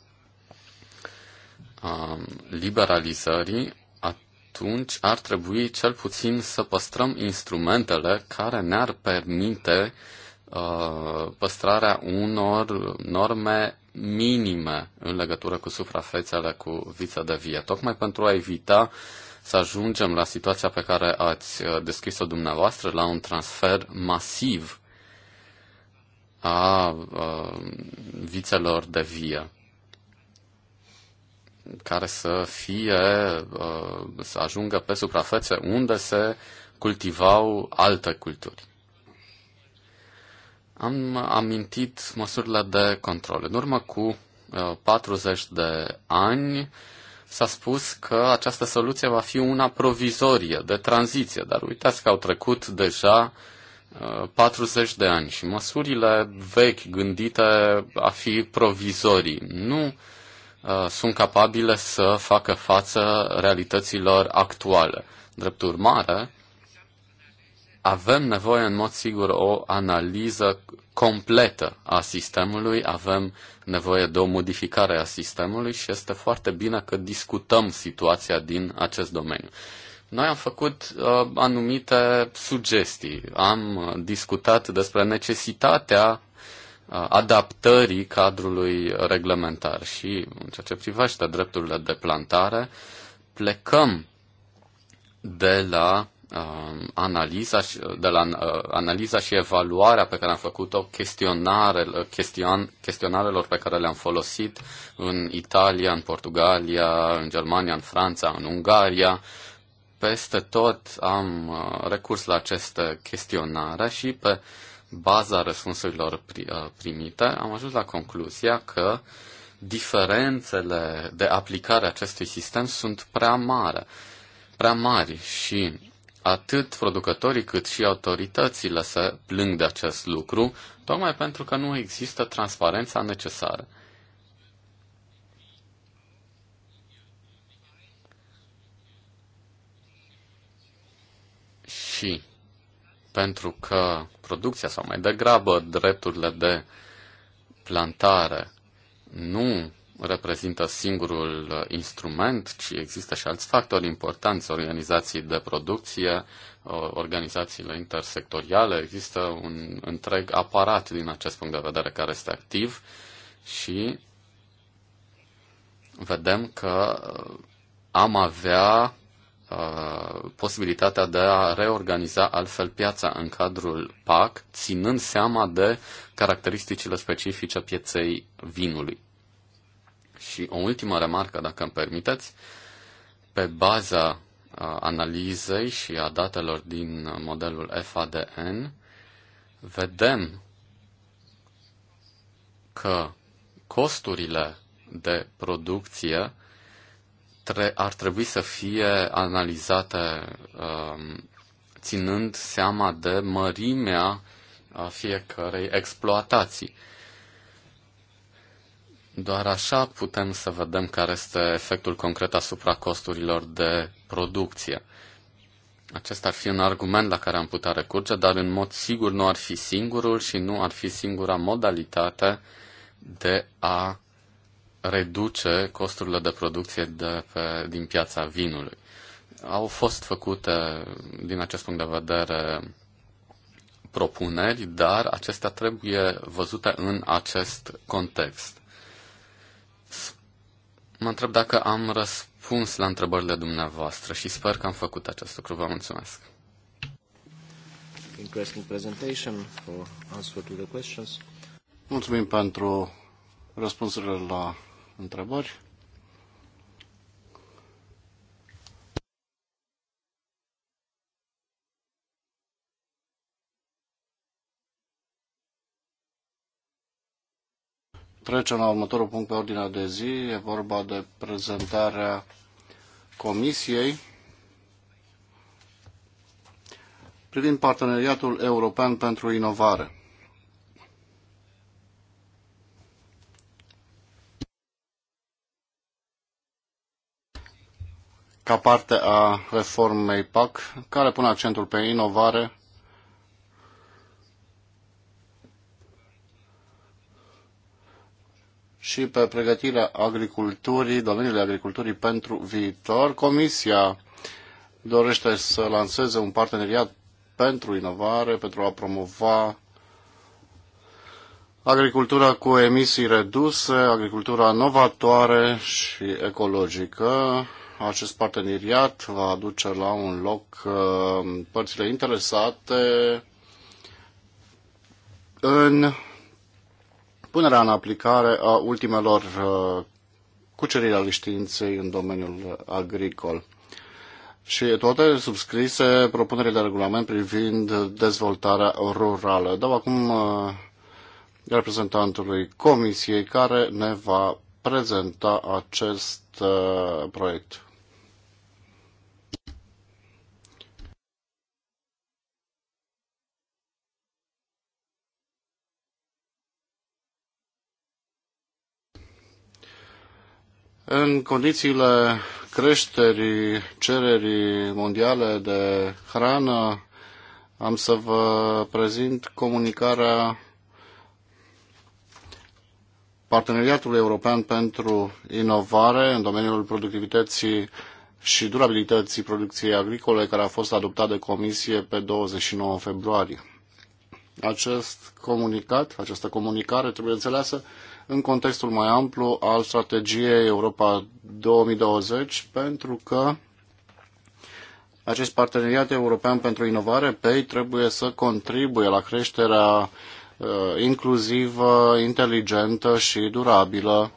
liberalizării, atunci ar trebui cel puțin să păstrăm instrumentele care ne-ar permite uh, Uh, păstrarea unor norme minime în legătură cu suprafețele cu viță de vie, tocmai pentru a evita să ajungem la situația pe care ați uh, descris-o dumneavoastră, la un transfer masiv a uh, vițelor de vie care să fie, să ajungă pe suprafețe unde se cultivau alte culturi. Am amintit măsurile de control. În urmă cu 40 uh, de ani s-a spus că această soluție va fi una provizorie, de tranziție, dar uitați că au trecut deja 40 uh, de ani și măsurile vechi gândite a fi provizorii nu uh, sunt capabile să facă față realităților actuale. Drept urmare, avem nevoie în mod sigur o analiză completă a sistemului, avem nevoie de o modificare a sistemului și este foarte bine că discutăm situația din acest domeniu. Noi am făcut uh, anumite sugestii, am uh, discutat despre necesitatea uh, adaptării cadrului reglementar și în ceea ce privește drepturile de plantare, plecăm de la Um, analiza și, uh, de la uh, analiza și evaluarea pe care am făcut-o, chestionarelor, uh, chestion, chestionarelor pe care le-am folosit în Italia, în Portugalia, în Germania, în Franța, în Ungaria. Peste tot am recurs la aceste chestionare și pe baza răspunsurilor primite am ajuns la concluzia că diferențele de aplicare a acestui sistem sunt prea mari prea mari și atât producătorii cât și autoritățile să plâng de acest lucru, tocmai pentru că nu există transparența necesară. Și pentru că producția sau mai degrabă drepturile de plantare nu reprezintă singurul uh, instrument, ci există și alți factori importanți, organizații de producție, uh, organizațiile intersectoriale, există un întreg aparat din acest punct de vedere care este activ și vedem că uh, am avea posibilitatea de a reorganiza altfel piața în cadrul PAC, ținând seama de caracteristicile specifice pieței vinului. Și o ultimă remarcă, dacă îmi permiteți, pe baza uh, analizei și a datelor din modelul FADN, vedem că costurile de producție tre- ar trebui să fie analizate um, ținând seama de mărimea uh, fiecarei exploatații. Doar așa putem să vedem care este efectul concret asupra costurilor de producție. Acesta ar fi un argument la care am putea recurge, dar în mod sigur nu ar fi singurul și nu ar fi singura modalitate de a reduce costurile de producție de pe, din piața vinului. Au fost făcute, din acest punct de vedere, propuneri, dar acestea trebuie văzute în acest context. Mă întreb dacă am răspuns la întrebările dumneavoastră și sper că am făcut acest lucru. Vă mulțumesc. Interesting presentation for answer to the questions. Mulțumim pentru răspunsurile la întrebări. Trecem la următorul punct pe ordinea de zi. E vorba de prezentarea Comisiei privind parteneriatul european pentru inovare. ca parte a reformei PAC, care pune accentul pe inovare și pe pregătirea agriculturii, domeniile agriculturii pentru viitor. Comisia dorește să lanseze un parteneriat pentru inovare, pentru a promova agricultura cu emisii reduse, agricultura novatoare și ecologică. Acest parteneriat va aduce la un loc uh, părțile interesate în punerea în aplicare a ultimelor uh, cuceriri ale științei în domeniul agricol. Și toate subscrise propunerile de regulament privind dezvoltarea rurală. Dau acum uh, reprezentantului Comisiei care ne va prezenta acest uh, proiect. În condițiile creșterii cererii mondiale de hrană, am să vă prezint comunicarea Parteneriatului European pentru Inovare în domeniul productivității și durabilității producției agricole, care a fost adoptat de Comisie pe 29 februarie. Acest comunicat, această comunicare trebuie înțeleasă în contextul mai amplu al strategiei Europa 2020, pentru că acest parteneriat european pentru inovare, PEI, trebuie să contribuie la creșterea uh, inclusivă, inteligentă și durabilă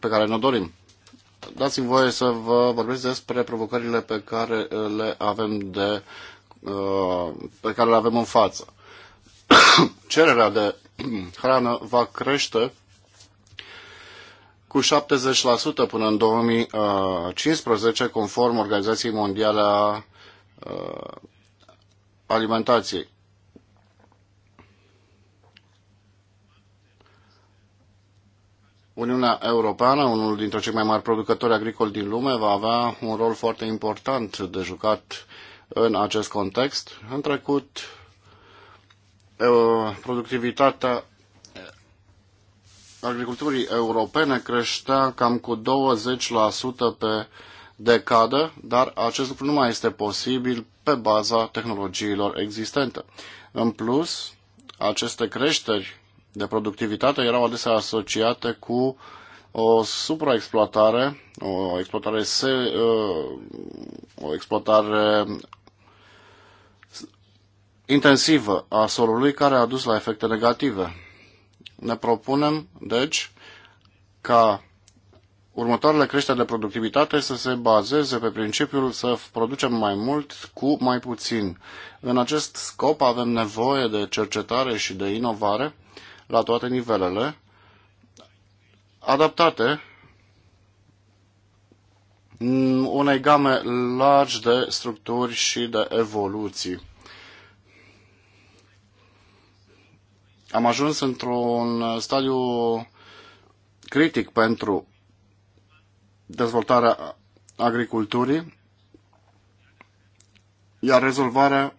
pe care ne dorim. Dați-mi voie să vă vorbesc despre provocările pe care uh, le avem de uh, pe care le avem în față. Cererea de hrană va crește cu 70% până în 2015, conform Organizației Mondiale a uh, Alimentației. Uniunea Europeană, unul dintre cei mai mari producători agricoli din lume, va avea un rol foarte important de jucat în acest context. În trecut, productivitatea agriculturii europene creștea cam cu 20% pe decadă, dar acest lucru nu mai este posibil pe baza tehnologiilor existente. În plus, aceste creșteri de productivitate erau adesea asociate cu o supraexploatare, o exploatare, se, o exploatare intensivă a solului care a dus la efecte negative. Ne propunem, deci, ca următoarele creșteri de productivitate să se bazeze pe principiul să producem mai mult cu mai puțin. În acest scop avem nevoie de cercetare și de inovare la toate nivelele, adaptate unei game largi de structuri și de evoluții. am ajuns într-un stadiu critic pentru dezvoltarea agriculturii, iar rezolvarea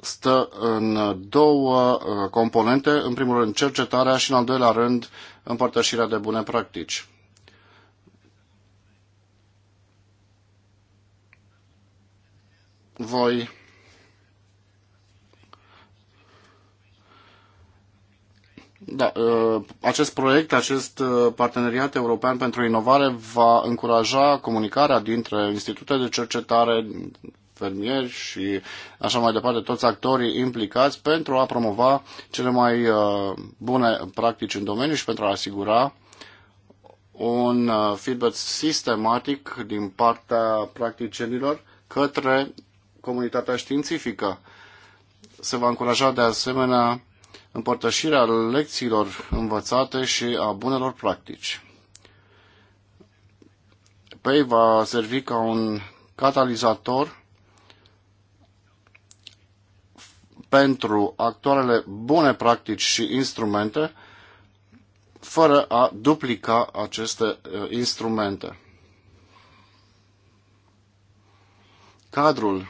stă în două uh, componente. În primul rând, cercetarea și, în al doilea rând, împărtășirea de bune practici. Voi Da, uh, acest proiect, acest uh, parteneriat european pentru inovare va încuraja comunicarea dintre institute de cercetare, fermieri și așa mai departe, toți actorii implicați pentru a promova cele mai uh, bune practici în domeniu și pentru a asigura un feedback sistematic din partea practicienilor către comunitatea științifică. Se va încuraja de asemenea împărtășirea lecțiilor învățate și a bunelor practici. PEI va servi ca un catalizator pentru actualele bune practici și instrumente, fără a duplica aceste uh, instrumente. Cadrul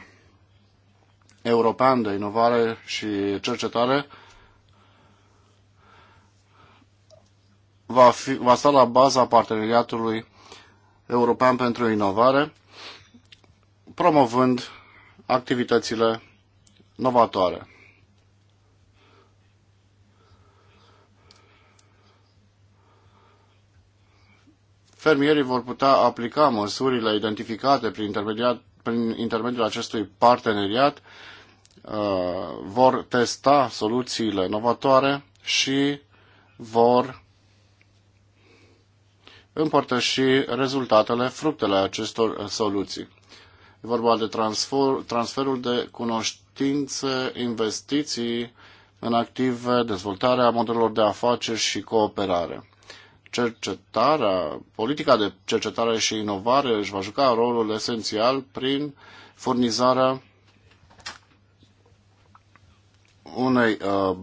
european de inovare și cercetare va, fi, va sta la baza parteneriatului european pentru inovare, promovând activitățile novatoare. Fermierii vor putea aplica măsurile identificate prin intermediul, prin intermediul acestui parteneriat, uh, vor testa soluțiile novatoare și vor împărtăși rezultatele, fructele acestor uh, soluții. E vorba de transfer, transferul de cunoștințe, investiții în active, dezvoltarea modelor de afaceri și cooperare. Cercetarea, politica de cercetare și inovare își va juca rolul esențial prin furnizarea unei uh,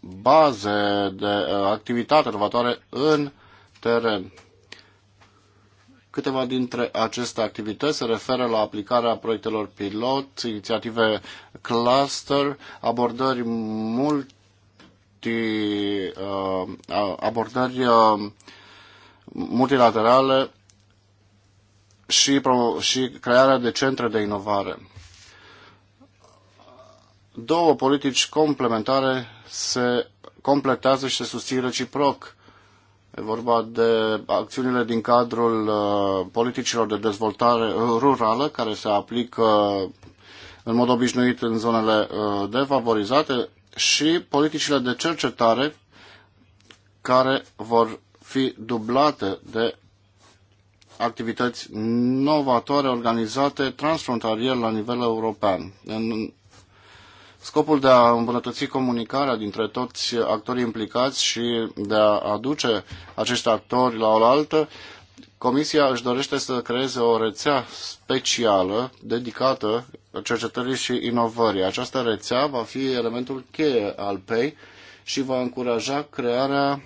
baze de uh, activitate inovatoare în teren. Câteva dintre aceste activități se referă la aplicarea proiectelor pilot, inițiative cluster, abordări multi, uh, abordări uh, multilaterale și, și crearea de centre de inovare. Două politici complementare se completează și se susțin reciproc E vorba de acțiunile din cadrul uh, politicilor de dezvoltare uh, rurală care se aplică uh, în mod obișnuit în zonele defavorizate și politicile de cercetare care vor fi dublate de activități novatoare organizate transfrontalier la nivel european. În scopul de a îmbunătăți comunicarea dintre toți actorii implicați și de a aduce acești actori la oaltă, Comisia își dorește să creeze o rețea specială dedicată cercetării și inovării. Această rețea va fi elementul cheie al PEI și va încuraja crearea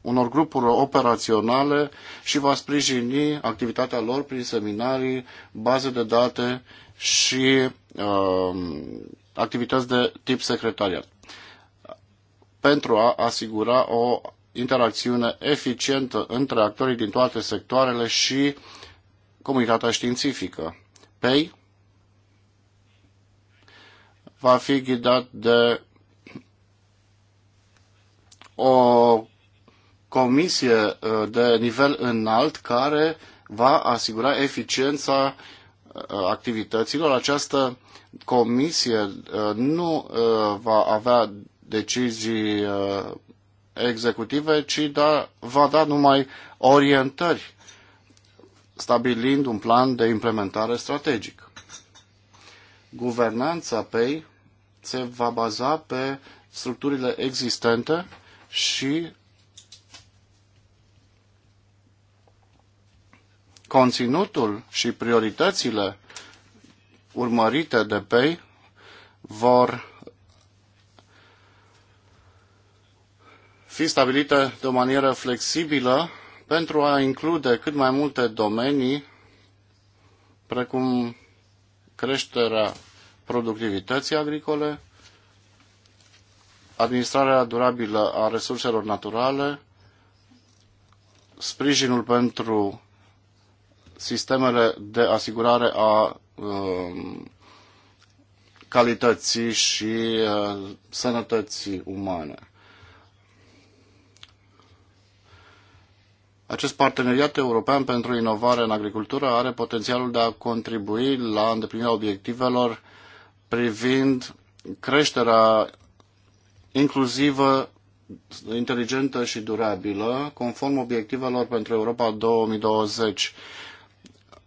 unor grupuri operaționale și va sprijini activitatea lor prin seminarii, baze de date și Um, activități de tip secretariat pentru a asigura o interacțiune eficientă între actorii din toate sectoarele și comunitatea științifică. PEI va fi ghidat de o comisie uh, de nivel înalt care va asigura eficiența activităților, această comisie uh, nu uh, va avea decizii uh, executive, ci da, va da numai orientări, stabilind un plan de implementare strategic. Guvernanța PEI se va baza pe structurile existente și conținutul și prioritățile urmărite de PEI vor fi stabilite de o manieră flexibilă pentru a include cât mai multe domenii, precum creșterea productivității agricole, administrarea durabilă a resurselor naturale, sprijinul pentru sistemele de asigurare a um, calității și uh, sănătății umane. Acest parteneriat european pentru inovare în agricultură are potențialul de a contribui la îndeplinirea obiectivelor privind creșterea inclusivă, inteligentă și durabilă, conform obiectivelor pentru Europa 2020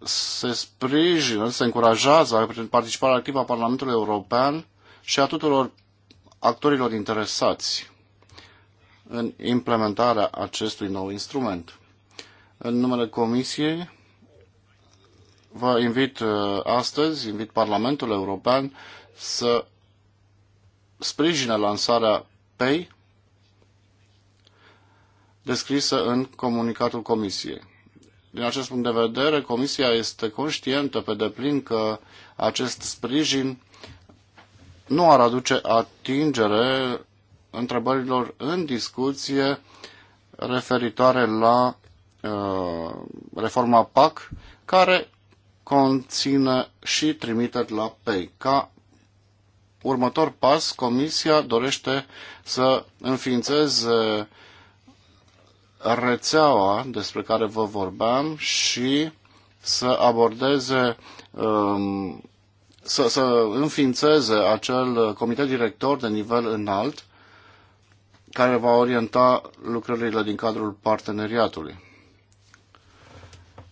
se sprijină, se încurajează participarea activă a Parlamentului European și a tuturor actorilor interesați în implementarea acestui nou instrument. În numele Comisiei vă invit uh, astăzi, invit Parlamentul European să sprijine lansarea PEI descrisă în comunicatul Comisiei. Din acest punct de vedere, Comisia este conștientă pe deplin că acest sprijin nu ar aduce atingere întrebărilor în discuție referitoare la uh, reforma PAC, care conține și trimiteri la PEI. Ca următor pas, Comisia dorește să înființeze rețeaua despre care vă vorbeam și să abordeze, um, să, să înființeze acel comitet director de nivel înalt care va orienta lucrările din cadrul parteneriatului.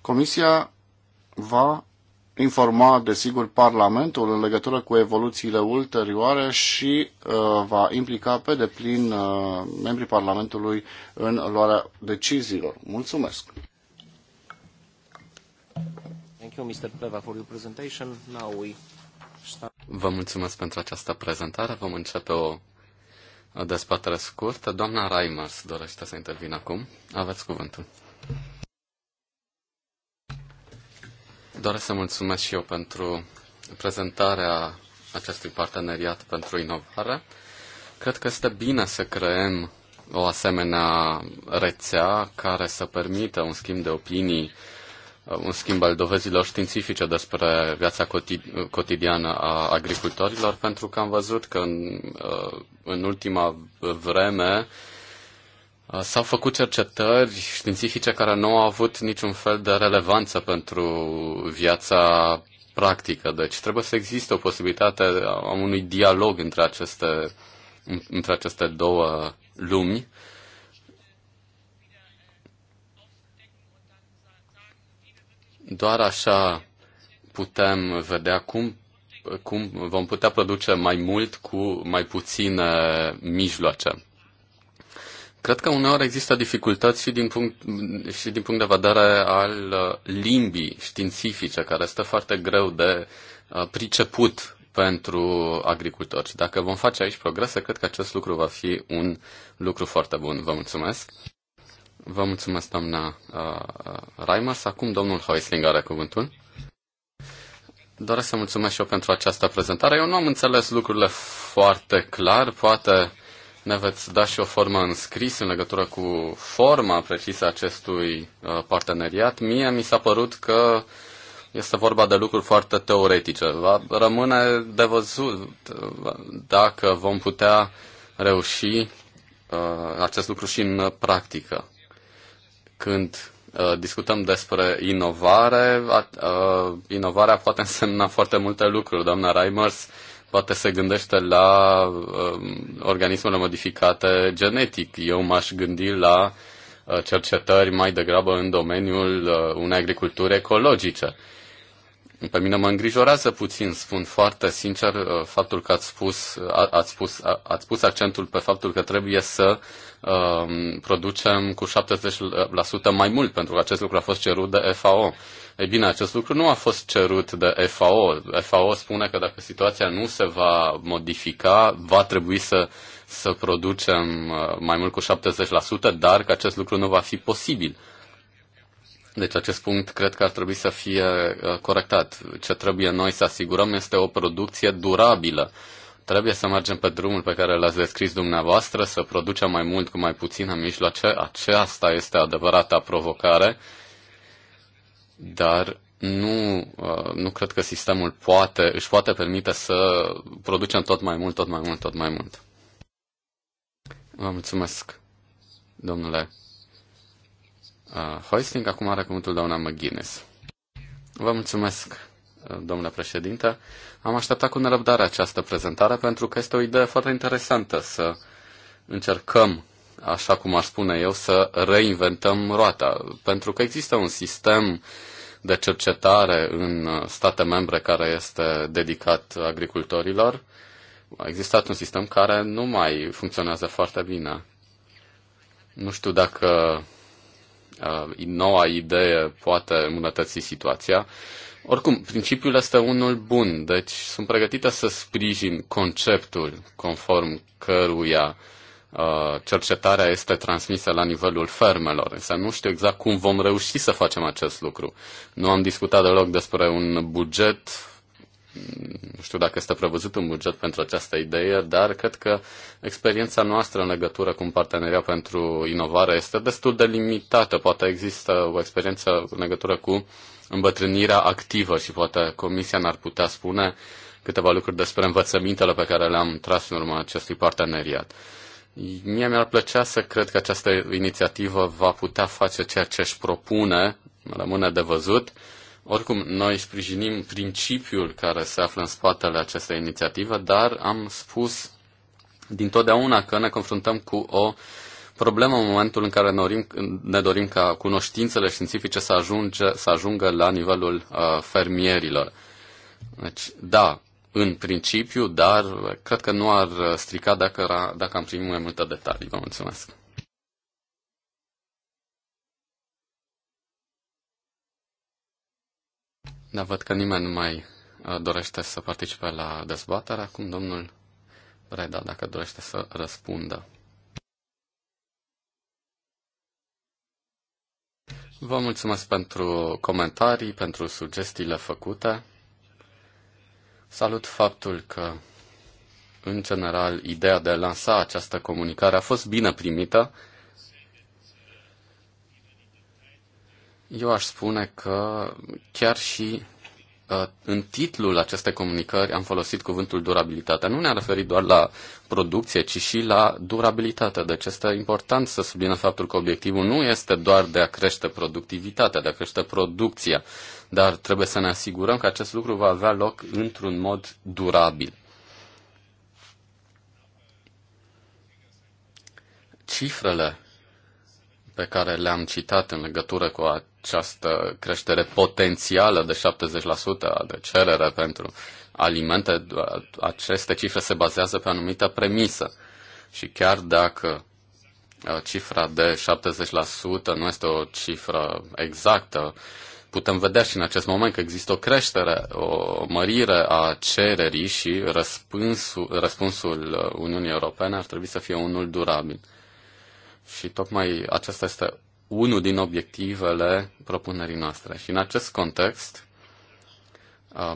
Comisia va informa, desigur, Parlamentul în legătură cu evoluțiile ulterioare și uh, va implica pe deplin uh, membrii Parlamentului în luarea deciziilor. Mulțumesc! Thank you, Mr. Pleva, for your presentation. Now we start... Vă mulțumesc pentru această prezentare. Vom începe o, o dezbatere scurtă. Doamna Reimers dorește să intervină acum. Aveți cuvântul. Doresc să mulțumesc și eu pentru prezentarea acestui parteneriat pentru inovare. Cred că este bine să creăm o asemenea rețea care să permită un schimb de opinii, un schimb al dovezilor științifice despre viața cotidiană a agricultorilor, pentru că am văzut că în, uh, în ultima vreme Uh, s-au făcut cercetări științifice care nu au avut niciun fel de relevanță pentru viața practică. Deci trebuie să existe o posibilitate a unui dialog între aceste, între aceste două lumi. Doar așa putem vedea cum, cum vom putea produce mai mult cu mai puține mijloace. Cred că uneori există dificultăți și din punct, și din punct de vedere al uh, limbii științifice, care este foarte greu de uh, priceput pentru agricultori. Dacă vom face aici progrese, cred că acest lucru va fi un lucru foarte bun. Vă mulțumesc! Vă mulțumesc, doamna uh, Reimers. Acum domnul Hoisling are cuvântul. Doresc să mulțumesc și eu pentru această prezentare. Eu nu am înțeles lucrurile foarte clar, poate ne veți da și o formă în scris în legătură cu forma precisă acestui uh, parteneriat. Mie mi s-a părut că este vorba de lucruri foarte teoretice. Va rămâne de văzut uh, dacă vom putea reuși uh, acest lucru și în practică. Când discutăm despre inovare, inovarea poate însemna foarte multe lucruri. Doamna Reimers poate se gândește la uh, organismele modificate genetic. Eu m-aș gândi la uh, cercetări mai degrabă în domeniul uh, unei agriculturi ecologice. Pe mine mă îngrijorează puțin, spun foarte sincer, uh, faptul că ați spus, a, ați, spus, a, ați pus accentul pe faptul că trebuie să uh, Um, producem cu 70% mai mult, pentru că acest lucru a fost cerut de FAO. Ei bine, acest lucru nu a fost cerut de FAO. FAO spune că dacă situația nu se va modifica, va trebui să, să producem uh, mai mult cu 70%, dar că acest lucru nu va fi posibil. Deci acest punct cred că ar trebui să fie uh, corectat. Ce trebuie noi să asigurăm este o producție durabilă Trebuie să mergem pe drumul pe care l-ați descris dumneavoastră, să producem mai mult cu mai puțin în mijloace. Aceasta este adevărata provocare, dar nu, uh, nu cred că sistemul poate, își poate permite să producem tot mai mult, tot mai mult, tot mai mult. Vă mulțumesc, domnule uh, Hoisting. Acum are cuvântul doamna McGuinness. Vă mulțumesc, uh, domnule președinte. Am așteptat cu nerăbdare această prezentare pentru că este o idee foarte interesantă să încercăm, așa cum ar spune eu, să reinventăm roata. Pentru că există un sistem de cercetare în state membre care este dedicat agricultorilor. A existat un sistem care nu mai funcționează foarte bine. Nu știu dacă uh, noua idee poate îmbunătăți situația, oricum, principiul este unul bun, deci sunt pregătită să sprijin conceptul conform căruia uh, cercetarea este transmisă la nivelul fermelor, însă nu știu exact cum vom reuși să facem acest lucru. Nu am discutat deloc despre un buget, nu știu dacă este prevăzut un buget pentru această idee, dar cred că experiența noastră în legătură cu un parteneria pentru inovare este destul de limitată. Poate există o experiență în legătură cu îmbătrânirea activă și poate Comisia n-ar putea spune câteva lucruri despre învățămintele pe care le-am tras în urma acestui parteneriat. Mie mi-ar plăcea să cred că această inițiativă va putea face ceea ce își propune, rămâne de văzut. Oricum, noi sprijinim principiul care se află în spatele acestei inițiative, dar am spus din că ne confruntăm cu o uh, problemă în momentul în care ne dorim, ne dorim ca cunoștințele științifice să, ajunge, să ajungă la nivelul uh, fermierilor. Deci, da, în principiu, dar cred că nu ar strica dacă, dacă am primit mai multe detalii. Vă mulțumesc. Da, văd că nimeni nu mai uh, dorește să participe la dezbatere. Acum domnul Reda, dacă dorește să răspundă. Vă mulțumesc pentru comentarii, pentru sugestiile făcute. Salut faptul că, în general, ideea de a lansa această comunicare a fost bine primită. Eu aș spune că chiar și Uh, în titlul acestei comunicări am folosit cuvântul durabilitate. Nu ne-a referit doar la producție, ci și la durabilitate. Deci este important să sublină faptul că obiectivul nu este doar de a crește productivitatea, de a crește producția, dar trebuie să ne asigurăm că acest lucru va avea loc într-un mod durabil. Cifrele pe care le-am citat în legătură cu această creștere potențială de 70% de cerere pentru alimente, aceste cifre se bazează pe anumită premisă. Și chiar dacă uh, cifra de 70% nu este o cifră exactă, putem vedea și în acest moment că există o creștere, o mărire a cererii și răspunsul, răspunsul uh, Uniunii Europene ar trebui să fie unul durabil. Și tocmai acesta este unul din obiectivele propunerii noastre. Și în acest context,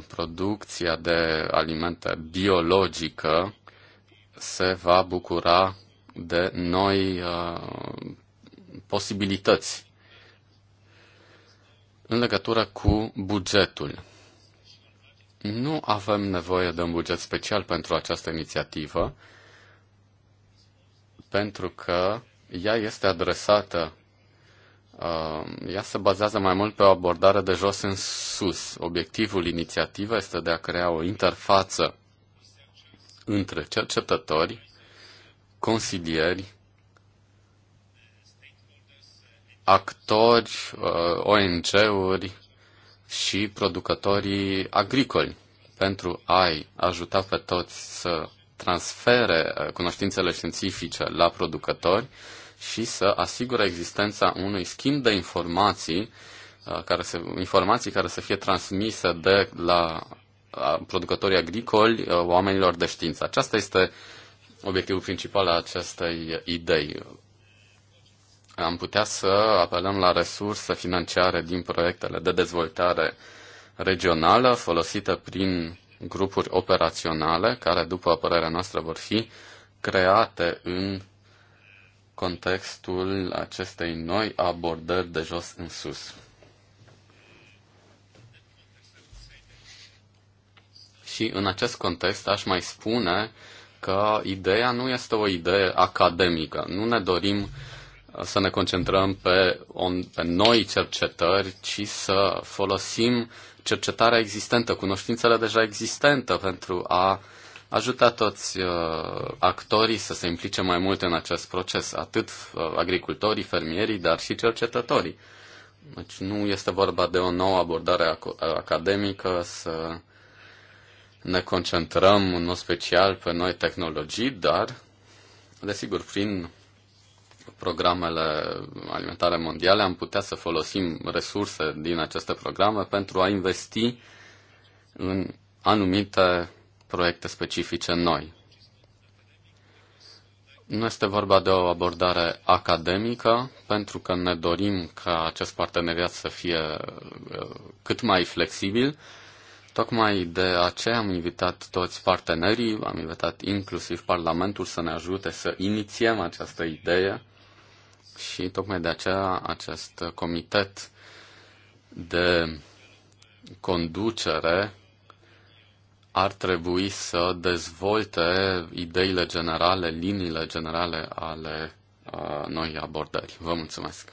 producția de alimente biologică se va bucura de noi posibilități în legătură cu bugetul. Nu avem nevoie de un buget special pentru această inițiativă, pentru că ea este adresată, uh, ea se bazează mai mult pe o abordare de jos în sus. Obiectivul inițiativă este de a crea o interfață între cercetători, consilieri, actori, uh, ONG-uri și producătorii agricoli pentru a-i ajuta pe toți să transfere uh, cunoștințele științifice la producători și să asigure existența unui schimb de informații uh, care se, informații care să fie transmise de la producătorii agricoli uh, oamenilor de știință. Aceasta este obiectivul principal al acestei idei. Am putea să apelăm la resurse financiare din proiectele de dezvoltare regională folosite prin grupuri operaționale care, după părerea noastră, vor fi create în contextul acestei noi abordări de jos în sus. Și în acest context aș mai spune că ideea nu este o idee academică. Nu ne dorim uh, să ne concentrăm pe, on, pe noi cercetări, ci să folosim cercetarea existentă, cunoștințele deja existente pentru a uh, ajuta toți uh, actorii să se implice mai mult în acest proces, atât uh, agricultorii, fermierii, dar și cercetătorii. Deci nu este vorba de o nouă abordare academică să ne concentrăm în mod special pe noi tehnologii, dar, desigur, prin programele alimentare mondiale am putea să folosim resurse din aceste programe pentru a investi în anumite proiecte specifice noi. Nu este vorba de o abordare academică, pentru că ne dorim ca acest parteneriat să fie uh, cât mai flexibil. Tocmai de aceea am invitat toți partenerii, am invitat inclusiv Parlamentul să ne ajute să inițiem această idee și tocmai de aceea acest comitet de conducere ar trebui să dezvolte ideile generale, liniile generale ale noi abordări. Vă mulțumesc!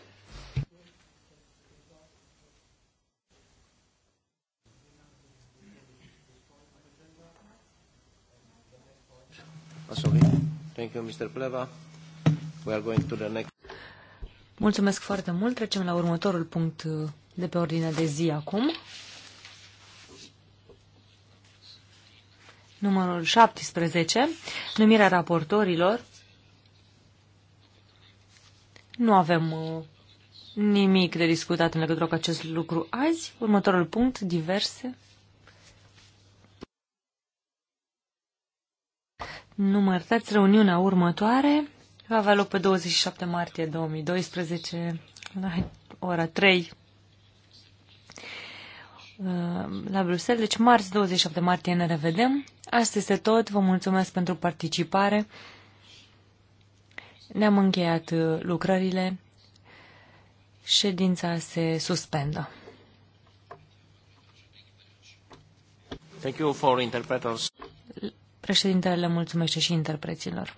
Thank you, Mr. Pleva. We are going to the next. Mulțumesc foarte mult. Trecem la următorul punct de pe ordinea de zi acum. numărul 17, numirea raportorilor, nu avem uh, nimic de discutat în legătură cu acest lucru azi. Următorul punct, diverse. Numărtați reuniunea următoare va avea loc pe 27 martie 2012 la ora 3 Uh, la Bruxelles. Deci marți, 27 martie, ne revedem. Asta este tot. Vă mulțumesc pentru participare. Ne-am încheiat uh, lucrările. Ședința se suspendă. Thank you for interpreters. Președintele mulțumește și interpreților.